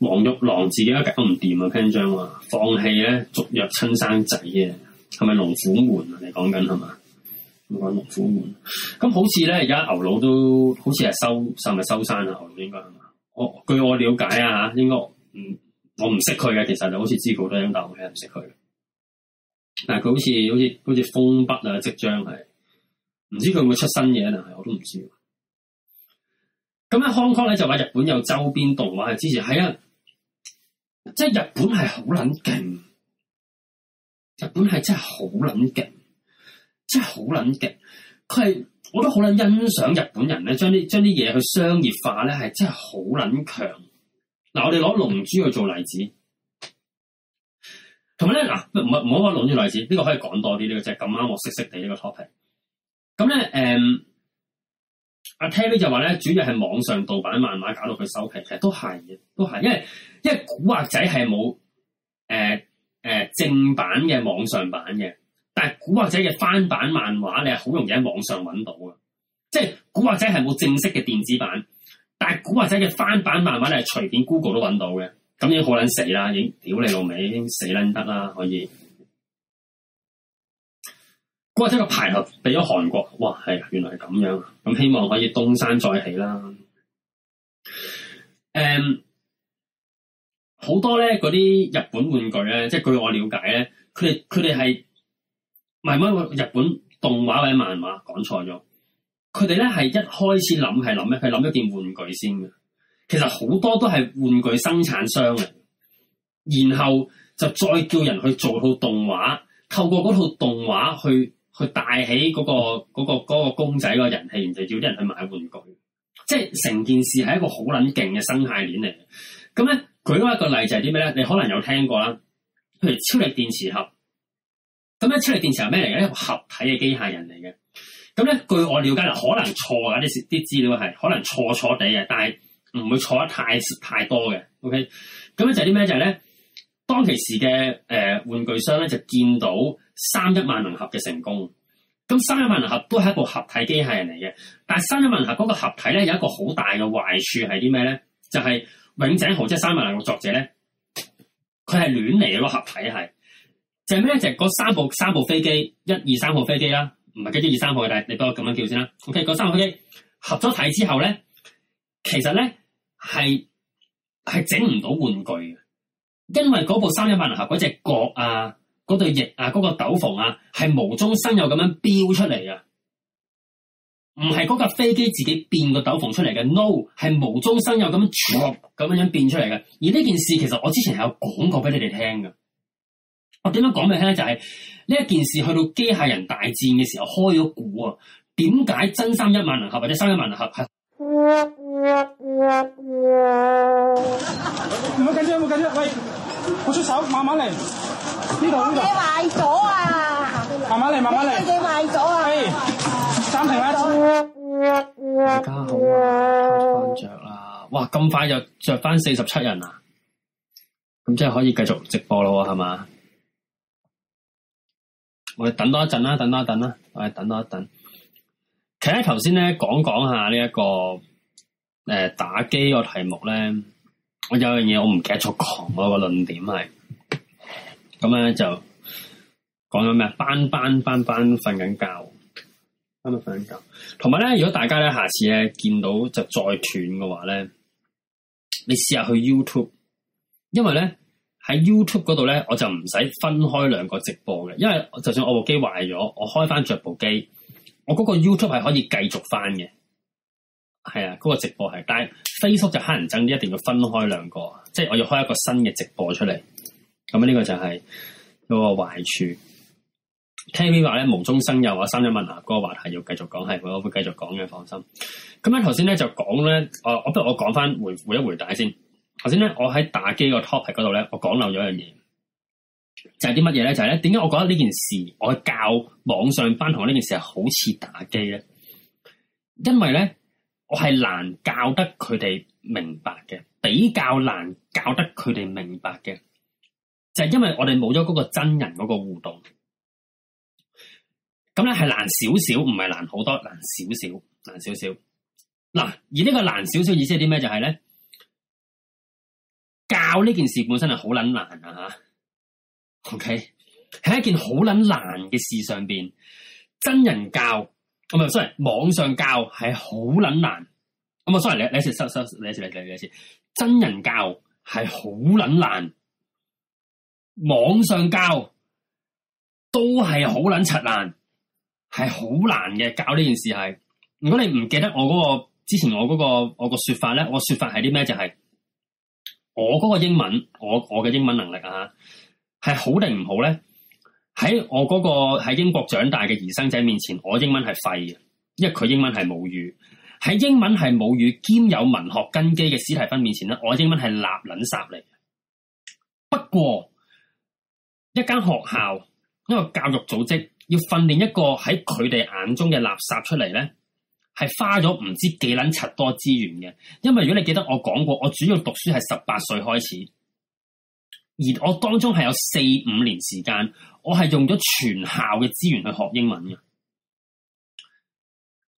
黃玉郎自己都搞唔掂啊，鏗鏘啊。放棄咧，續約親生仔啊，係咪龍虎門啊？你講緊係嘛？我講龍虎門，咁好似咧而家牛佬都好似係收，係咪收山啊？牛佬應該係。我、哦，據我了解啊，應該我唔識佢嘅，其實就好似知道多英大好多張凳，我係唔識佢。但係佢好似好似好似封筆啊即將係唔知佢會唔會出新嘢，但係我都唔知。咁喺香港咧就話日本有周邊動畫，係之前係啊，即係日本係好撚勁，日本係真係好撚勁，真係好撚勁，佢。我都好撚欣賞日本人咧，將啲將啲嘢去商業化咧，係真係好撚強。嗱，我哋攞《龍珠》去做例子，同埋咧嗱，唔好話《龍珠》例子，呢個可以講多啲呢個，即係咁啱我識識地呢個 topic。咁咧誒，阿 Terry 就話咧，主要係網上盜版漫畫搞到佢收皮，其實都係嘅，都係，因為因為古惑仔係冇誒誒正版嘅網上版嘅。但係古惑仔嘅翻版漫畫，你係好容易喺網上揾到嘅，即係古惑仔係冇正式嘅電子版，但係古惑仔嘅翻版漫畫，你係隨便 Google 都揾到嘅，咁已經好撚死啦，已經屌你老味，已經死撚得啦，可以。古惑仔個牌俾咗韓國，哇，係啊，原來係咁樣，咁希望可以東山再起啦。誒、嗯，好多咧嗰啲日本玩具咧，即係據我了解咧，佢哋佢哋係。唔係乜，日本動畫或者漫畫講錯咗。佢哋咧係一開始諗係諗咩？佢諗一件玩具先嘅。其實好多都係玩具生產商嚟，然後就再叫人去做套動畫，透過嗰套動畫去去帶起嗰、嗰個、嗰個、嗰個嗰個公仔個人氣，然就叫啲人去買玩具。即係成件事係一個好撚勁嘅生態鏈嚟嘅。咁咧舉一個例子就係啲咩咧？你可能有聽過啦，譬如超力電池盒。咁呢出嚟電池係咩嚟嘅？一個合體嘅機械人嚟嘅。咁咧，據我了解啦，可能錯噶啲，啲資料係可能錯錯地嘅，但係唔會錯得太太多嘅。O K，咁咧就係啲咩？就係、是、咧，當其時嘅，誒、呃、玩具商咧就見到三一萬能盒嘅成功。咁三一萬能盒都係一部合體機械人嚟嘅。但係三一萬能盒嗰個合體咧有一個好大嘅壞處係啲咩咧？就係、是、永井豪即係、就是、三萬能嘅作者咧，佢係亂嚟嘅個合體係。就咩、是、咧？就嗰、是、三部三部飛機，一二三號飛機啦，唔係跟一二三號嘅，但你俾我咁樣叫先啦。OK，嗰三部飛機合咗體之後咧，其實咧係係整唔到玩具嘅，因為嗰部三一八零號嗰隻角啊，嗰對翼啊，嗰、那個斗篷啊，係無中生有咁樣飆出嚟啊，唔係嗰架飛機自己變個斗篷出嚟嘅，no，係無中生有咁樣咁樣樣變出嚟嘅。而呢件事其實我之前係有講過俾你哋聽嘅。我點樣講俾你聽咧？就係呢一件事去到機械人大戰嘅時候開咗股啊！點解真三一萬能合或者三一萬能合？唔好緊張，唔好緊張，喂，我出手，慢慢嚟。呢度呢度。你賣咗啊！慢慢嚟，慢慢嚟。你賣咗啊！暫停而家好啊！着啦哇！咁快又着翻四十七人啊！咁即係可以繼續直播咯？係嘛？我哋等多一陣啦，等多一陣啦，我哋等多一陣。其實頭先咧，講講下呢一個誒、呃、打機個題目咧。我有樣嘢，我唔記得咗講我個論點係。咁、嗯、咧就講咗咩？班班班班瞓緊覺，啱啱瞓緊覺。同埋咧，如果大家咧下次咧見到就再斷嘅話咧，你試下去 YouTube，因為咧。喺 YouTube 嗰度咧，我就唔使分開兩個直播嘅。因為就算我部機壞咗，我開翻着部機，我嗰個 YouTube 係可以繼續翻嘅，係啊，嗰、嗰個直播係。但係 Facebook 就乞人憎，一定要分開兩個，即係我要開一個新嘅直播出嚟。咁呢個就係嗰個壞處。聽你話咧，無中生有啊！三一文俠嗰個話題是要繼續講，係我會繼續講嘅，放心。咁咧，頭先咧就講咧，啊，我不如我講翻回回一回帶先。頭先咧，我喺打機個 topic 嗰度咧，我講漏咗一樣嘢，就係啲乜嘢咧？就係咧，點解我覺得呢件事我教網上班同學呢件事係好似打機咧？因為咧，我係難教得佢哋明白嘅，比較難教得佢哋明白嘅，就係因為我哋冇咗嗰個真人嗰個互動。咁咧係難少少，唔係難好多，難少少，難少少。嗱，而呢個難少少意思係啲咩？就係咧。教呢件事本身係好捻難啊，吓，OK，喺一件好捻難嘅事上邊，真人教，唔係 sorry，網上教係好捻難，咁啊 sorry，你你一次收收，你一次你一次你一次你一次，真人教係好捻難，網上教都係好捻柒難，係好難嘅教呢件事係，如果你唔記得我嗰個之前我嗰個我個說法咧，我說法係啲咩就係、是。我嗰個英文，我我嘅英文能力啊，係好定唔好咧？喺我嗰個喺英國長大嘅兒生仔面前，我英文係廢嘅，因為佢英文係母語。喺英文係母語兼有文學根基嘅史提芬面前咧，我英文係垃捻圾嚟嘅。不過，一間學校一個教育組織要訓練一個喺佢哋眼中嘅垃圾出嚟咧。係花咗唔知幾捻柒多資源嘅，因為如果你記得我講過，我主要讀書係十八歲開始，而我當中係有四五年時間，我係用咗全校嘅資源去學英文嘅，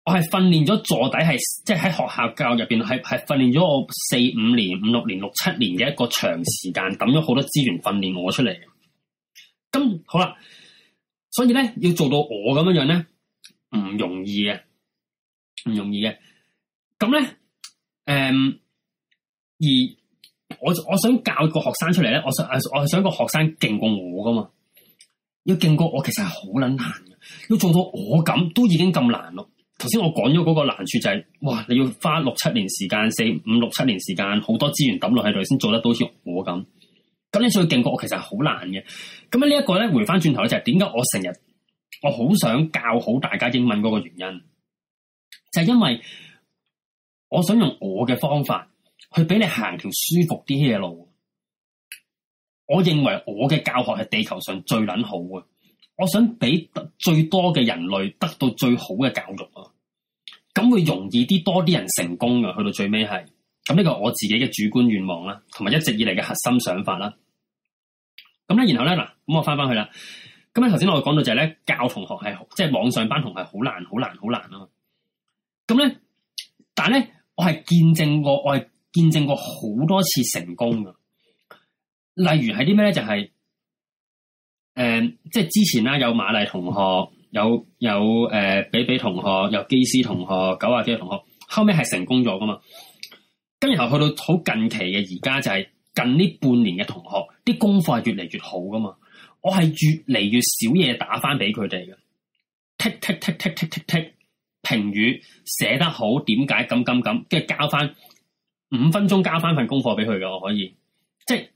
我係訓練咗坐底係，即係喺學校教入邊係係訓練咗我四五年、五六年、六七年嘅一個長時間抌咗好多資源訓練我出嚟嘅。咁好啦，所以咧要做到我咁樣樣咧，唔容易嘅。唔容易嘅，咁咧，誒、嗯，而我我想教個學生出嚟咧，我想我係想一個學生勁過我噶嘛，要勁過我其實係好捻難嘅，要做到我咁都已經咁難咯。頭先我講咗嗰個難處就係、是，哇，你要花六七年時間，四五六七年時間，好多資源抌落喺度，先做得到好似我咁。咁你想勁過我，其實係好難嘅。咁喺呢一個咧，回翻轉頭咧、就是，就係點解我成日我好想教好大家英文嗰個原因。就係因為我想用我嘅方法去俾你行條舒服啲嘅路，我認為我嘅教學係地球上最捻好嘅，我想俾最多嘅人類得到最好嘅教育啊！咁會容易啲多啲人成功嘅，去到最尾係咁呢個我自己嘅主觀願望啦，同埋一直以嚟嘅核心想法啦。咁咧，然後咧嗱，咁我翻翻去啦。咁咧，頭先我講到就係咧，教同學係即係網上班同學好難、好難、好難啊！咁咧，但咧，我係見證過，我係見證過好多次成功噶。例如係啲咩咧，就係、是、誒、呃，即係之前啦，有瑪麗同學，有有誒、呃，比比同學，有基師同學，九啊幾嘅同學，後尾係成功咗噶嘛。跟住後去到好近期嘅，而家就係近呢半年嘅同學，啲功課係越嚟越好噶嘛。我係越嚟越少嘢打翻俾佢哋嘅，剔剔剔剔剔剔剔。評語寫得好，點解咁咁咁？跟住交翻五分鐘，交翻份功課俾佢嘅，我可以，即係誒、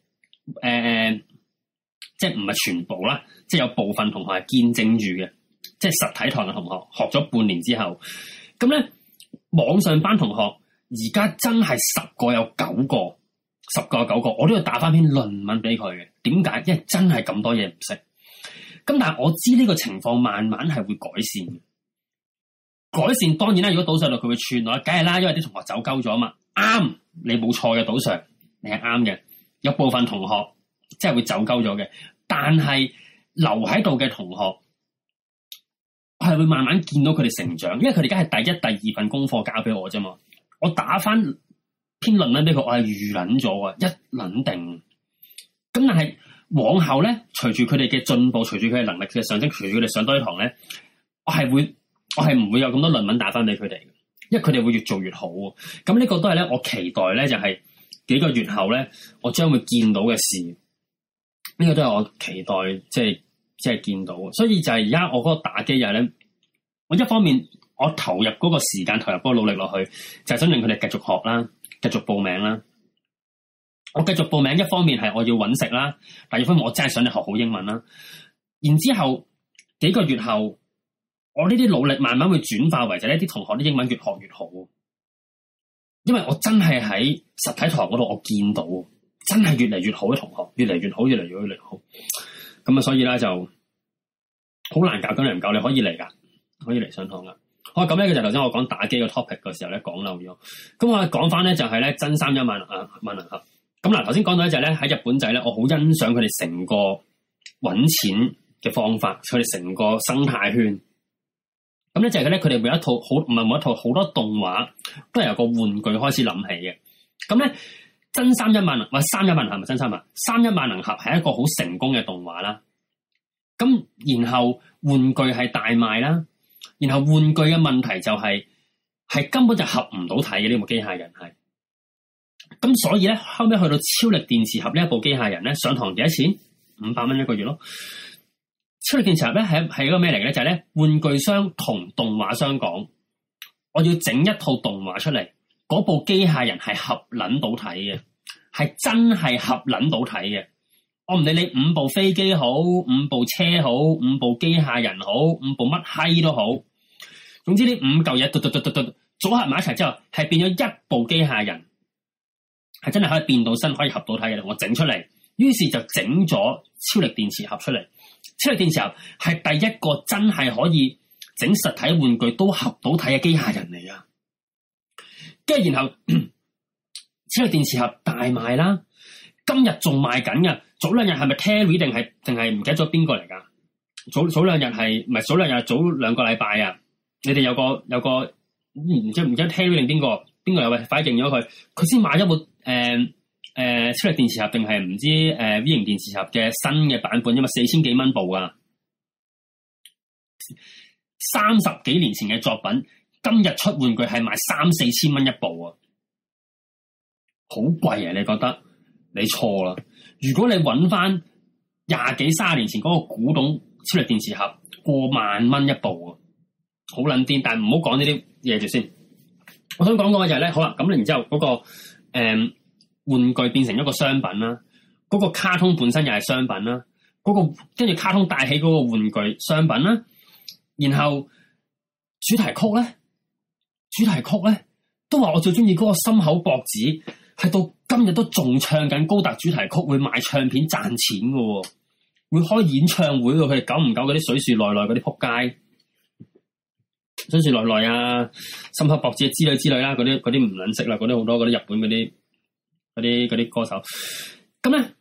呃、即係唔係全部啦，即係有部分同學係見證住嘅，即係實體堂嘅同學學咗半年之後，咁咧網上班同學而家真係十個有九個，十個有九個，我都要打翻篇論文俾佢嘅。點解？因為真係咁多嘢唔識，咁但係我知呢個情況慢慢係會改善嘅。改善當然啦，如果島上落，佢會串落，梗係啦，因為啲同學走鳩咗啊嘛。啱，你冇錯嘅島上，你係啱嘅。有部分同學真係會走鳩咗嘅，但係留喺度嘅同學係會慢慢見到佢哋成長，因為佢哋而家係第一、第二份功課交俾我啫嘛。我打翻篇論咧俾佢，我係預諗咗啊，一諗定。咁但係往後咧，隨住佢哋嘅進步，隨住佢嘅能力嘅上升，隨住佢哋上多啲堂咧，我係會。我係唔會有咁多論文打返俾佢哋，因為佢哋會越做越好。咁呢個都係咧，我期待咧就係幾個月後咧，我將會見到嘅事。呢個都係我期待，即係即係見到。所以就係而家我嗰個打機日咧，我一方面我投入嗰個時間，投入嗰個努力落去，就係想令佢哋繼續學啦，繼續報名啦。我繼續報名，一方面係我要搵食啦，但係一方面我真係想你學好英文啦。然之後幾個月後。我呢啲努力慢慢會轉化為就呢啲同學啲英文越學越好，因為我真係喺實體堂嗰度，我見到真係越嚟越好嘅同學，越嚟越好，越嚟越好，越嚟越好，咁啊，所以咧就好難教，咁你唔教你可以嚟噶，可以嚟上堂噶。好，咁咧就頭先我講打機個 topic 嘅時候咧，講漏咗。咁我講翻咧就係咧真三一萬啊萬能俠咁嗱，頭先講到一隻咧喺日本仔咧，我好欣賞佢哋成個搵錢嘅方法，佢哋成個生態圈。咁咧就係咧，佢哋每一套好，唔係每一套好多動畫，都係由個玩具開始諗起嘅。咁咧，真三一萬能或三一萬能係咪真三一？三一萬能俠係一,一個好成功嘅動畫啦。咁然後玩具係大賣啦，然後玩具嘅問題就係、是、係根本就合唔到體嘅呢部機械人係。咁所以咧，後尾去到超力電磁俠呢一部機械人咧，上堂幾多錢？五百蚊一個月咯。超力電池盒咧，係係嗰個咩嚟嘅咧？就係咧，玩具商同動畫商講，我要整一套動畫出嚟。嗰部機械人係合捻到睇嘅，係真係合捻到睇嘅。我唔理你五部飛機好，五部車好，五部機械人好，五部乜閪都好。總之呢五嚿嘢，嘟嘟嘟嘟嘟，組合埋一齊之後，係變咗一部機械人，係真係可以變到身，可以合到睇嘅。我整出嚟，於是就整咗超力電池盒出嚟。超力電池盒係第一個真係可以整實體玩具都合到睇嘅機械人嚟噶，跟住然後超力電池盒大賣啦，今日仲賣緊噶，早兩日係咪 Terry 定係定係唔記得咗邊個嚟噶？早早兩日係唔係早兩日早兩個禮拜啊？你哋有個有個唔知唔知 Terry 定邊個邊個有位反應咗佢，佢先買咗部。誒、呃。誒，超力電磁盒定係唔知誒 V 型電磁盒嘅新嘅版本啫嘛，四千幾蚊部啊！三十幾年前嘅作品，今日出玩具係賣三四千蚊一部啊，好貴啊！你覺得你錯啦？如果你揾翻廿幾卅年前嗰個古董超力電磁盒，過萬蚊一部啊，就是，好捻癲！但係唔好講呢啲嘢，住先我想講講嘅就係咧，好啦，咁然之後嗰個誒。玩具變成一個商品啦，嗰個卡通本身又係商品啦，嗰個跟住卡通帶起嗰個玩具商品啦，然後主題曲咧，主題曲咧都話我最中意嗰個森口博子，係到今日都仲唱緊高達主題曲，會賣唱片賺錢嘅喎，會開演唱會喎，佢哋久唔久嗰啲水樹奈奈嗰啲撲街，水樹奈奈啊，森口博子之類之類啦，嗰啲嗰啲唔撚識啦，嗰啲好多嗰啲日本嗰啲。.啲啲歌手，咁咧，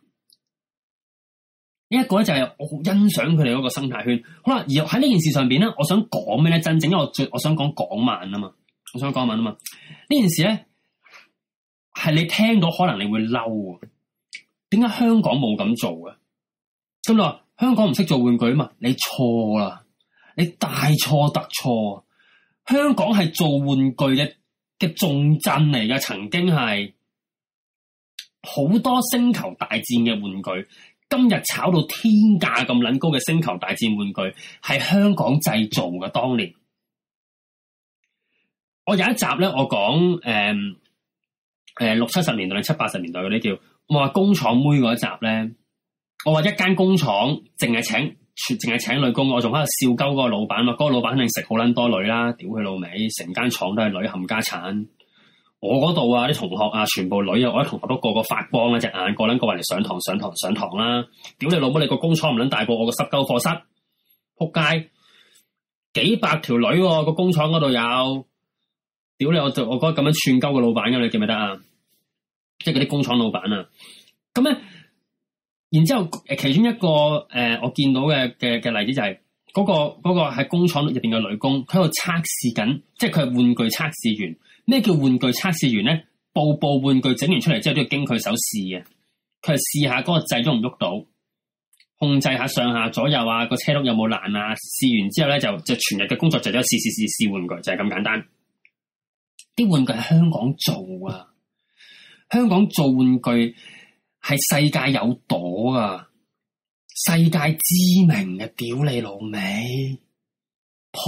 一個咧就係我好欣賞佢哋嗰個生態圈。好啦，而喺呢件事上邊咧，我想講咩咧？真正因為我最我想講港漫啊嘛，我想講漫啊嘛。呢件事咧，係你聽到可能你會嬲啊，點解香港冇咁做呀？咁你話香港唔識做玩具啊嘛？你錯啦，你大錯特錯。香港係做玩具嘅嘅重鎮嚟嘅，曾經係。好多星球大戰嘅玩具，今日炒到天價咁捻高嘅星球大戰玩具係香港製造嘅。當年我有一集咧，我講誒誒六七十年代、七八十年代嗰啲叫我話工廠妹嗰一集咧，我話一間工廠淨係請，淨係請女工，我仲喺度笑鳩嗰個老闆嘛，嗰、嗰個老闆肯定食好捻多女啦，屌佢老味，成間廠都係女冚家產。我嗰度啊，啲同學啊，全部女啊，我啲同學都個個發光啊，隻眼，個撚個話嚟，上堂上堂上堂啦，屌你老母！你個工廠唔撚大過我個濕鳩課室，扑街，幾百條女個、啊、工廠嗰度有，屌你！我做我咁樣串鳩嘅老闆噶、啊，你記唔記得啊？即係嗰啲工廠老闆啊，咁咧，然之後誒，其中一個誒、呃，我見到嘅嘅嘅例子就係、是、嗰、那個嗰、那個喺工廠入邊嘅女工，佢喺度測試緊，即係佢係玩具測試員。咩叫玩具測試員咧？部部玩具整完出嚟之後都要經佢手試嘅，佢試下嗰個掣喐唔喐到，控制下上下左右啊，個車轆有冇爛啊？試完之後咧就，就全日嘅工作就係咁試試試試玩具，就係、是、咁簡單。啲玩具喺香港做啊，香港做玩具係世界有朵啊，世界知名嘅。屌你老味，撲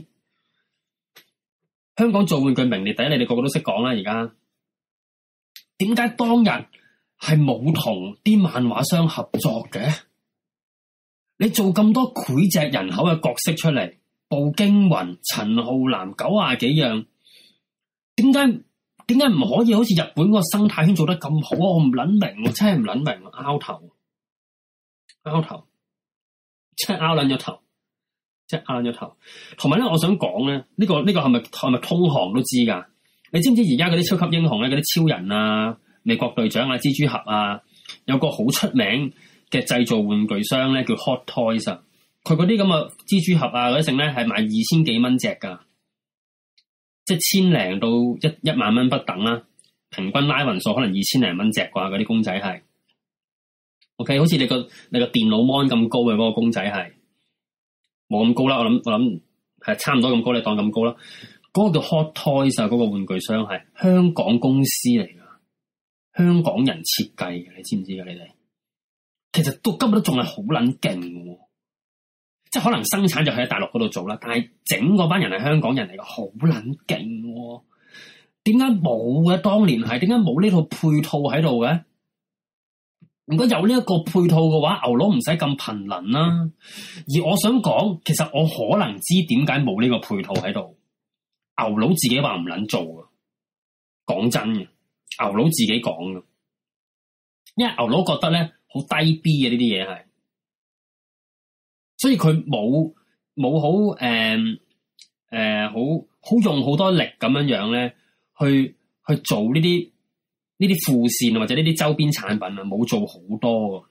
街！香港做玩具名列第一，你哋個個都識講啦。而家點解當日係冇同啲漫畫商合作嘅？你做咁多膾炙人口嘅角色出嚟，步驚雲、陳浩南、九啊幾樣，點解點解唔可以好似日本個生態圈做得咁好啊？我唔捻明，我真係唔捻明，拗頭拗頭，真係拗爛咗頭。即啱咗頭，同埋咧，我想講咧，呢、呢個呢、呢個係咪係咪通行都知噶？你知唔知而家嗰啲超級英雄咧，嗰啲超人啊、美國隊長啊、蜘蛛俠啊，有個好出名嘅製造玩具商咧，叫 Hot Toys 啊。佢嗰啲咁嘅蜘蛛俠啊嗰啲成咧係賣二千幾蚊隻噶，即係千零到一一萬蚊不等啦、啊。平均拉匀數可能二千零蚊隻啩，嗰啲公仔係。OK，好似你個你個電腦 mon 咁高嘅嗰、嗰個公仔係。冇咁高啦，我諗我諗係差唔多咁高，你當咁高啦。嗰個叫 Hot Toys 啊，嗰個玩具商係香港公司嚟噶，香港人設計嘅，你知唔知噶？你哋其實都根本都仲係好捻勁嘅，即係可能生產就喺大陸嗰度做啦，但係整嗰班人係香港人嚟嘅，好捻勁。點解冇嘅？當年係點解冇呢套配套喺度嘅？如果有呢一個配套嘅話，牛佬唔使咁頻能啦、啊。而我想講，其實我可能知點解冇呢個配套喺度。牛佬自己話唔撚做嘅，講真嘅，牛佬自己講嘅，因為牛佬覺得咧，好低 B 嘅呢啲嘢係，所以佢冇冇好誒好好用好多力咁樣樣咧去去做呢啲。呢啲副線或者呢啲周邊產品啊，冇做好多。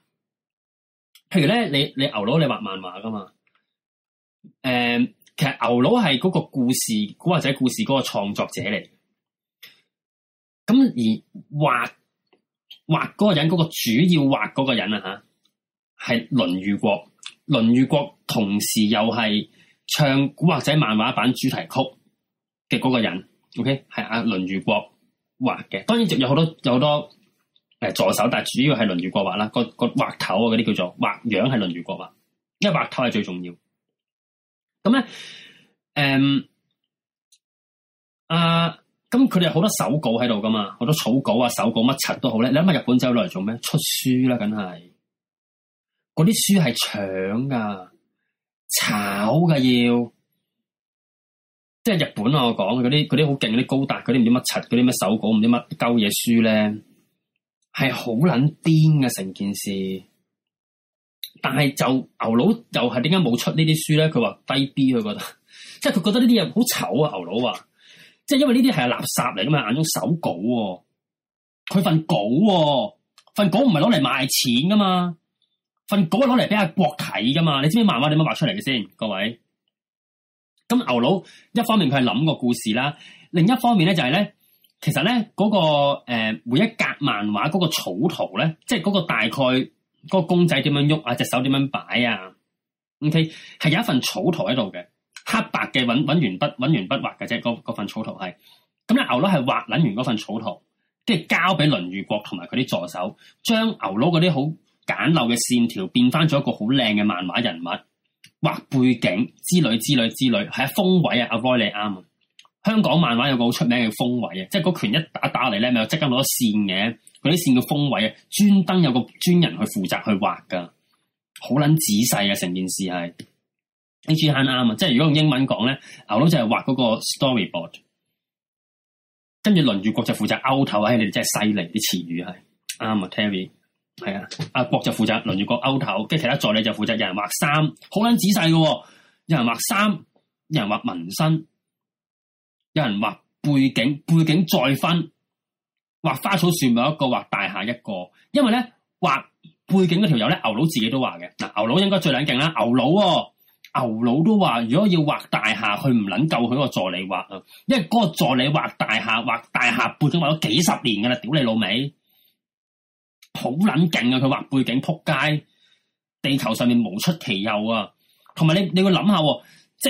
譬如咧，你牛你牛佬你畫漫畫噶嘛？誒、嗯，其實牛佬係嗰個故事，古惑仔故事嗰個創作者嚟。咁而畫畫嗰個人，嗰、嗰個主要畫嗰個人啊吓，係倫裕國。倫裕國同時又係唱古惑仔漫畫版主題曲嘅嗰個人。O K，係阿倫裕國。畫嘅，當然有好多有好多誒助手，但係主要係輪如國畫啦，個個畫頭啊嗰啲，叫做畫樣，係輪如國畫，因為畫頭係最重要。咁咧，誒，啊，咁佢哋好多手稿喺度噶嘛，好多草稿啊、手稿乜柒都好咧。你諗下日本走落嚟做咩？出書啦，梗係，嗰啲書係搶噶，炒噶要。即係日本啊！我講嗰啲嗰啲好勁嗰啲高達嗰啲唔知乜柒嗰啲乜手稿唔知乜鳩嘢書咧，係好捻癲嘅成件事。但係就牛佬又係點解冇出呢啲書咧？佢話低 B，佢覺得即係佢覺得呢啲嘢好醜啊！牛佬話，即係因為呢啲係垃圾嚟噶嘛，眼中手稿。佢份稿份稿唔係攞嚟賣錢噶嘛，份稿攞嚟俾阿國睇噶嘛。你知唔知漫畫點樣畫出嚟嘅先？各位？咁牛佬一方面佢係諗個故事啦，另一方面咧就係咧，其實咧嗰、那個誒、呃、每一格漫畫嗰個草圖咧，即係嗰個大概嗰、那個公仔點樣喐啊，隻手點樣擺啊，OK 係有一份草圖喺度嘅，黑白嘅，搵完鉛筆搵完筆畫嘅啫，嗰份草圖係，咁咧牛佬係畫捻完嗰份草圖，即係交俾倫裕國同埋佢啲助手，將牛佬嗰啲好簡陋嘅線條變翻咗一個好靚嘅漫畫人物。畫背景之類之類之類，係啊，封尾啊，阿 Voi 你啱啊 Royley。香港漫畫有個好出名嘅封尾啊，即係嗰拳一打打嚟，咧，咪有即刻攞線嘅。嗰啲線嘅封尾啊，專登有個專人去負責去畫噶，好捻仔細啊！成件事係，你轉下啱啊。即係如果用英文講咧，牛佬就係畫嗰個 storyboard，跟住輪住國就負責勾頭啊、哎。你哋，真係犀利啲詞語係啱啊，Terry 係啊，阿、啊、國就負責輪住個勾頭，跟住其他助理就負責有人畫衫，好捻仔細嘅、哦。有人畫衫，有人畫紋身，有人畫背景，背景再分畫花草樹木一個，畫大廈一個。因為咧畫背景嗰條友咧，牛佬自己都話嘅，嗱，牛佬應該最捻勁啦。牛佬、哦，牛佬都話如果要畫大廈，佢唔捻夠佢個助理畫啊，因為嗰個助理畫大廈，畫大廈背景畫咗幾十年噶啦，屌你老味！好捻勁啊！佢畫背景撲街，地球上面無出其右啊！同埋你，你會諗下，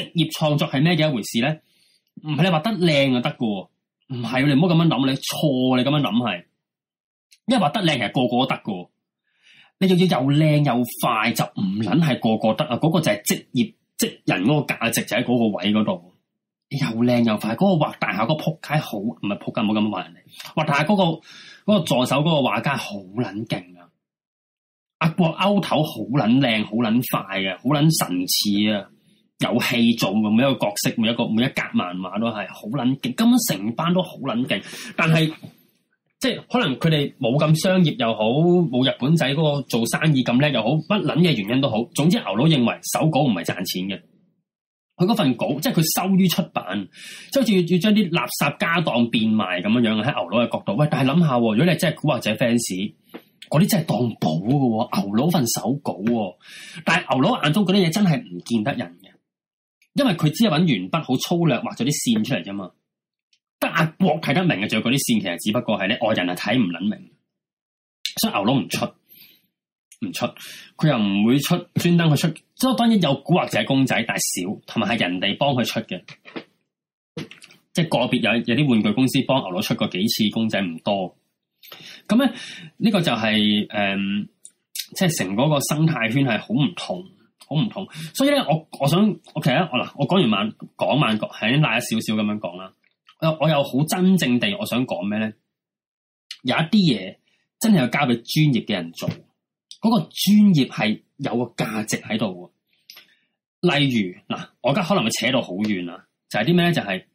職業創作係咩嘅一回事咧？唔係你畫得靚啊得喎，唔係你唔好咁樣諗你錯，你咁樣諗係，因為畫得靚其實個個都得嘅，你仲要又靚又快就唔捻係個個得啊！嗰個就係職業職人嗰個價值就喺嗰個位嗰度，又靚又快。嗰個畫大廈嗰撲街好，唔係撲街，冇咁樣話人哋畫大廈嗰個。嗰、嗰個助手嗰個畫家好捻勁啊！阿國歐頭好捻靚，好捻快啊，好捻神似啊！有戲做咁樣一個角色，每一個每一格漫畫都係好捻勁，根本成班都好捻勁。但係即係可能佢哋冇咁商業又好，冇日本仔嗰個做生意咁叻又好，不捻嘅原因都好。總之牛佬認為手稿唔係賺錢嘅。佢嗰份稿，即係佢收於出版，即好似要，要將將啲垃圾家當變賣咁樣樣。喺牛佬嘅角度，喂，但係諗下，如果你真係古惑仔 fans，嗰啲真係當寶喎。牛佬份手稿，但係牛佬眼中嗰啲嘢真係唔見得人嘅，因為佢只係揾鉛筆好粗略畫咗啲綫出嚟啫嘛，但阿國睇得明嘅，仲有嗰啲綫，其實只不過係咧外人係睇唔捻明，所以牛佬唔出。唔出，佢又唔會出，專登佢出，即係當然有古惑仔公仔，但係少，同埋係人哋幫佢出嘅，即係個別有有啲玩具公司幫牛佬出過幾次公仔，唔多，咁咧呢、這個就係、是、誒，即係成嗰個生態圈係好唔同，好唔同，所以咧我我想，OK 啊，嗱，我講完講，慢講慢講，係一少少咁樣講啦，我又有好真正地我想講咩咧，有一啲嘢真係要交俾專業嘅人做。嗰、那個專業係有個價值喺度喎。例如嗱，我而家可能會扯到好遠啦，就係啲咩？就係、是、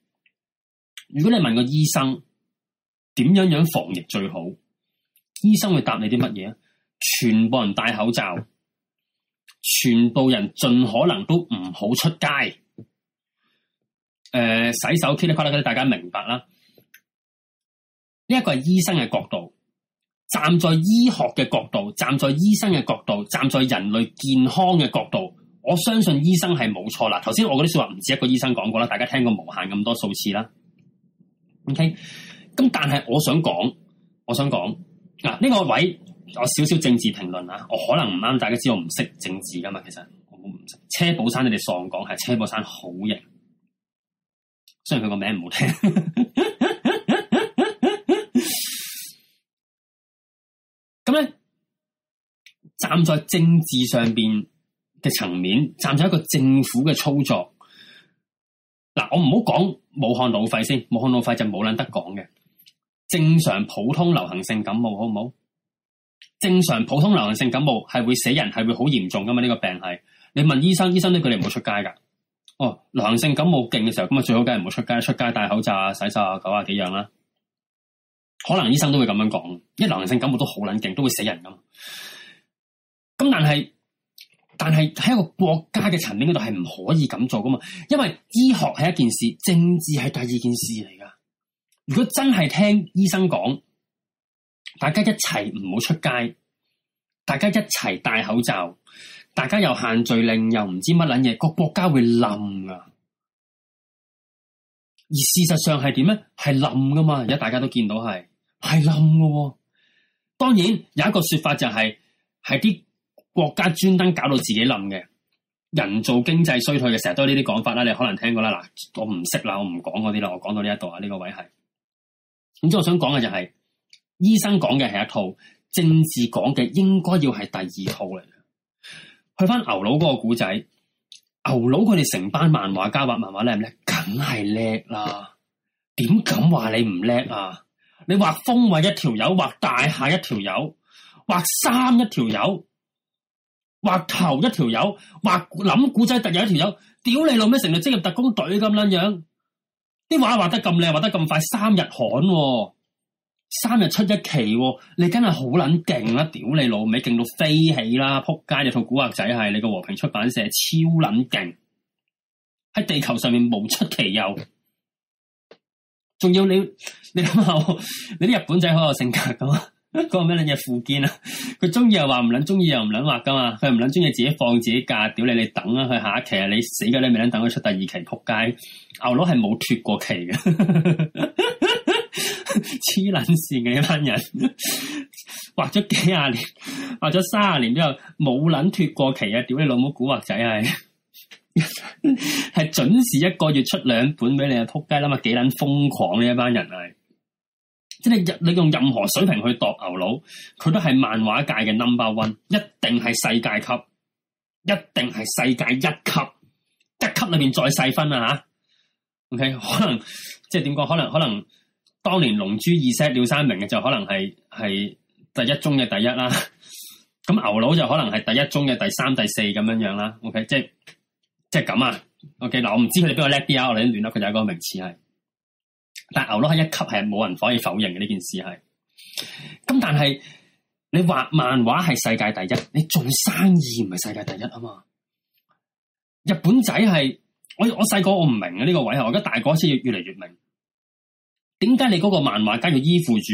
如果你問個醫生點樣樣防疫最好，醫生會答你啲乜嘢啊？全部人戴口罩，全部人盡可能都唔好出街，誒、呃、洗手，噼里啪啦，大家明白啦。呢、這、一個係醫生嘅角度。站在醫學嘅角度，站在醫生嘅角度，站在人類健康嘅角度，我相信醫生係冇錯啦。頭先我嗰啲說話唔止一個醫生講過啦，大家聽過無限咁多數次啦。OK，咁但係我想講，我想講嗱呢個位有少少政治評論啊，我可能唔啱，大家知道我唔識政治噶嘛，其實我唔識。車寶山你哋上講係車寶山好型，雖然佢個名唔好聽。 咁咧，站在政治上邊嘅層面，站在一個政府嘅操作嗱，我唔好講武漢腦肺先，武漢腦肺就冇捻得講嘅。正常普通流行性感冒好唔好？正常普通流行性感冒係會死人，係會好嚴重噶嘛？呢個病係你問醫生，醫生都佢哋唔好出街噶。哦，流行性感冒勁嘅時候，咁啊最好梗係唔好出街，出街戴口罩啊、洗手啊、九啊幾樣啦。可能醫生都會咁樣講，因為流行性感冒都好冷靜，都會死人噶。咁但係，但係喺一個國家嘅層面嗰度係唔可以咁做噶嘛？因為醫學係一件事，政治係第二件事嚟噶。如果真係聽醫生講，大家一齊唔好出街，大家一齊戴口罩，大家又限聚令，又唔知乜撚嘢，個國家會冧噶。而事實上係點咧？係冧噶嘛？而家大家都見到係。係冧嘅，當然有一個說法就係係啲國家專登搞到自己冧嘅，人造經濟衰退嘅，成日都係呢啲講法啦。你可能聽過啦，嗱，我唔識啦，我唔講嗰啲啦，我講到呢一度啊，呢、這個位係。總之我想講嘅就係、是，醫生講嘅係一套，政治講嘅應該要係第二套嚟。去翻牛佬嗰個古仔，牛佬佢哋成班漫畫家畫漫畫叻唔叻？梗係叻啦，點敢話你唔叻啊？你畫風圍一條友，畫大廈一條友，畫山一條友，畫頭一條友，畫諗古仔特有一條友，屌你老味，成日職業特工隊咁捻樣，啲畫畫得咁靚，畫得咁快，三日刊喔，三日出一期喔，你真係好捻勁啦！屌你老味，勁到飛起啦！仆街！你套古惑仔係你個和平出版社超捻勁，喺地球上面無出其右。仲要你你諗下，你啲日本仔好有性格㗎嘛？個咩嘢富堅啊？佢中意又話唔捻，中意又唔捻畫噶嘛？佢又唔捻中意自己放自己假，屌你！你等啊，佢下一期啊，你死嘅你未捻等佢出第二期，扑街！牛佬係冇脫過期嘅，黐捻線嘅呢班人，畫咗幾廿年，畫咗卅年之後冇捻脫過期啊！屌你老母，古惑仔啊！係 準時一個月出兩本俾你啊！扑街啦嘛，幾撚瘋狂呢一班人啊！即係你用任何水平去度牛佬，佢都係漫畫界嘅 number one，一定係世界級，一定係世界一級，一級裏面再細分啊吓。OK，可能即係點講？可能可能當年龍珠二 set 了三名嘅就可能係係第一中嘅第一啦。咁、嗯、牛佬就可能係第一中嘅第三、第四咁樣樣啦。OK，即係。即係咁啊，OK 嗱，我唔知佢哋邊個叻啲啊，我哋都亂佢就係一個名詞係，但係牛佬係一級，係冇人可以否認嘅呢件事係。咁但係你畫漫畫係世界第一，你做生意唔係世界第一啊嘛？日本仔係我我細個我唔明啊呢個位啊，我而家大個先越越嚟越明。點解你嗰個漫畫家要依附住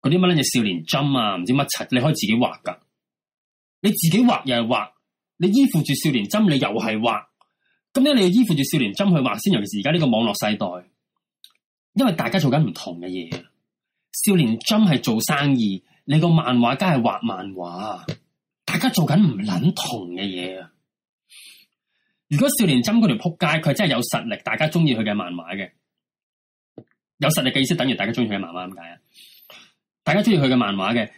嗰啲乜撚嘢少年針啊？唔知乜柒？你可以自己畫㗎，你自己畫又係畫。你依附住少年針，你又係畫，咁咧你要依附住少年針去畫先，尤其是而家呢個網絡世代，因為大家做緊唔同嘅嘢。少年針係做生意，你個漫畫家係畫漫畫，大家做緊唔撚同嘅嘢啊！如果少年針嗰條扑街，佢真係有實力，大家鍾意佢嘅漫畫嘅，有實力嘅意思等於大家鍾意佢嘅漫畫咁解啊？大家鍾意佢嘅漫畫嘅。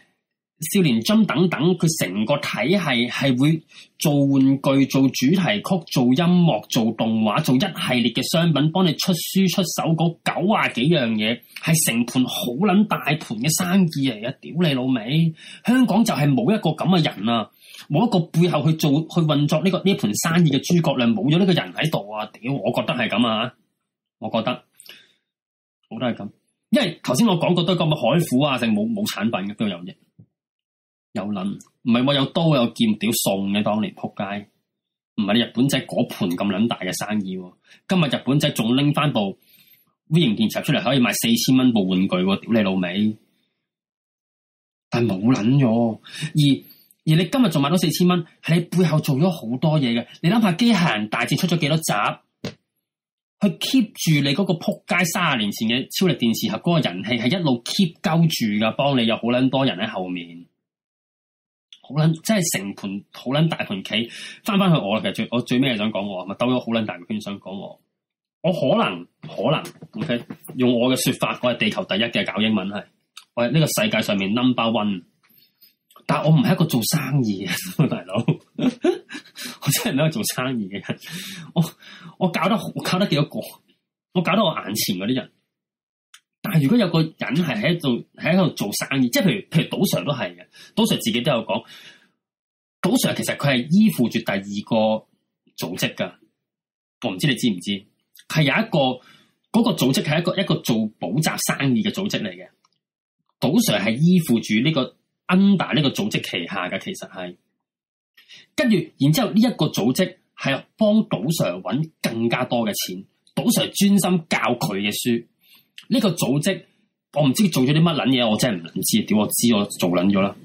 少年針等等，佢成個體系係會做玩具、做主題曲、做音樂、做動畫、做一系列嘅商品，幫你出書、出手嗰九啊幾樣嘢，係成盤好捻大盤嘅生意嚟啊！屌你老味，香港就係冇一個咁嘅人啊，冇一個背後去做去運作呢個呢一盤生意嘅諸葛亮，冇咗呢個人喺度啊！屌，我覺得係咁啊，我覺得，我都係咁，因為頭先我講過都咁嘅海虎啊，定冇冇產品嘅都有嘅。有捻唔係我有刀有劍，屌送嘅，當年撲街，唔係你日本仔嗰盤咁捻大嘅生意。今日日本仔仲拎翻部 v 型電視盒出嚟，可以賣四千蚊部玩具，屌你老味，但係冇捻咗，而而你今日仲買到四千蚊，係你背後做咗好多嘢嘅。你諗下《機械人大戰》出咗幾多集，去 keep 住你嗰個撲街三十年前嘅超力電視盒嗰個人氣，係一路 keep 鳩住噶，幫你有好捻多人喺後面。好捻，即係成盤好捻大盤棋翻翻去我啦，其實最我最尾想講我，咪兜咗好捻大個圈想講我。我可能可能，OK，用我嘅說法，我係地球第一嘅搞英文係，我係呢個世界上面 number one。但係我唔係一個做生意嘅大佬，我真係唔係一個做生意嘅人。我我搞得我搞得幾多個，我搞得我眼前嗰啲人。但係，如果有個人係喺度，喺度做生意，即係譬如譬如賭 Sir 都係嘅，賭 Sir 自己都有講，賭 Sir 其實佢係依附住第二個組織噶，我唔知你知唔知，係有一個嗰個組織係一個一個做補習生意嘅組織嚟嘅，賭 Sir 係依附住呢個 under 呢個組織旗下嘅，其實係，跟住然之後呢一個組織係幫賭 Sir 搵更加多嘅錢，賭 Sir 專心教佢嘅書。呢、呢個組織，我唔知佢做咗啲乜捻嘢，我真係唔捻知。點，我知我做捻咗啦。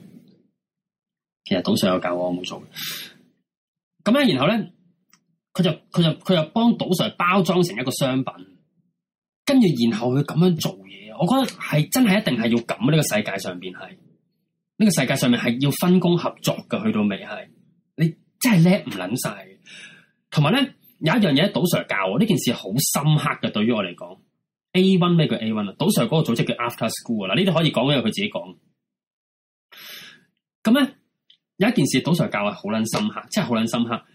其實賭 Sir 有教我我冇做，咁樣然後咧，佢就佢就佢就幫賭 Sir 包裝成一個商品，跟住然後佢咁樣做嘢，我覺得係真係一定係要咁呢個世界上邊係，呢、呢個世界上面係、呢個、要分工合作嘅，去到尾係你真係叻唔捻晒。同埋咧，有一樣嘢喺賭 Sir 教我呢件事好深刻嘅，對於我嚟講。A one，咩叫 A one 啊？Do Sir 嗰個組織叫 After School 啊，嗱，呢啲可以講，因為佢自己講。咁咧有一件事，Do Sir 教係好捻深刻，即係好捻深刻。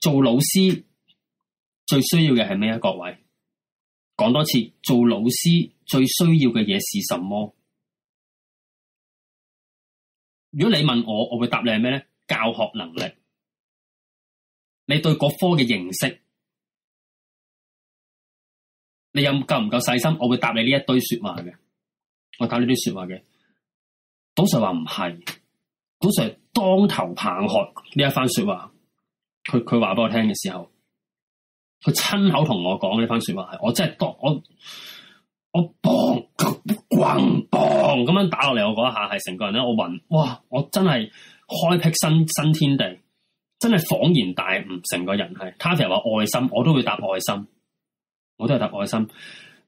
做老師最需要嘅係咩啊？各位，講多次，做老師最需要嘅嘢是什麼？如果你問我，我會答你係咩咧？教學能力，你對嗰科嘅認識。你有夠唔夠細心？我會答你呢一堆說話嘅，我答呢堆說話嘅。導師話唔係，導師當頭棒喝呢一番說話，佢，佢話俾我聽嘅時候，佢親口同我講呢番說話係，我真係當我我，我棒咣棒咁樣打落嚟，我嗰一下係成個人咧，我暈，哇！我真係開闢新新天地，真係恍然大悟，成個人係。他成日話愛心，我都會答愛心。我都係特愛心。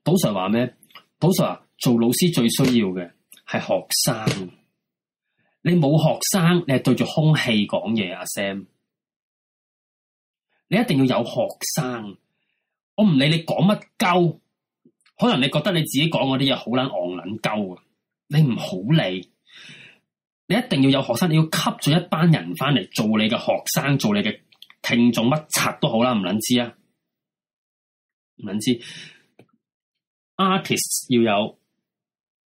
杜 Sir 話咩？杜 Sir 話做老師最需要嘅係學生。你冇學生，你係對住空氣講嘢啊，Sam。你一定要有學生。我唔理你講乜鳩，可能你覺得你自己講嗰啲嘢好撚昂撚鳩啊，你唔好理。你一定要有學生，你要吸咗一班人翻嚟做你嘅學生，做你嘅聽眾，乜柒都好啦，唔撚知啊！唔撚知 artist 要有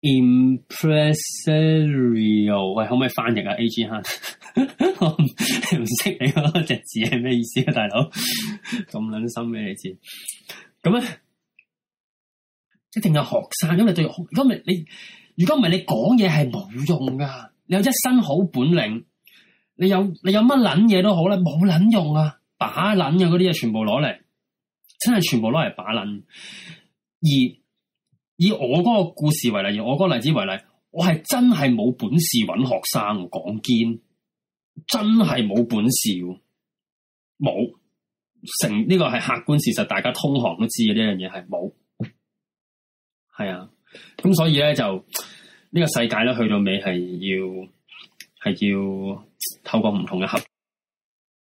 impressorial，喂可唔可以翻譯啊？A. G. 哈 我不，我唔識你嗰隻字係咩意思啊，大佬咁撚深咩？你知咁咧，一定係學生。因你對，如果唔係你，如果唔係你講嘢係冇用噶。你有一身好本領，你有你有乜撚嘢都好啦，冇撚用啊，把撚嘅嗰啲嘢全部攞嚟。真係全部攞嚟把捻，而以我嗰個故事為例，而我嗰個例子為例，我係真係冇本事搵學生講堅，真係冇本事，冇成呢個係客觀事實，大家通行都知嘅呢樣嘢係冇，係啊，咁所以咧就呢個世界咧去到尾係要係要透過唔同嘅合。